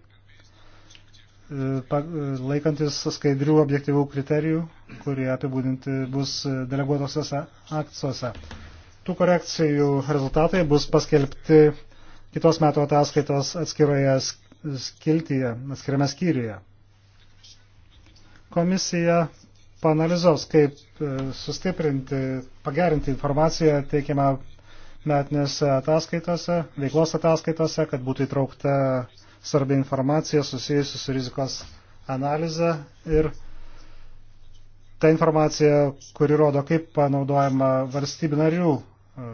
laikantis skaidrių objektyvų kriterijų, kurie apibūdinti bus deleguotosiuose akcijose. Tų korekcijų rezultatai bus paskelbti kitos metų ataskaitos atskiroje skiltyje, atskiriame skyriuje. Komisija panalizuos, kaip e, sustiprinti, pagerinti informaciją teikiamą metinėse ataskaitose, veiklos ataskaitose, kad būtų įtraukta svarbi informacija susijusi su rizikos analize ir ta informacija, kuri rodo, kaip panaudojama valstybių narių e,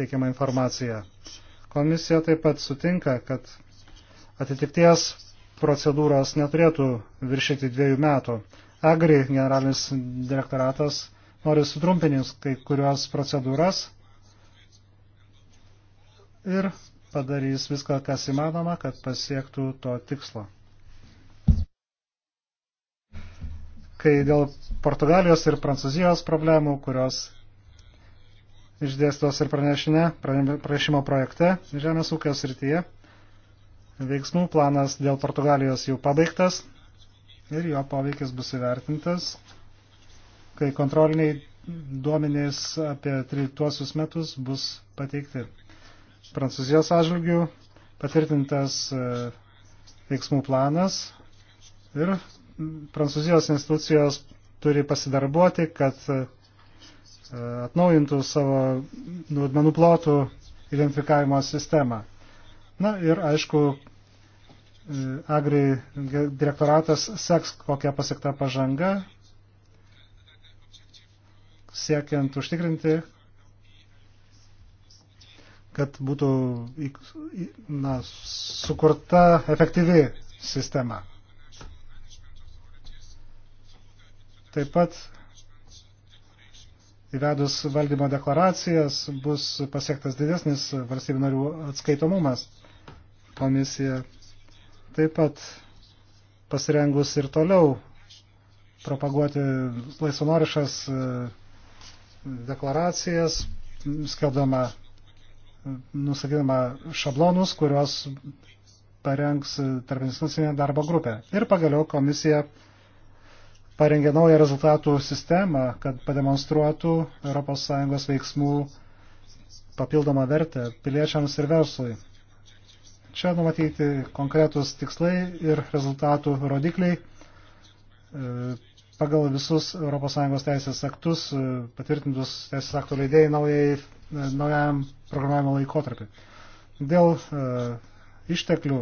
teikiama informacija. Komisija taip pat sutinka, kad atitikties procedūros neturėtų viršyti dviejų metų. Agri generalinis direktoratas nori sutrumpinus kai kurios procedūras ir padarys viską, kas įmanoma, kad pasiektų to tikslo. Kai dėl Portugalijos ir Prancūzijos problemų, kurios išdėstos ir pranešime, pranešimo projekte Žemės ūkio srityje. Veiksmų planas dėl Portugalijos jau pabaigtas ir jo poveikis bus įvertintas, kai kontroliniai duomenys apie 13 metus bus pateikti. Prancūzijos atžvilgių patvirtintas e, veiksmų planas ir Prancūzijos institucijos turi pasidarbuoti, kad e, E, atnaujintų savo nuodmenų plotų identifikavimo sistemą. Na ir aišku, e, Agri direktoratas seks, kokia pasiekta pažanga, siekiant užtikrinti, kad būtų na, sukurta efektyvi sistema. Taip pat įvedus valdymo deklaracijas bus pasiektas didesnis valstybių narių atskaitomumas. Komisija taip pat pasirengus ir toliau propaguoti laisvanoriškas e, deklaracijas, skelbdama, nusakydama šablonus, kuriuos parengs tarpinstitucinė darbo grupė. Ir pagaliau komisija parengė naują rezultatų sistemą, kad pademonstruotų ES veiksmų papildomą vertę piliečiams ir verslui. Čia numatyti konkretus tikslai ir rezultatų rodikliai e, pagal visus ES teisės aktus e, patvirtintus teisės aktų leidėjai naujai, e, naujam programavimo laikotarpiu. Dėl išteklių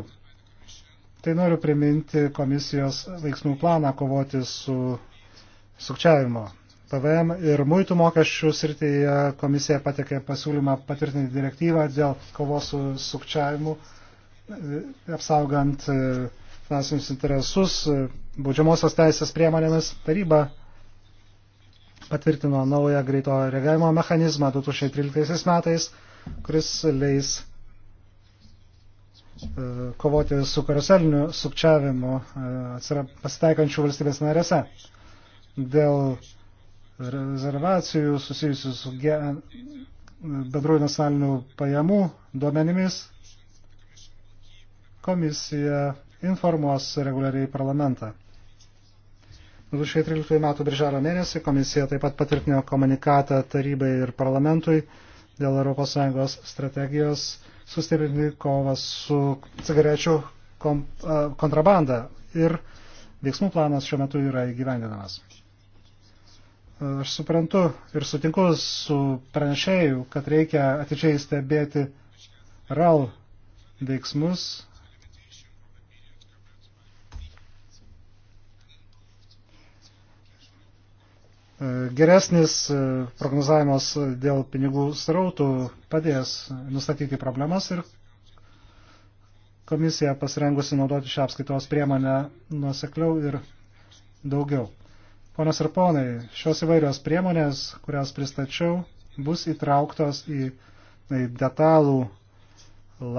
Tai noriu priminti komisijos veiksmų planą kovoti su sukčiavimo. PVM ir muitų mokesčių srityje komisija patekė pasiūlymą patvirtinti direktyvą dėl kovos su sukčiavimu, apsaugant e, finansinius interesus, e, baudžiamosios teisės priemonėmis. Taryba patvirtino naują greito reagavimo mechanizmą 2013 metais, kuris leis E, kovoti su karuseliniu sukčiavimu e, pasitaikančių valstybės narėse. Dėl rezervacijų susijusių su bendrųjų nacionalinių pajamų duomenimis komisija informuos reguliariai parlamentą. 2013 m. birželio mėnesį komisija taip pat patvirtino komunikatą tarybai ir parlamentui dėl ES strategijos sustiprinti kovą su cigarečių kontrabanda ir veiksmų planas šiuo metu yra įgyvendinamas. Aš suprantu ir sutinku su pranešėjų, kad reikia atidžiai stebėti RAL veiksmus E, geresnis e, prognozavimas dėl pinigų srautų padės nustatyti problemas ir komisija pasirengusi naudoti šią apskaitos priemonę nuosekliau ir daugiau. Ponas ir ponai, šios įvairios priemonės, kurias pristačiau, bus įtrauktos į, į detalų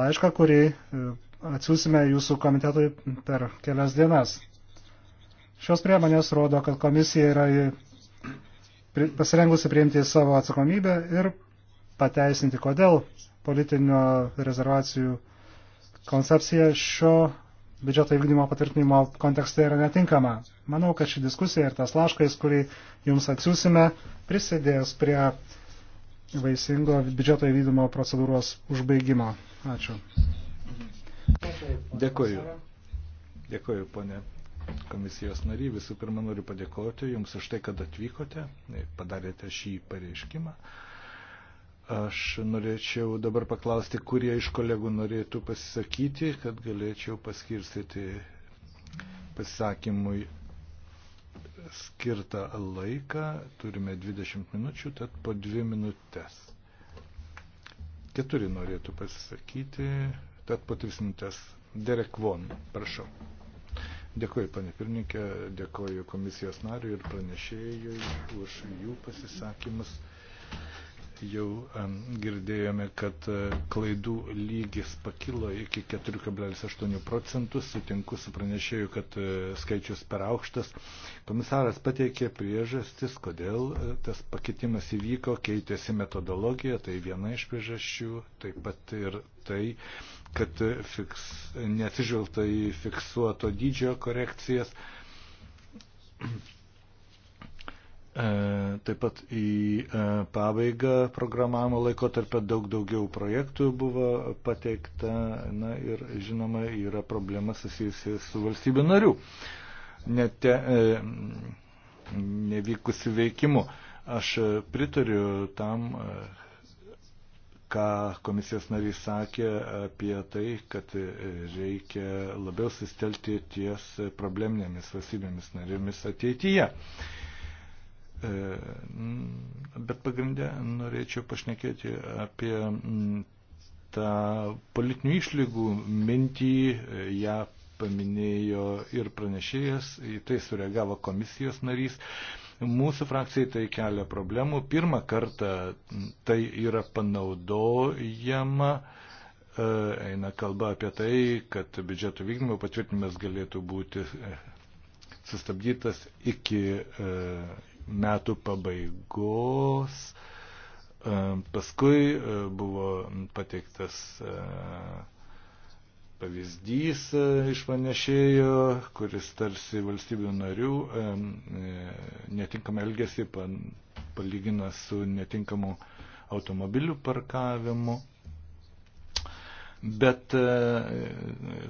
laišką, kurį e, atsiūsime jūsų komitetui per kelias dienas. Šios priemonės rodo, kad komisija yra pasirengusi priimti savo atsakomybę ir pateisinti, kodėl politinio rezervacijų koncepcija šio biudžeto įvykdymo patvirtinimo kontekste yra netinkama. Manau, kad ši diskusija ir tas laškais, kurį jums atsiūsime, prisidės prie vaisingo biudžeto įvykdymo procedūros užbaigimo. Ačiū. Dėkuoju. Dėkuoju, ponė komisijos nary. Visų pirma, noriu padėkoti Jums už tai, kad atvykote, e, padarėte šį pareiškimą. Aš norėčiau dabar paklausti, kurie iš kolegų norėtų pasisakyti, kad galėčiau paskirstyti pasisakymui skirtą laiką. Turime 20 minučių, tad po 2 minutės. Keturi norėtų pasisakyti, tad po 3 minutės. Derek Von, prašau. Dėkuoju, panė pirmininkė, dėkuoju komisijos nariui ir pranešėjui už jų pasisakymus jau girdėjome, kad e, klaidų lygis pakilo iki 4,8 procentų. Sutinku su pranešėju, kad e, skaičius per aukštas. Komisaras pateikė priežastis, kodėl e, tas pakitimas įvyko, keitėsi metodologija, tai viena iš priežasčių, taip pat ir tai, kad fiks, neatsižvelgta į fiksuoto dydžio korekcijas. E, taip pat į e, pabaigą programavimo laikotarpio daug daugiau projektų buvo pateikta na, ir žinoma yra problema susijusi su valstybių narių nete, e, nevykusiu veikimu. Aš pritariu tam, ką komisijos narys sakė apie tai, kad reikia labiau sustelti ties probleminėmis valstybėmis narėmis ateityje. E, bet pagrindę norėčiau pašnekėti apie tą politinių išlygų mintį, ją paminėjo ir pranešėjas, į tai sureagavo komisijos narys. Mūsų frakcijai tai kelia problemų. Pirmą kartą tai yra panaudojama. E, eina kalba apie tai, kad biudžeto vykdymo patvirtinimas galėtų būti e, sustabdytas iki metų pabaigos. E, paskui e, buvo pateiktas e, pavyzdys iš panešėjo, kuris tarsi valstybių narių netinkamą elgesį palygina su netinkamu automobilių parkavimu bet e,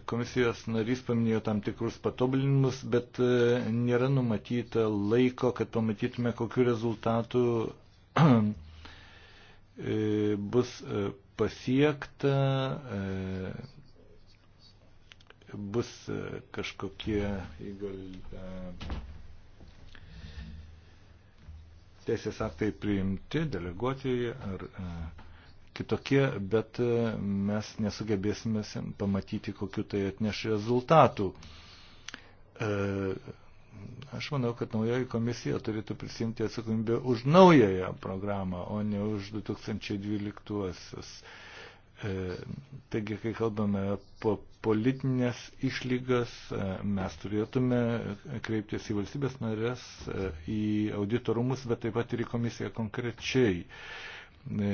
komisijos narys paminėjo tam tikrus patobulinimus, bet e, nėra numatyta laiko, kad pamatytume, kokiu rezultatu e, bus pasiekta, bus kažkokie teisės aktai priimti, deleguoti ar kitokie, bet e, mes nesugebėsime pamatyti, kokiu tai atneš rezultatų. E, aš manau, kad naujoji komisija turėtų prisimti atsakomybę už naująją programą, o ne už 2012-uosius. E, taigi, kai kalbame po politinės išlygas, mes turėtume kreiptis į valstybės narės, į auditorumus, bet taip pat ir į komisiją konkrečiai. E,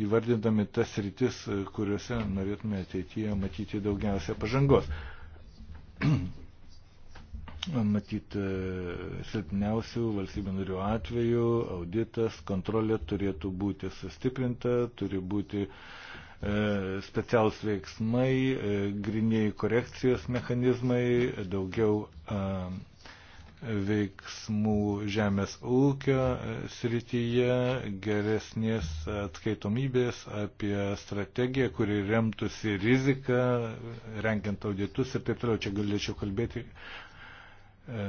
įvardindami tas rytis, e, kuriuose norėtume ateityje matyti daugiausia pažangos. Matyti e, silpniausių valstybių narių atveju auditas, kontrolė turėtų būti sustiprinta, turi būti specialus veiksmai, griniai korekcijos mechanizmai, daugiau veiksmų žemės ūkio e, srityje, geresnės atskaitomybės apie strategiją, kuri remtųsi riziką, renkiant auditus ir taip toliau. Čia galėčiau kalbėti e,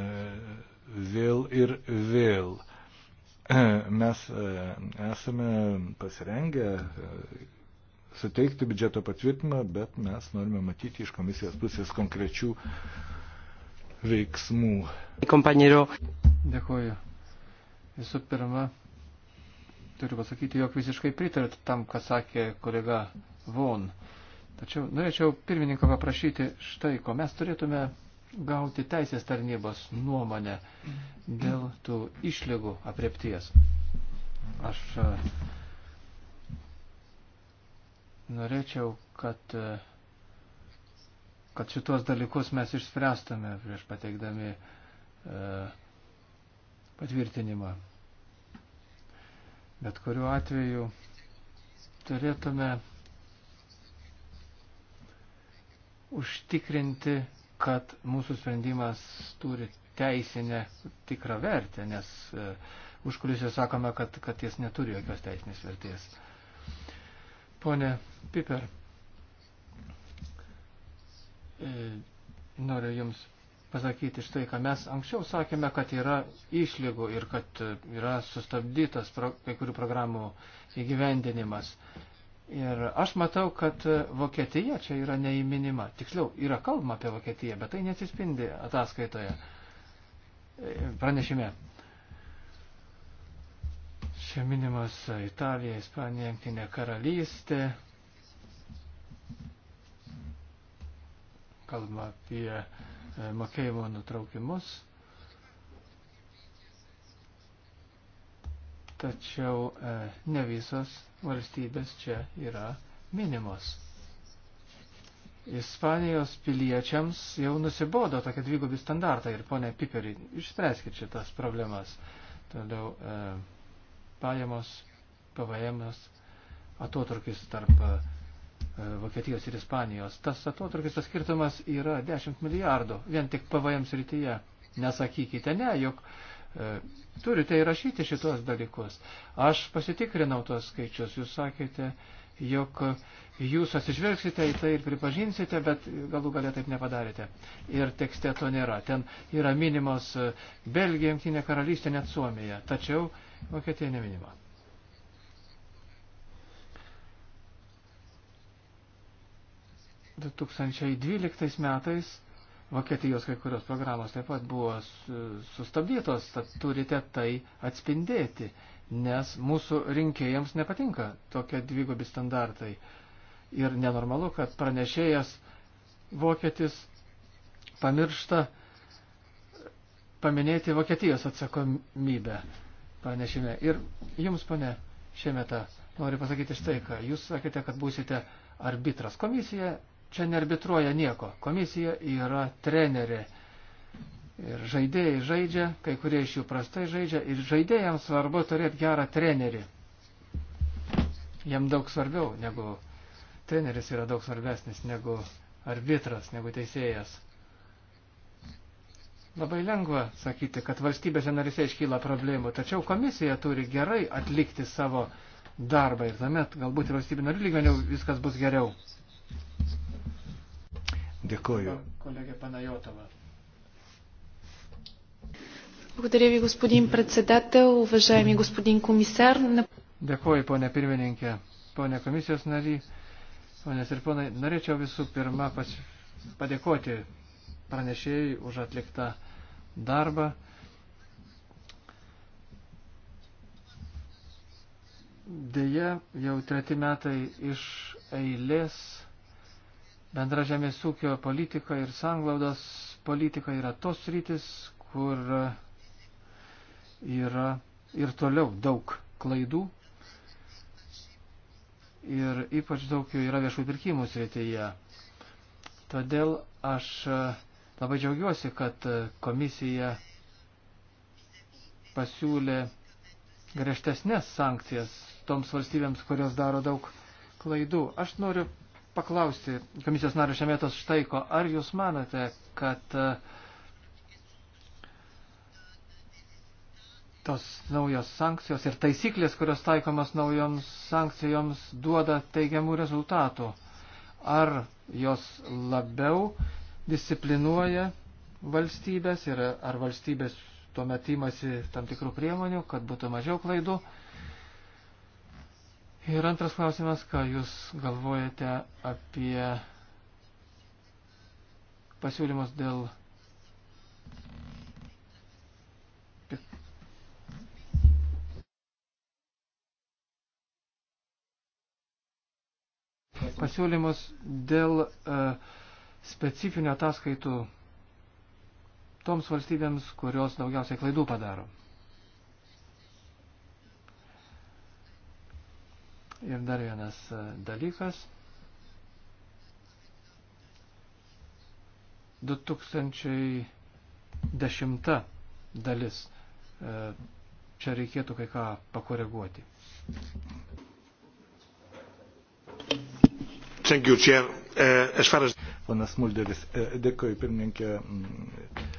vėl ir vėl. E, mes esame pasirengę suteikti biudžeto patvirtimą, bet mes norime matyti iš komisijos pusės konkrečių veiksmų. Kompanėriu. Dėkuoju. Visų pirma, turiu pasakyti, jog visiškai pritariu tam, ką sakė kolega Von. Tačiau norėčiau pirmininko paprašyti štai, ko mes turėtume gauti teisės tarnybos nuomonę dėl tų išlygų apriepties. Aš e, norėčiau, kad uh, kad šitos dalykus mes išspręstume prieš pateikdami e, patvirtinimą. Bet kuriuo atveju turėtume užtikrinti, kad mūsų sprendimas turi teisinę tikrą vertę, nes e, užkulisiu sakome, kad, kad jis neturi jokios teisinės vertės. Pone Piper, E, noriu Jums pasakyti štai, ką mes anksčiau sakėme, kad yra išlygų ir kad yra sustabdytas pro, kai kurių programų įgyvendinimas. Ir aš matau, kad Vokietija čia yra neįminima. Tiksliau, yra kalbama apie Vokietiją, bet tai nesispindi ataskaitoje. E, pranešime. Čia minimas Italija, Ispanija, Jungtinė karalystė, kalbama apie e, mokėjimo nutraukimus. Tačiau e, ne visos valstybės čia yra minimos. Ispanijos piliečiams jau nusibodo tokia dvigubi standartai ir ponia Piperi, išspręskit šitas problemas. Toliau e, pajamos, pavajamas, atotrukis tarp E, Vokietijos ir Ispanijos. Tas atotrukis, tas skirtumas yra 10 milijardų, vien tik PVM srityje. Nesakykite ne, jog e, turite įrašyti šitos dalykus. Aš pasitikrinau tos skaičius, jūs sakėte, jog jūs atsižvelgsite į tai ir pripažinsite, bet galų galę taip nepadarėte. Ir tekste to nėra. Ten yra minimos e, Belgija, Jungtinė karalystė, net Suomija. Tačiau Vokietija neminima. 2012 metais Vokietijos kai kurios programos taip pat buvo sustabdytos, tad turite tai atspindėti, nes mūsų rinkėjams nepatinka tokie dvigubi standartai. Ir nenormalu, kad pranešėjas vokietis pamiršta paminėti Vokietijos atsakomybę pranešime. Ir jums, pane, šiame tą noriu pasakyti štai ką. Jūs sakėte, kad būsite arbitras. Komisija Čia nearbitruoja nieko. Komisija yra trenerė. Ir žaidėjai žaidžia, kai kurie iš jų prastai žaidžia. Ir žaidėjams svarbu turėti gerą trenerį. Jam daug svarbiau negu treneris yra daug svarbesnis negu arbitras, negu teisėjas. Labai lengva sakyti, kad valstybėse narise iškyla problemų, tačiau komisija turi gerai atlikti savo darbą ir tuomet galbūt ir valstybinio lygmenių viskas bus geriau. Дякую. Колега Панайотова. Благодаря ви, господин председател, уважаеми господин комисар. Dėkuoju, ponė pirmininkė, ponė komisijos nary, ponės ir ponai. Norėčiau visų pirma pas, padėkoti pranešėjai už atliktą darbą. Deja, jau treti metai iš eilės Bendra žemės ūkio politika ir sanglaudos politika yra tos rytis, kur yra ir toliau daug klaidų. Ir ypač daug jų yra viešų pirkimų srityje. Todėl aš e, labai džiaugiuosi, kad e, komisija pasiūlė griežtesnės sankcijas toms valstybėms, kurios daro daug klaidų. Aš noriu paklausti komisijos nario Šemėtos Štaiko, ar jūs manote, kad e, tos naujos sankcijos ir taisyklės, kurios taikomas naujoms sankcijoms, duoda teigiamų rezultatų? Ar jos labiau disciplinuoja valstybės ir ar valstybės tuomet imasi tam tikrų priemonių, kad būtų mažiau klaidų? Ir antras klausimas, ką Jūs galvojate apie pasiūlymus dėl pasiūlymus dėl uh, specifinių ataskaitų toms valstybėms, kurios daugiausiai klaidų padaro. Ir dar vienas e, dalykas. 2010 dalis. E, čia reikėtų kai ką pakoreguoti. Thank you, Chair. Uh, as far as... Ponas Mulderis, dėkoju pirmininkė mm,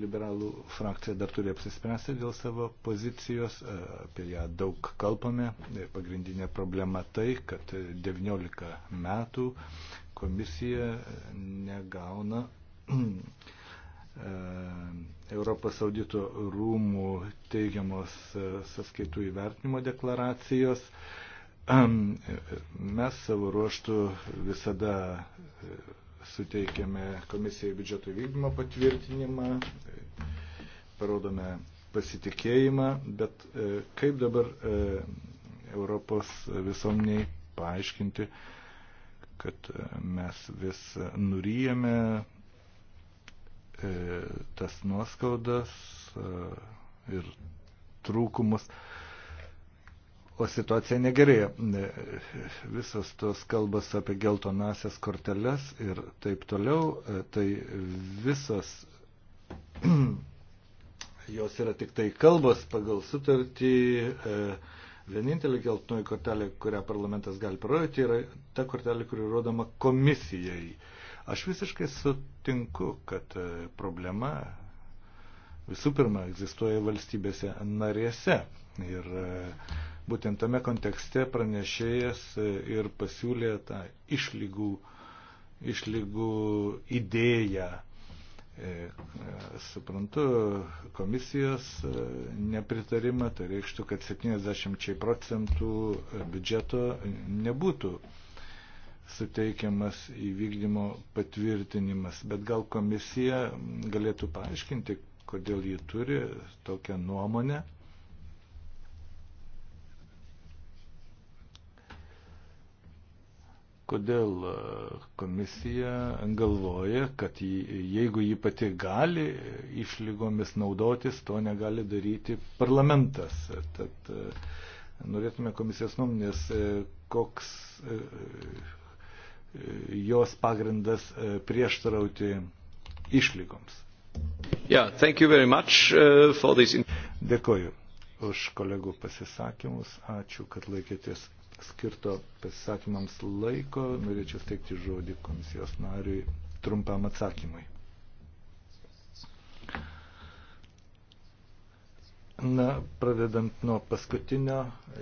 liberalų frakcija dar turi apsispręsti dėl savo pozicijos, e, apie ją daug kalbame. E, pagrindinė problema tai, kad 19 metų komisija e, negauna Europos audito rūmų teigiamos sąskaitų įvertinimo deklaracijos. Mes savo ruoštų visada suteikėme komisijai biudžeto vykdymo patvirtinimą, parodome pasitikėjimą, bet e, kaip dabar e, Europos visuomeniai paaiškinti, kad e, mes vis nurijame tas nuoskaudas ir trūkumus o situacija negerėja. Visos tos kalbas apie geltonasias korteles ir taip toliau, e, tai visos jos yra tik tai kalbas pagal sutartį. E, vienintelė geltonoji kortelė, kurią parlamentas gali parodyti, yra ta kortelė, kuri rodoma komisijai. Aš visiškai sutinku, kad e, problema visų pirma egzistuoja valstybėse narėse. Ir uh, Būtent tame kontekste pranešėjas e, ir pasiūlė tą išlygų, išlygų idėją. E, e, suprantu, komisijos nepritarimą, tai reikštų, kad 70 procentų biudžeto nebūtų suteikiamas įvykdymo patvirtinimas, bet gal komisija galėtų paaiškinti, kodėl ji turi tokią nuomonę kodėl e, komisija galvoja, kad jeigu ji pati gali išlygomis naudotis, to negali daryti parlamentas. Tad e, norėtume komisijos nuomonės, e, koks jos pagrindas prieštarauti išlygoms. Yeah, thank you very much uh, for this. Dėkoju už kolegų pasisakymus. Ačiū, kad laikėtės skirto pasisakymams laiko. Norėčiau steigti žodį komisijos nariui trumpam atsakymui. Na, pradedant nuo paskutinio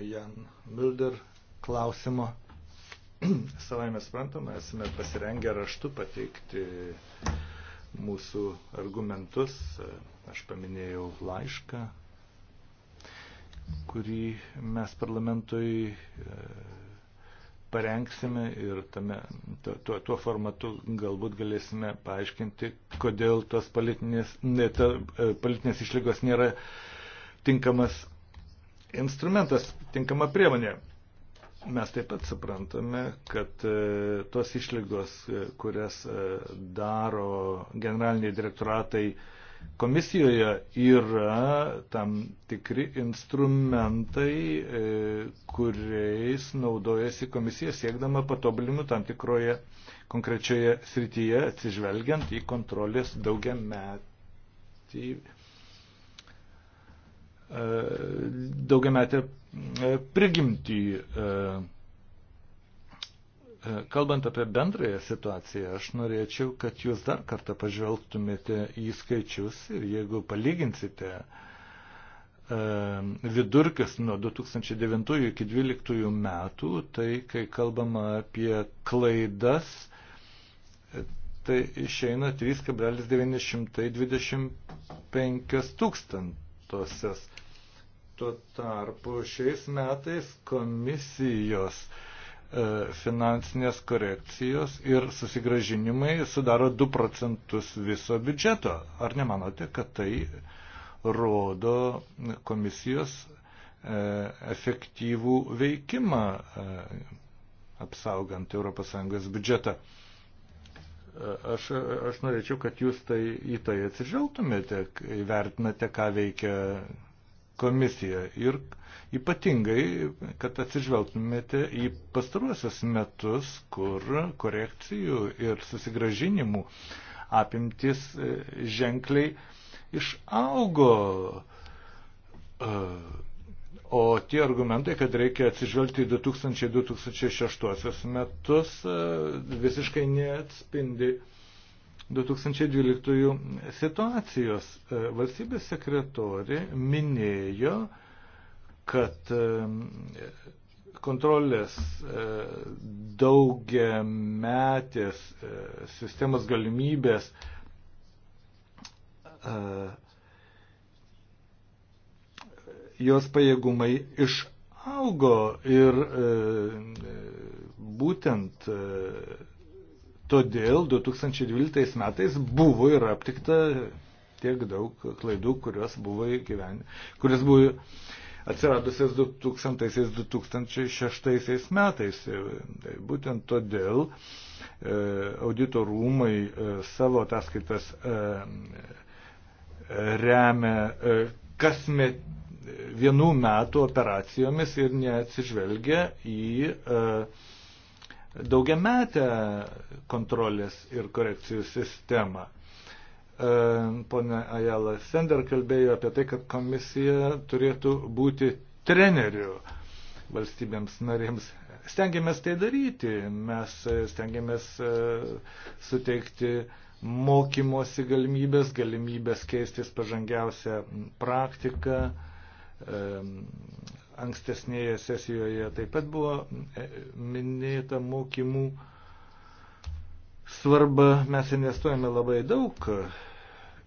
Jan Mulder klausimo savai mes suprantame, esame pasirengę raštu pateikti mūsų argumentus. Aš paminėjau laišką, kurį mes parlamentui e, parengsime ir tame, tuo, tuo formatu galbūt galėsime paaiškinti, kodėl tos politinės, ne, ta, e, politinės išlygos nėra tinkamas instrumentas, tinkama priemonė. Mes taip pat suprantame, kad e, tos išlygos, kurias daro generaliniai direktoratai, Komisijoje yra tam tikri instrumentai, e, kuriais naudojasi komisija siekdama patobulimų tam tikroje konkrečioje srityje, atsižvelgiant į kontrolės daugiametį e, daugiametę e, prigimtį. E, E, kalbant apie bendrąją situaciją, aš norėčiau, kad jūs dar kartą pažvelgtumėte į skaičius ir jeigu palyginsite e, vidurkis nuo 2009 iki 2012 metų, tai kai kalbama apie klaidas, e, tai išeina 3,925 tūkstantosios. Tuo tarpu šiais metais komisijos uh, E, finansinės korekcijos ir susigražinimai sudaro 2 procentus viso biudžeto. Ar nemanote, kad tai rodo komisijos e, efektyvų veikimą e, apsaugant ES biudžetą? Aš, aš norėčiau, kad jūs tai, į tai atsižvelgtumėte, įvertinate, ką veikia komisija ir komisija Ypatingai, kad atsižvelgtumėte į pastaruosius metus, kur korekcijų ir susigražinimų apimtis e, ženkliai išaugo. E, o tie argumentai, kad reikia atsižvelgti į 2000-2006 metus, e, visiškai neatspindi 2012 situacijos. Valstybės sekretorė minėjo, kad kontrolės e, daugiametės e, sistemos galimybės e, jos pajėgumai išaugo ir būtent todėl 2012 metais buvo ir aptikta tiek daug klaidų, kurios buvo, įgyven... kurios buvo atsiradusias 2000-2006 metais. Tai būtent todėl e, audito rūmai e, savo ataskaitas e, remia kasmet vienų metų operacijomis ir neatsižvelgia į daugiametę kontrolės ir korekcijų sistemą. E, pone Ajala Sender kalbėjo apie tai, kad komisija turėtų būti treneriu valstybėms narėms. Stengiamės tai daryti, mes stengiamės e, suteikti mokymosi galimybės, galimybės keistis pažangiausią praktiką. E, ankstesnėje sesijoje taip pat buvo minėta mokymų svarbą mes investuojame labai daug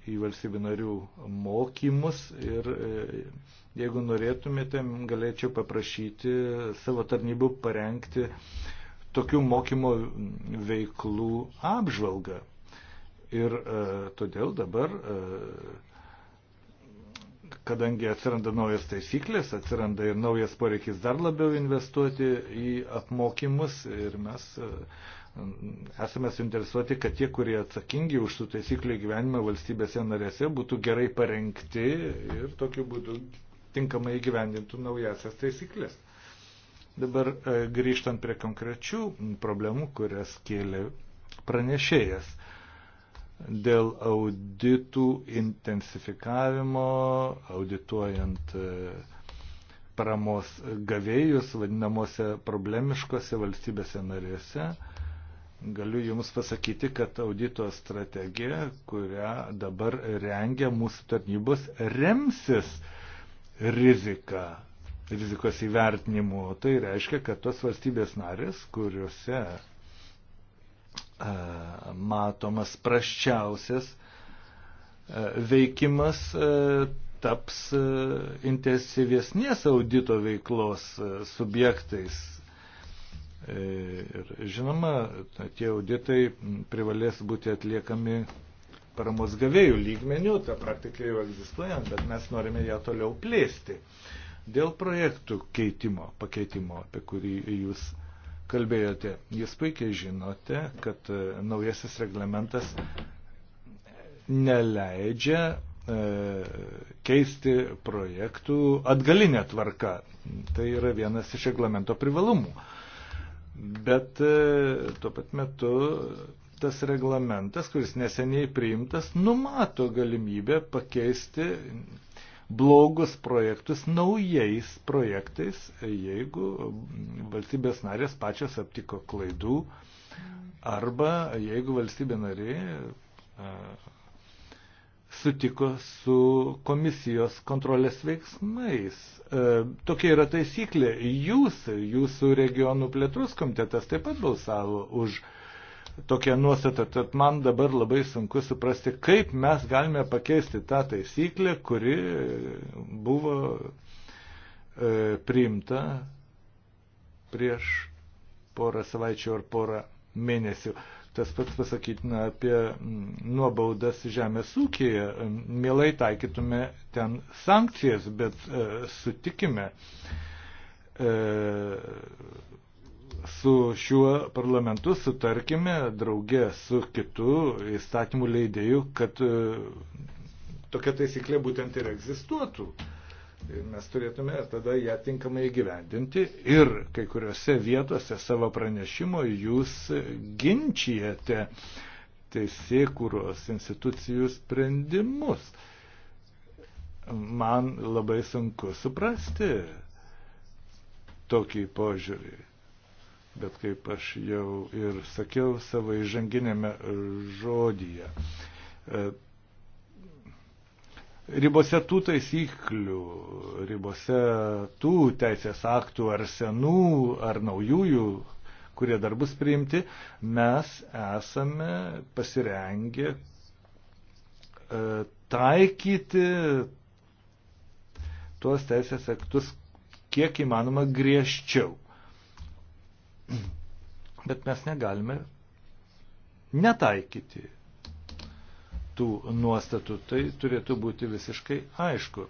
į valstybių narių mokymus ir e, jeigu norėtumėte, galėčiau paprašyti savo tarnybų parengti tokių mokymo veiklų apžvalgą. Ir e, todėl dabar, e, kadangi atsiranda naujas taisyklės, atsiranda ir naujas poreikis dar labiau investuoti į apmokymus ir mes e, Esame suinteresuoti, kad tie, kurie atsakingi už tų taisyklių gyvenimą valstybėse narėse, būtų gerai parengti ir tokiu būdu tinkamai įgyvendintų naujasias taisyklės. Dabar e, grįžtant prie konkrečių problemų, kurias kėlė pranešėjas dėl auditų intensifikavimo, audituojant e, paramos gavėjus vadinamuose problemiškose valstybėse narėse. Galiu Jums pasakyti, kad audito strategija, kurią dabar rengia mūsų tarnybos, remsis rizika, rizikos įvertinimu. Tai reiškia, kad tos valstybės narės, kuriuose a, matomas praščiausias a, veikimas, a, taps intensyvesnės audito veiklos subjektais Ir žinoma, tie auditai privalės būti atliekami paramos gavėjų lygmenių, ta praktika jau egzistuoja, bet mes norime ją toliau plėsti. Dėl projektų keitimo, pakeitimo, apie kurį jūs kalbėjote, jūs puikiai žinote, kad e, naujasis reglamentas neleidžia e, keisti projektų atgalinę tvarką. Tai yra vienas iš reglamento privalumų bet e, tuo pat metu tas reglamentas, kuris neseniai priimtas, numato galimybę pakeisti blogus projektus naujais projektais, jeigu valstybės narės pačios aptiko klaidų arba jeigu valstybė narė e, sutiko su komisijos kontrolės veiksmais. E, tokia yra taisyklė. Jūs, jūsų regionų plėtros komitetas taip pat balsavo už tokią nuostatą, tad man dabar labai sunku suprasti, kaip mes galime pakeisti tą taisyklę, kuri buvo e, priimta prieš porą savaičių ar porą mėnesių. Tas pats pasakytina apie nuobaudas žemės ūkėje. Mielai taikytume ten sankcijas, bet e, sutikime e, su šiuo parlamentu, sutarkime draugė su kitu įstatymų leidėju, kad e, tokia taisyklė būtent ir egzistuotų mes turėtume tada ją tinkamai įgyvendinti ir kai kuriuose vietose savo pranešimo jūs ginčijate teisėkūros institucijų sprendimus. Man labai sunku suprasti tokį požiūrį. Bet kaip aš jau ir sakiau savo įžanginėme žodyje, ribose tų taisyklių, ribose tų teisės aktų ar senų, ar naujųjų, kurie dar bus priimti, mes esame pasirengę e, taikyti tuos teisės aktus kiek įmanoma griežčiau. Bet mes negalime netaikyti tų nuostatų. Tai turėtų būti visiškai aišku.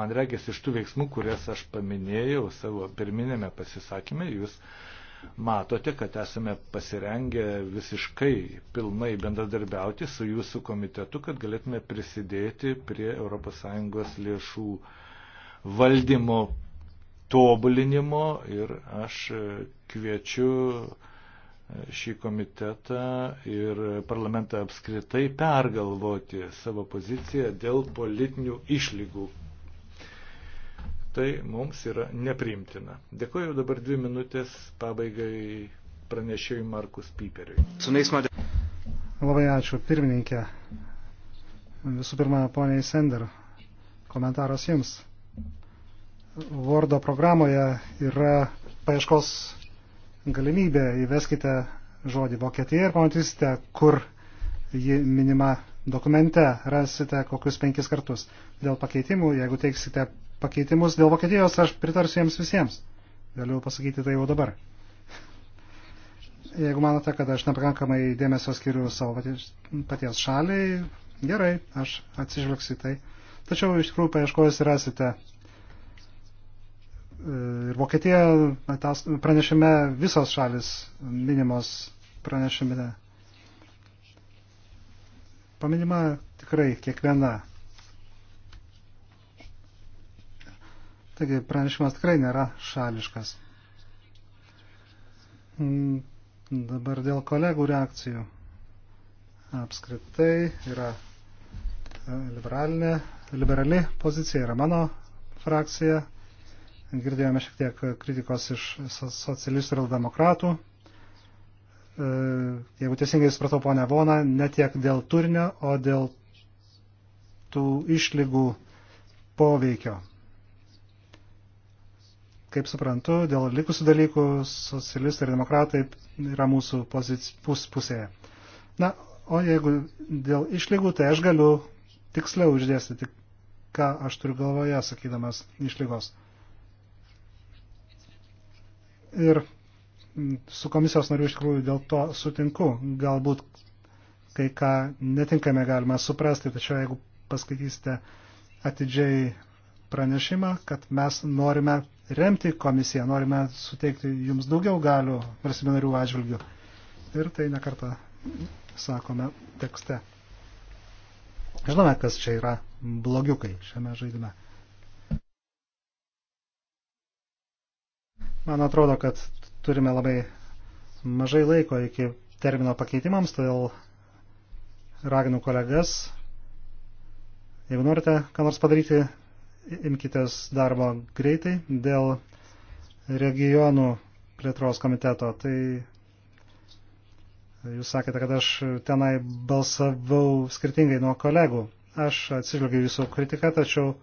Man regis iš tų veiksmų, kurias aš paminėjau savo pirminėme pasisakymė, jūs matote, kad esame pasirengę visiškai pilnai bendradarbiauti su jūsų komitetu, kad galėtume prisidėti prie ES lėšų valdymo tobulinimo ir aš kviečiu šį komitetą ir parlamentą apskritai pergalvoti savo poziciją dėl politinių išlygų. Tai mums yra neprimtina. Dėkuoju dabar dvi minutės pabaigai pranešėjui Markus Piperiui. Labai ačiū, pirmininkė. Visų pirma, poniai Sender, komentaras jums. Vordo programoje yra paieškos galimybę, įveskite žodį Vokietija ir pamatysite, kur ji minima dokumente, rasite kokius penkis kartus. Dėl pakeitimų, jeigu teiksite pakeitimus dėl Vokietijos, aš pritarsiu jiems visiems. Galiu pasakyti tai jau dabar. Jeigu manote, kad aš nepakankamai dėmesio skiriu savo paties šaliai, gerai, aš atsižvelgsiu tai. Tačiau iš tikrųjų paieškojus rasite ir Vokietija tas, pranešime visos šalis minimos pranešime. Paminima tikrai kiekviena. Taigi pranešimas tikrai nėra šališkas. Mm, dabar dėl kolegų reakcijų. Apskritai yra e, liberalinė, liberali pozicija, yra mano frakcija, Girdėjome šiek tiek kritikos iš socialistų ir demokratų. E, jeigu teisingai supratau, ponia Vona, ne tiek dėl turinio, o dėl tų išlygų poveikio. Kaip suprantu, dėl likusių dalykų socialistai ir demokratai yra mūsų pozic... pus, pusėje. Na, o jeigu dėl išlygų, tai aš galiu tiksliau išdėstyti, ką aš turiu galvoje, sakydamas išlygos. Ir su komisijos nariu iš tikrųjų dėl to sutinku. Galbūt kai ką netinkame galima suprasti, tačiau jeigu paskaitysite atidžiai pranešimą, kad mes norime remti komisiją, norime suteikti jums daugiau galių valstybių narių atžvilgių. Ir tai nekarta sakome tekste. Žinome, kas čia yra blogiukai šiame žaidime. Man atrodo, kad turime labai mažai laiko iki termino pakeitimams, todėl raginu kolegas, jeigu norite ką nors padaryti, imkitės darbo greitai dėl regionų plėtros komiteto. Tai jūs sakėte, kad aš tenai balsavau skirtingai nuo kolegų. Aš atsižvelgiu jūsų kritiką, tačiau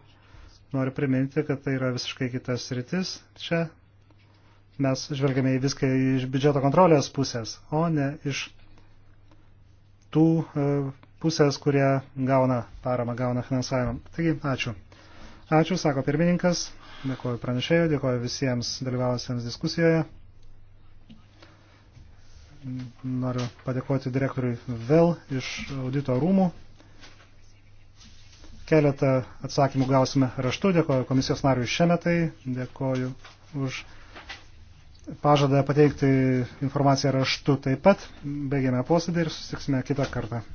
noriu priminti, kad tai yra visiškai kitas rytis čia mes žvelgiame į viską iš biudžeto kontrolės pusės, o ne iš tų e, pusės, kurie gauna paramą, gauna finansavimą. Taigi, ačiū. Ačiū, sako pirmininkas, dėkoju pranešėjui, dėkoju visiems dalyvavusiems diskusijoje. Noriu padėkoti direktoriui vėl iš audito rūmų. Keletą atsakymų gausime raštu. Dėkoju komisijos nariui šiemetai, dėkoju už pažadą pateikti informaciją raštu taip pat. Baigėme posėdį ir susitiksime kitą kartą.